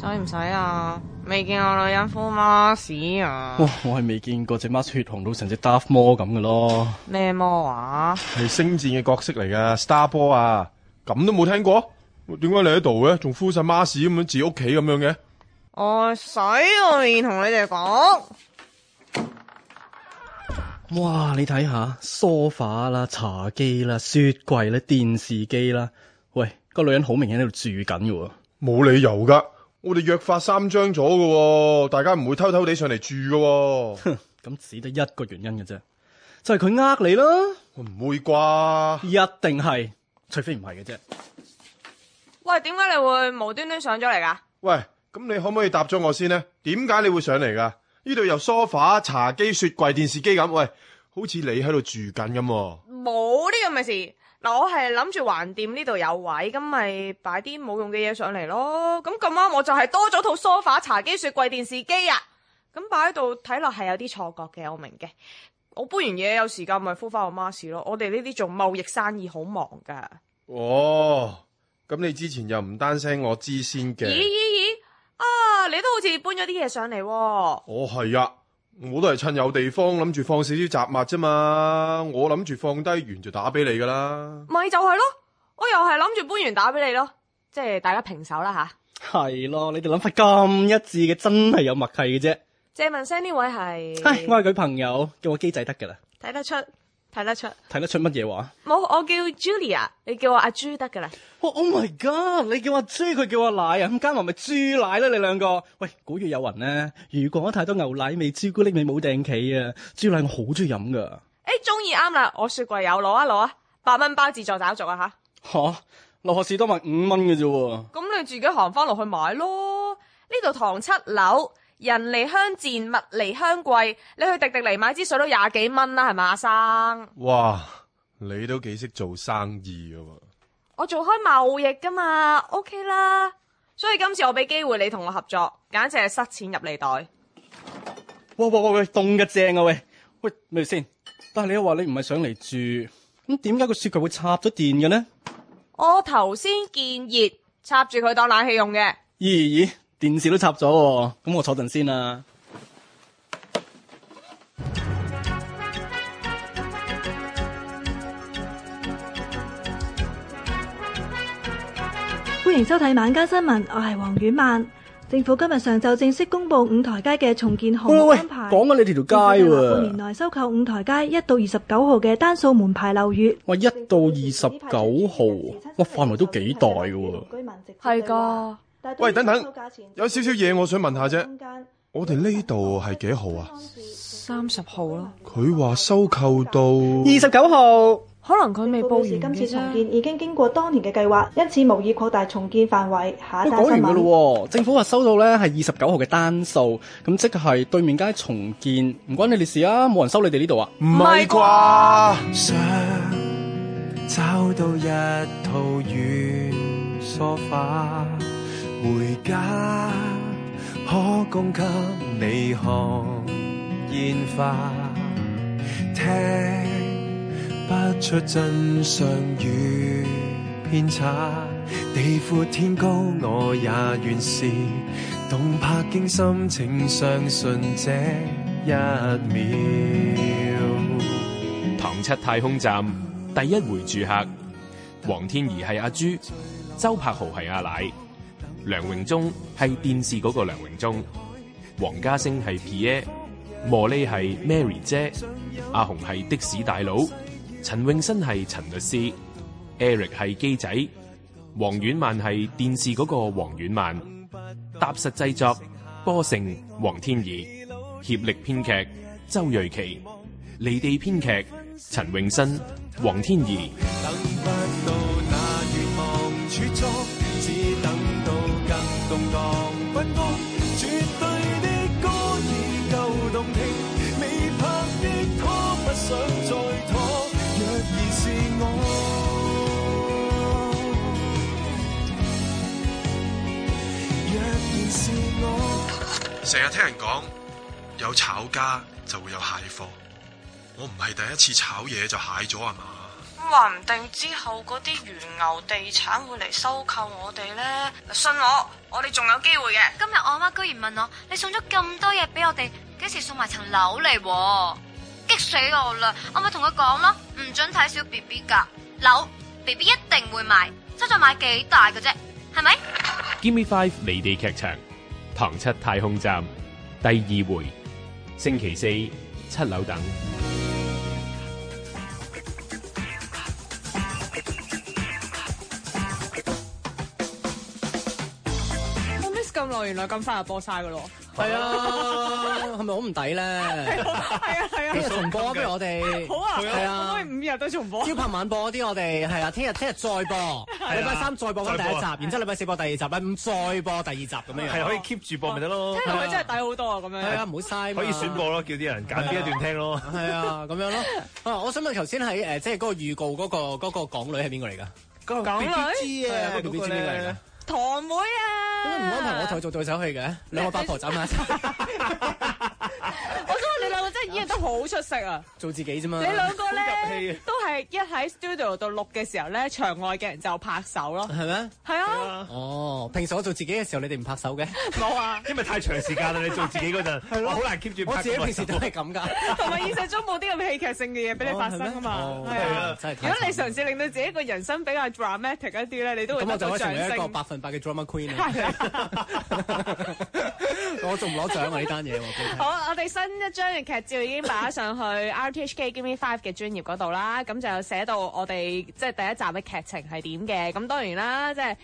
使唔使啊！未見我女人敷孖屎啊！哦、我係未見過隻媽血紅到成隻 dolph 魔咁嘅咯！咩魔啊？係星戰嘅角色嚟噶，Star b o y 啊！咁都冇聽過？點解，呃、你喺度嘅？仲敷晒孖屎咁樣己屋企咁樣嘅？我使我面同你哋講。哇！你睇下梳化啦，茶几啦，雪櫃啦，電視機啦，喂，個女人好明顯喺度住緊嘅喎，冇理由噶，我哋約法三章咗嘅，大家唔會偷偷地上嚟住嘅。哦。哼，咁只得一個原因嘅啫，就係佢呃你啦，唔會啩？一定係，除非唔係嘅啫。喂，點解你會無端端上咗嚟噶？喂，咁你可唔可以答咗我先呢？點解你會上嚟噶？呢度有 sofa、茶几、雪櫃、電視機咁，喂，好似你喺度住緊咁。冇呢咁嘅事，嗱，我係諗住橫掂呢度有位，咁咪擺啲冇用嘅嘢上嚟咯。咁咁啱，我就係多咗套 sofa、茶几、雪櫃、電視機啊。咁擺喺度睇落係有啲錯覺嘅，我明嘅。我搬完嘢有時間咪呼返翻我媽士咯。我哋呢啲做貿易生意好忙噶。哦，咁你之前又唔單聲我知先嘅。咦咦咦！啊！你都好似搬咗啲嘢上嚟喎。我係呀，啊，我都係趁有地方諗住放少少雜物啫嘛。我諗住放低完就打俾你噶啦。咪就係咯，我又係諗住搬完打俾你咯。即係大家平手啦吓。係，啊，咯，你哋諗法咁一致嘅，真係有默契嘅啫。借問聲呢位係？係，我係佢朋友，叫我機仔得噶啦。睇得出。.睇得出，睇得出乜嘢話？冇，我叫 Julia，你叫我阿朱得噶啦。Oh my God！你叫我朱，佢叫我奶啊，咁加埋咪朱奶啦，啊，你兩個。喂，古月有云咧、啊，如果太多牛奶味、朱古力味冇定期啊，朱奶我好中意飲噶。誒、哎，中意啱啦，我雪櫃有攞一攞啊，八蚊包自助找續啊吓。吓、啊，落學士都賣五蚊嘅啫。咁你自己行翻落去買咯，呢度唐七樓。人離鄉賤，物離鄉貴。你去迪迪尼買支水都廿幾蚊啦，係嘛，阿生？哇，你都幾識做生意噶嘛、啊？我做開貿易噶嘛，OK 啦。所以今次我俾機會你同我合作，簡直係塞錢入你袋。喂喂喂喂，凍嘅正啊喂喂，咪先？但係你又話你唔係上嚟住，咁點解個雪櫃會插咗電嘅呢？我頭先見熱插住佢當冷氣用嘅。咦、嗯、咦。電視都插咗，咁我先坐陣先啦。歡迎收睇，晚間新聞，我係黃婉曼。政府今日上晝正式公布五台街嘅重建紅燈牌，講緊、啊、你條街喎、啊。半年內收購五台街一到二十九號嘅單數門牌樓宇。哇，一到二十九號，哇，範圍都幾大居嘅。係噶。喂，等等，有少少嘢我想問下啫。我哋呢度係幾號啊？三十號啦。佢話收購到二十九號。可能佢未報是今次重建已經經過當年嘅計劃，因此無意擴大重建範圍。下一單新講完嘅啦，政府話收到咧係二十九號嘅單數，咁即係對面街重建，唔關你哋事啊，冇人收你哋呢度啊？唔係啩？想找到一套軟梳化。 [music] 回家可供給你看煙花，聽不出真相與偏差。地闊天高，我也願試，動魄驚心，請相信這一秒。唐七太空站第一回住客，黃天頤係阿朱，周柏豪係阿奶。梁榮忠係電視嗰個梁榮忠，黃家升係 Pierre 茉莉係 Mary 姐，阿紅係的士大佬，陳永新係陳律師，Eric 係機仔，黃婉曼係電視嗰個黃婉曼。踏實製作，波成黃天頤，協力編劇周瑞琪，離地編劇陳永新，黃天頤。成日聽人講有炒家就會有蟹貨，我唔係第一次炒嘢就蟹咗啊嘛！話唔定之後嗰啲原牛地產會嚟收購我哋咧，信我，我哋仲有機會嘅。今日我阿媽居然問我，你送咗咁多嘢俾我哋，幾時送埋層樓嚟？激死我啦！我咪同佢講咯，唔准睇小 B B 噶，樓 B B 一定會買，爭在買幾大嘅啫，係咪？Gimme 5，離地劇場。《唐七太空站》第二回，星期四，七樓等。原來咁快又播晒嘅咯，係啊，係咪好唔抵咧？係啊，係啊，聽日重播啊，不如我哋 [laughs] 好啊，係啊，可以五日都重播。朝拍晚播啲我哋係啊，聽日聽日再播，禮拜、啊、三再播翻第一集，啊、然之後禮拜四播第二集，拜五、啊、再播第二集咁、啊啊啊、樣。係、啊、可以 keep 住播咪得咯？係咪真係抵好多啊？咁樣係啊，唔好嘥。可以選播咯，叫啲人揀邊、啊、一段聽咯。係啊，咁樣咯。我想問頭先喺誒，即係嗰、嗰個預告嗰個港女係邊個嚟㗎？港女，B 啊，B B G 邊個嚟㗎？堂妹啊！點解唔安排我台做對手戲嘅？兩個八婆走埋一齊。依個都好出色啊！做自己啫嘛，你兩個咧、啊、都係一喺 studio 度錄嘅時候咧，場外嘅人就拍手咯、啊。係咩？係啊！啊、哦，平時我做自己嘅時候，你哋唔拍手嘅？冇 [laughs] 啊！因為太長時間啦，你做自己嗰陣，好、 [laughs] 啊、難 keep 住。我自己平時都係咁噶，同埋現實中冇啲咁戲劇性嘅嘢俾你發生啊嘛、哦哦、係啊嘛。係啊，如果你嘗試令到自己個人生比較 dramatic 一啲咧，你都會攞獎。咁我就可以成為一個百分百嘅 drama queen 啦、啊。啊、 [laughs] [laughs] 我仲唔攞獎啊？呢單嘢。好，啊，我哋新一張嘅劇照。佢已經擺上去 RTHK Give Me Five 嘅專頁嗰度啦，咁就寫到我哋即係第一集嘅劇情係點嘅。咁當然啦，即係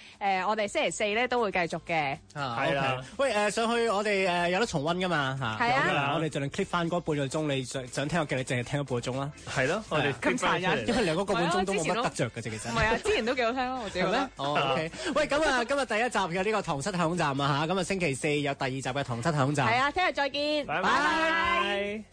誒我哋星期四咧都會繼續嘅。啊，係啦。Okay. 喂誒、呃，上去我哋誒、呃、有得重溫噶嘛嚇？係啊。我哋儘量 clip 翻嗰半個鐘，你想想聽我劇，你淨係聽一半個鐘啦。係咯，我哋。咁殘忍，因為嗰個，個半鐘都冇乜得着嘅其實。唔係啊，之前都幾、 [laughs] 啊、好聽咯。係咩？哦、oh，OK。啊、 [laughs] 喂，咁啊，今日第一集嘅呢個《唐七太空站》啊嚇，咁啊星期四有第二集嘅《唐七太空站》。係啊，聽日再見。拜拜。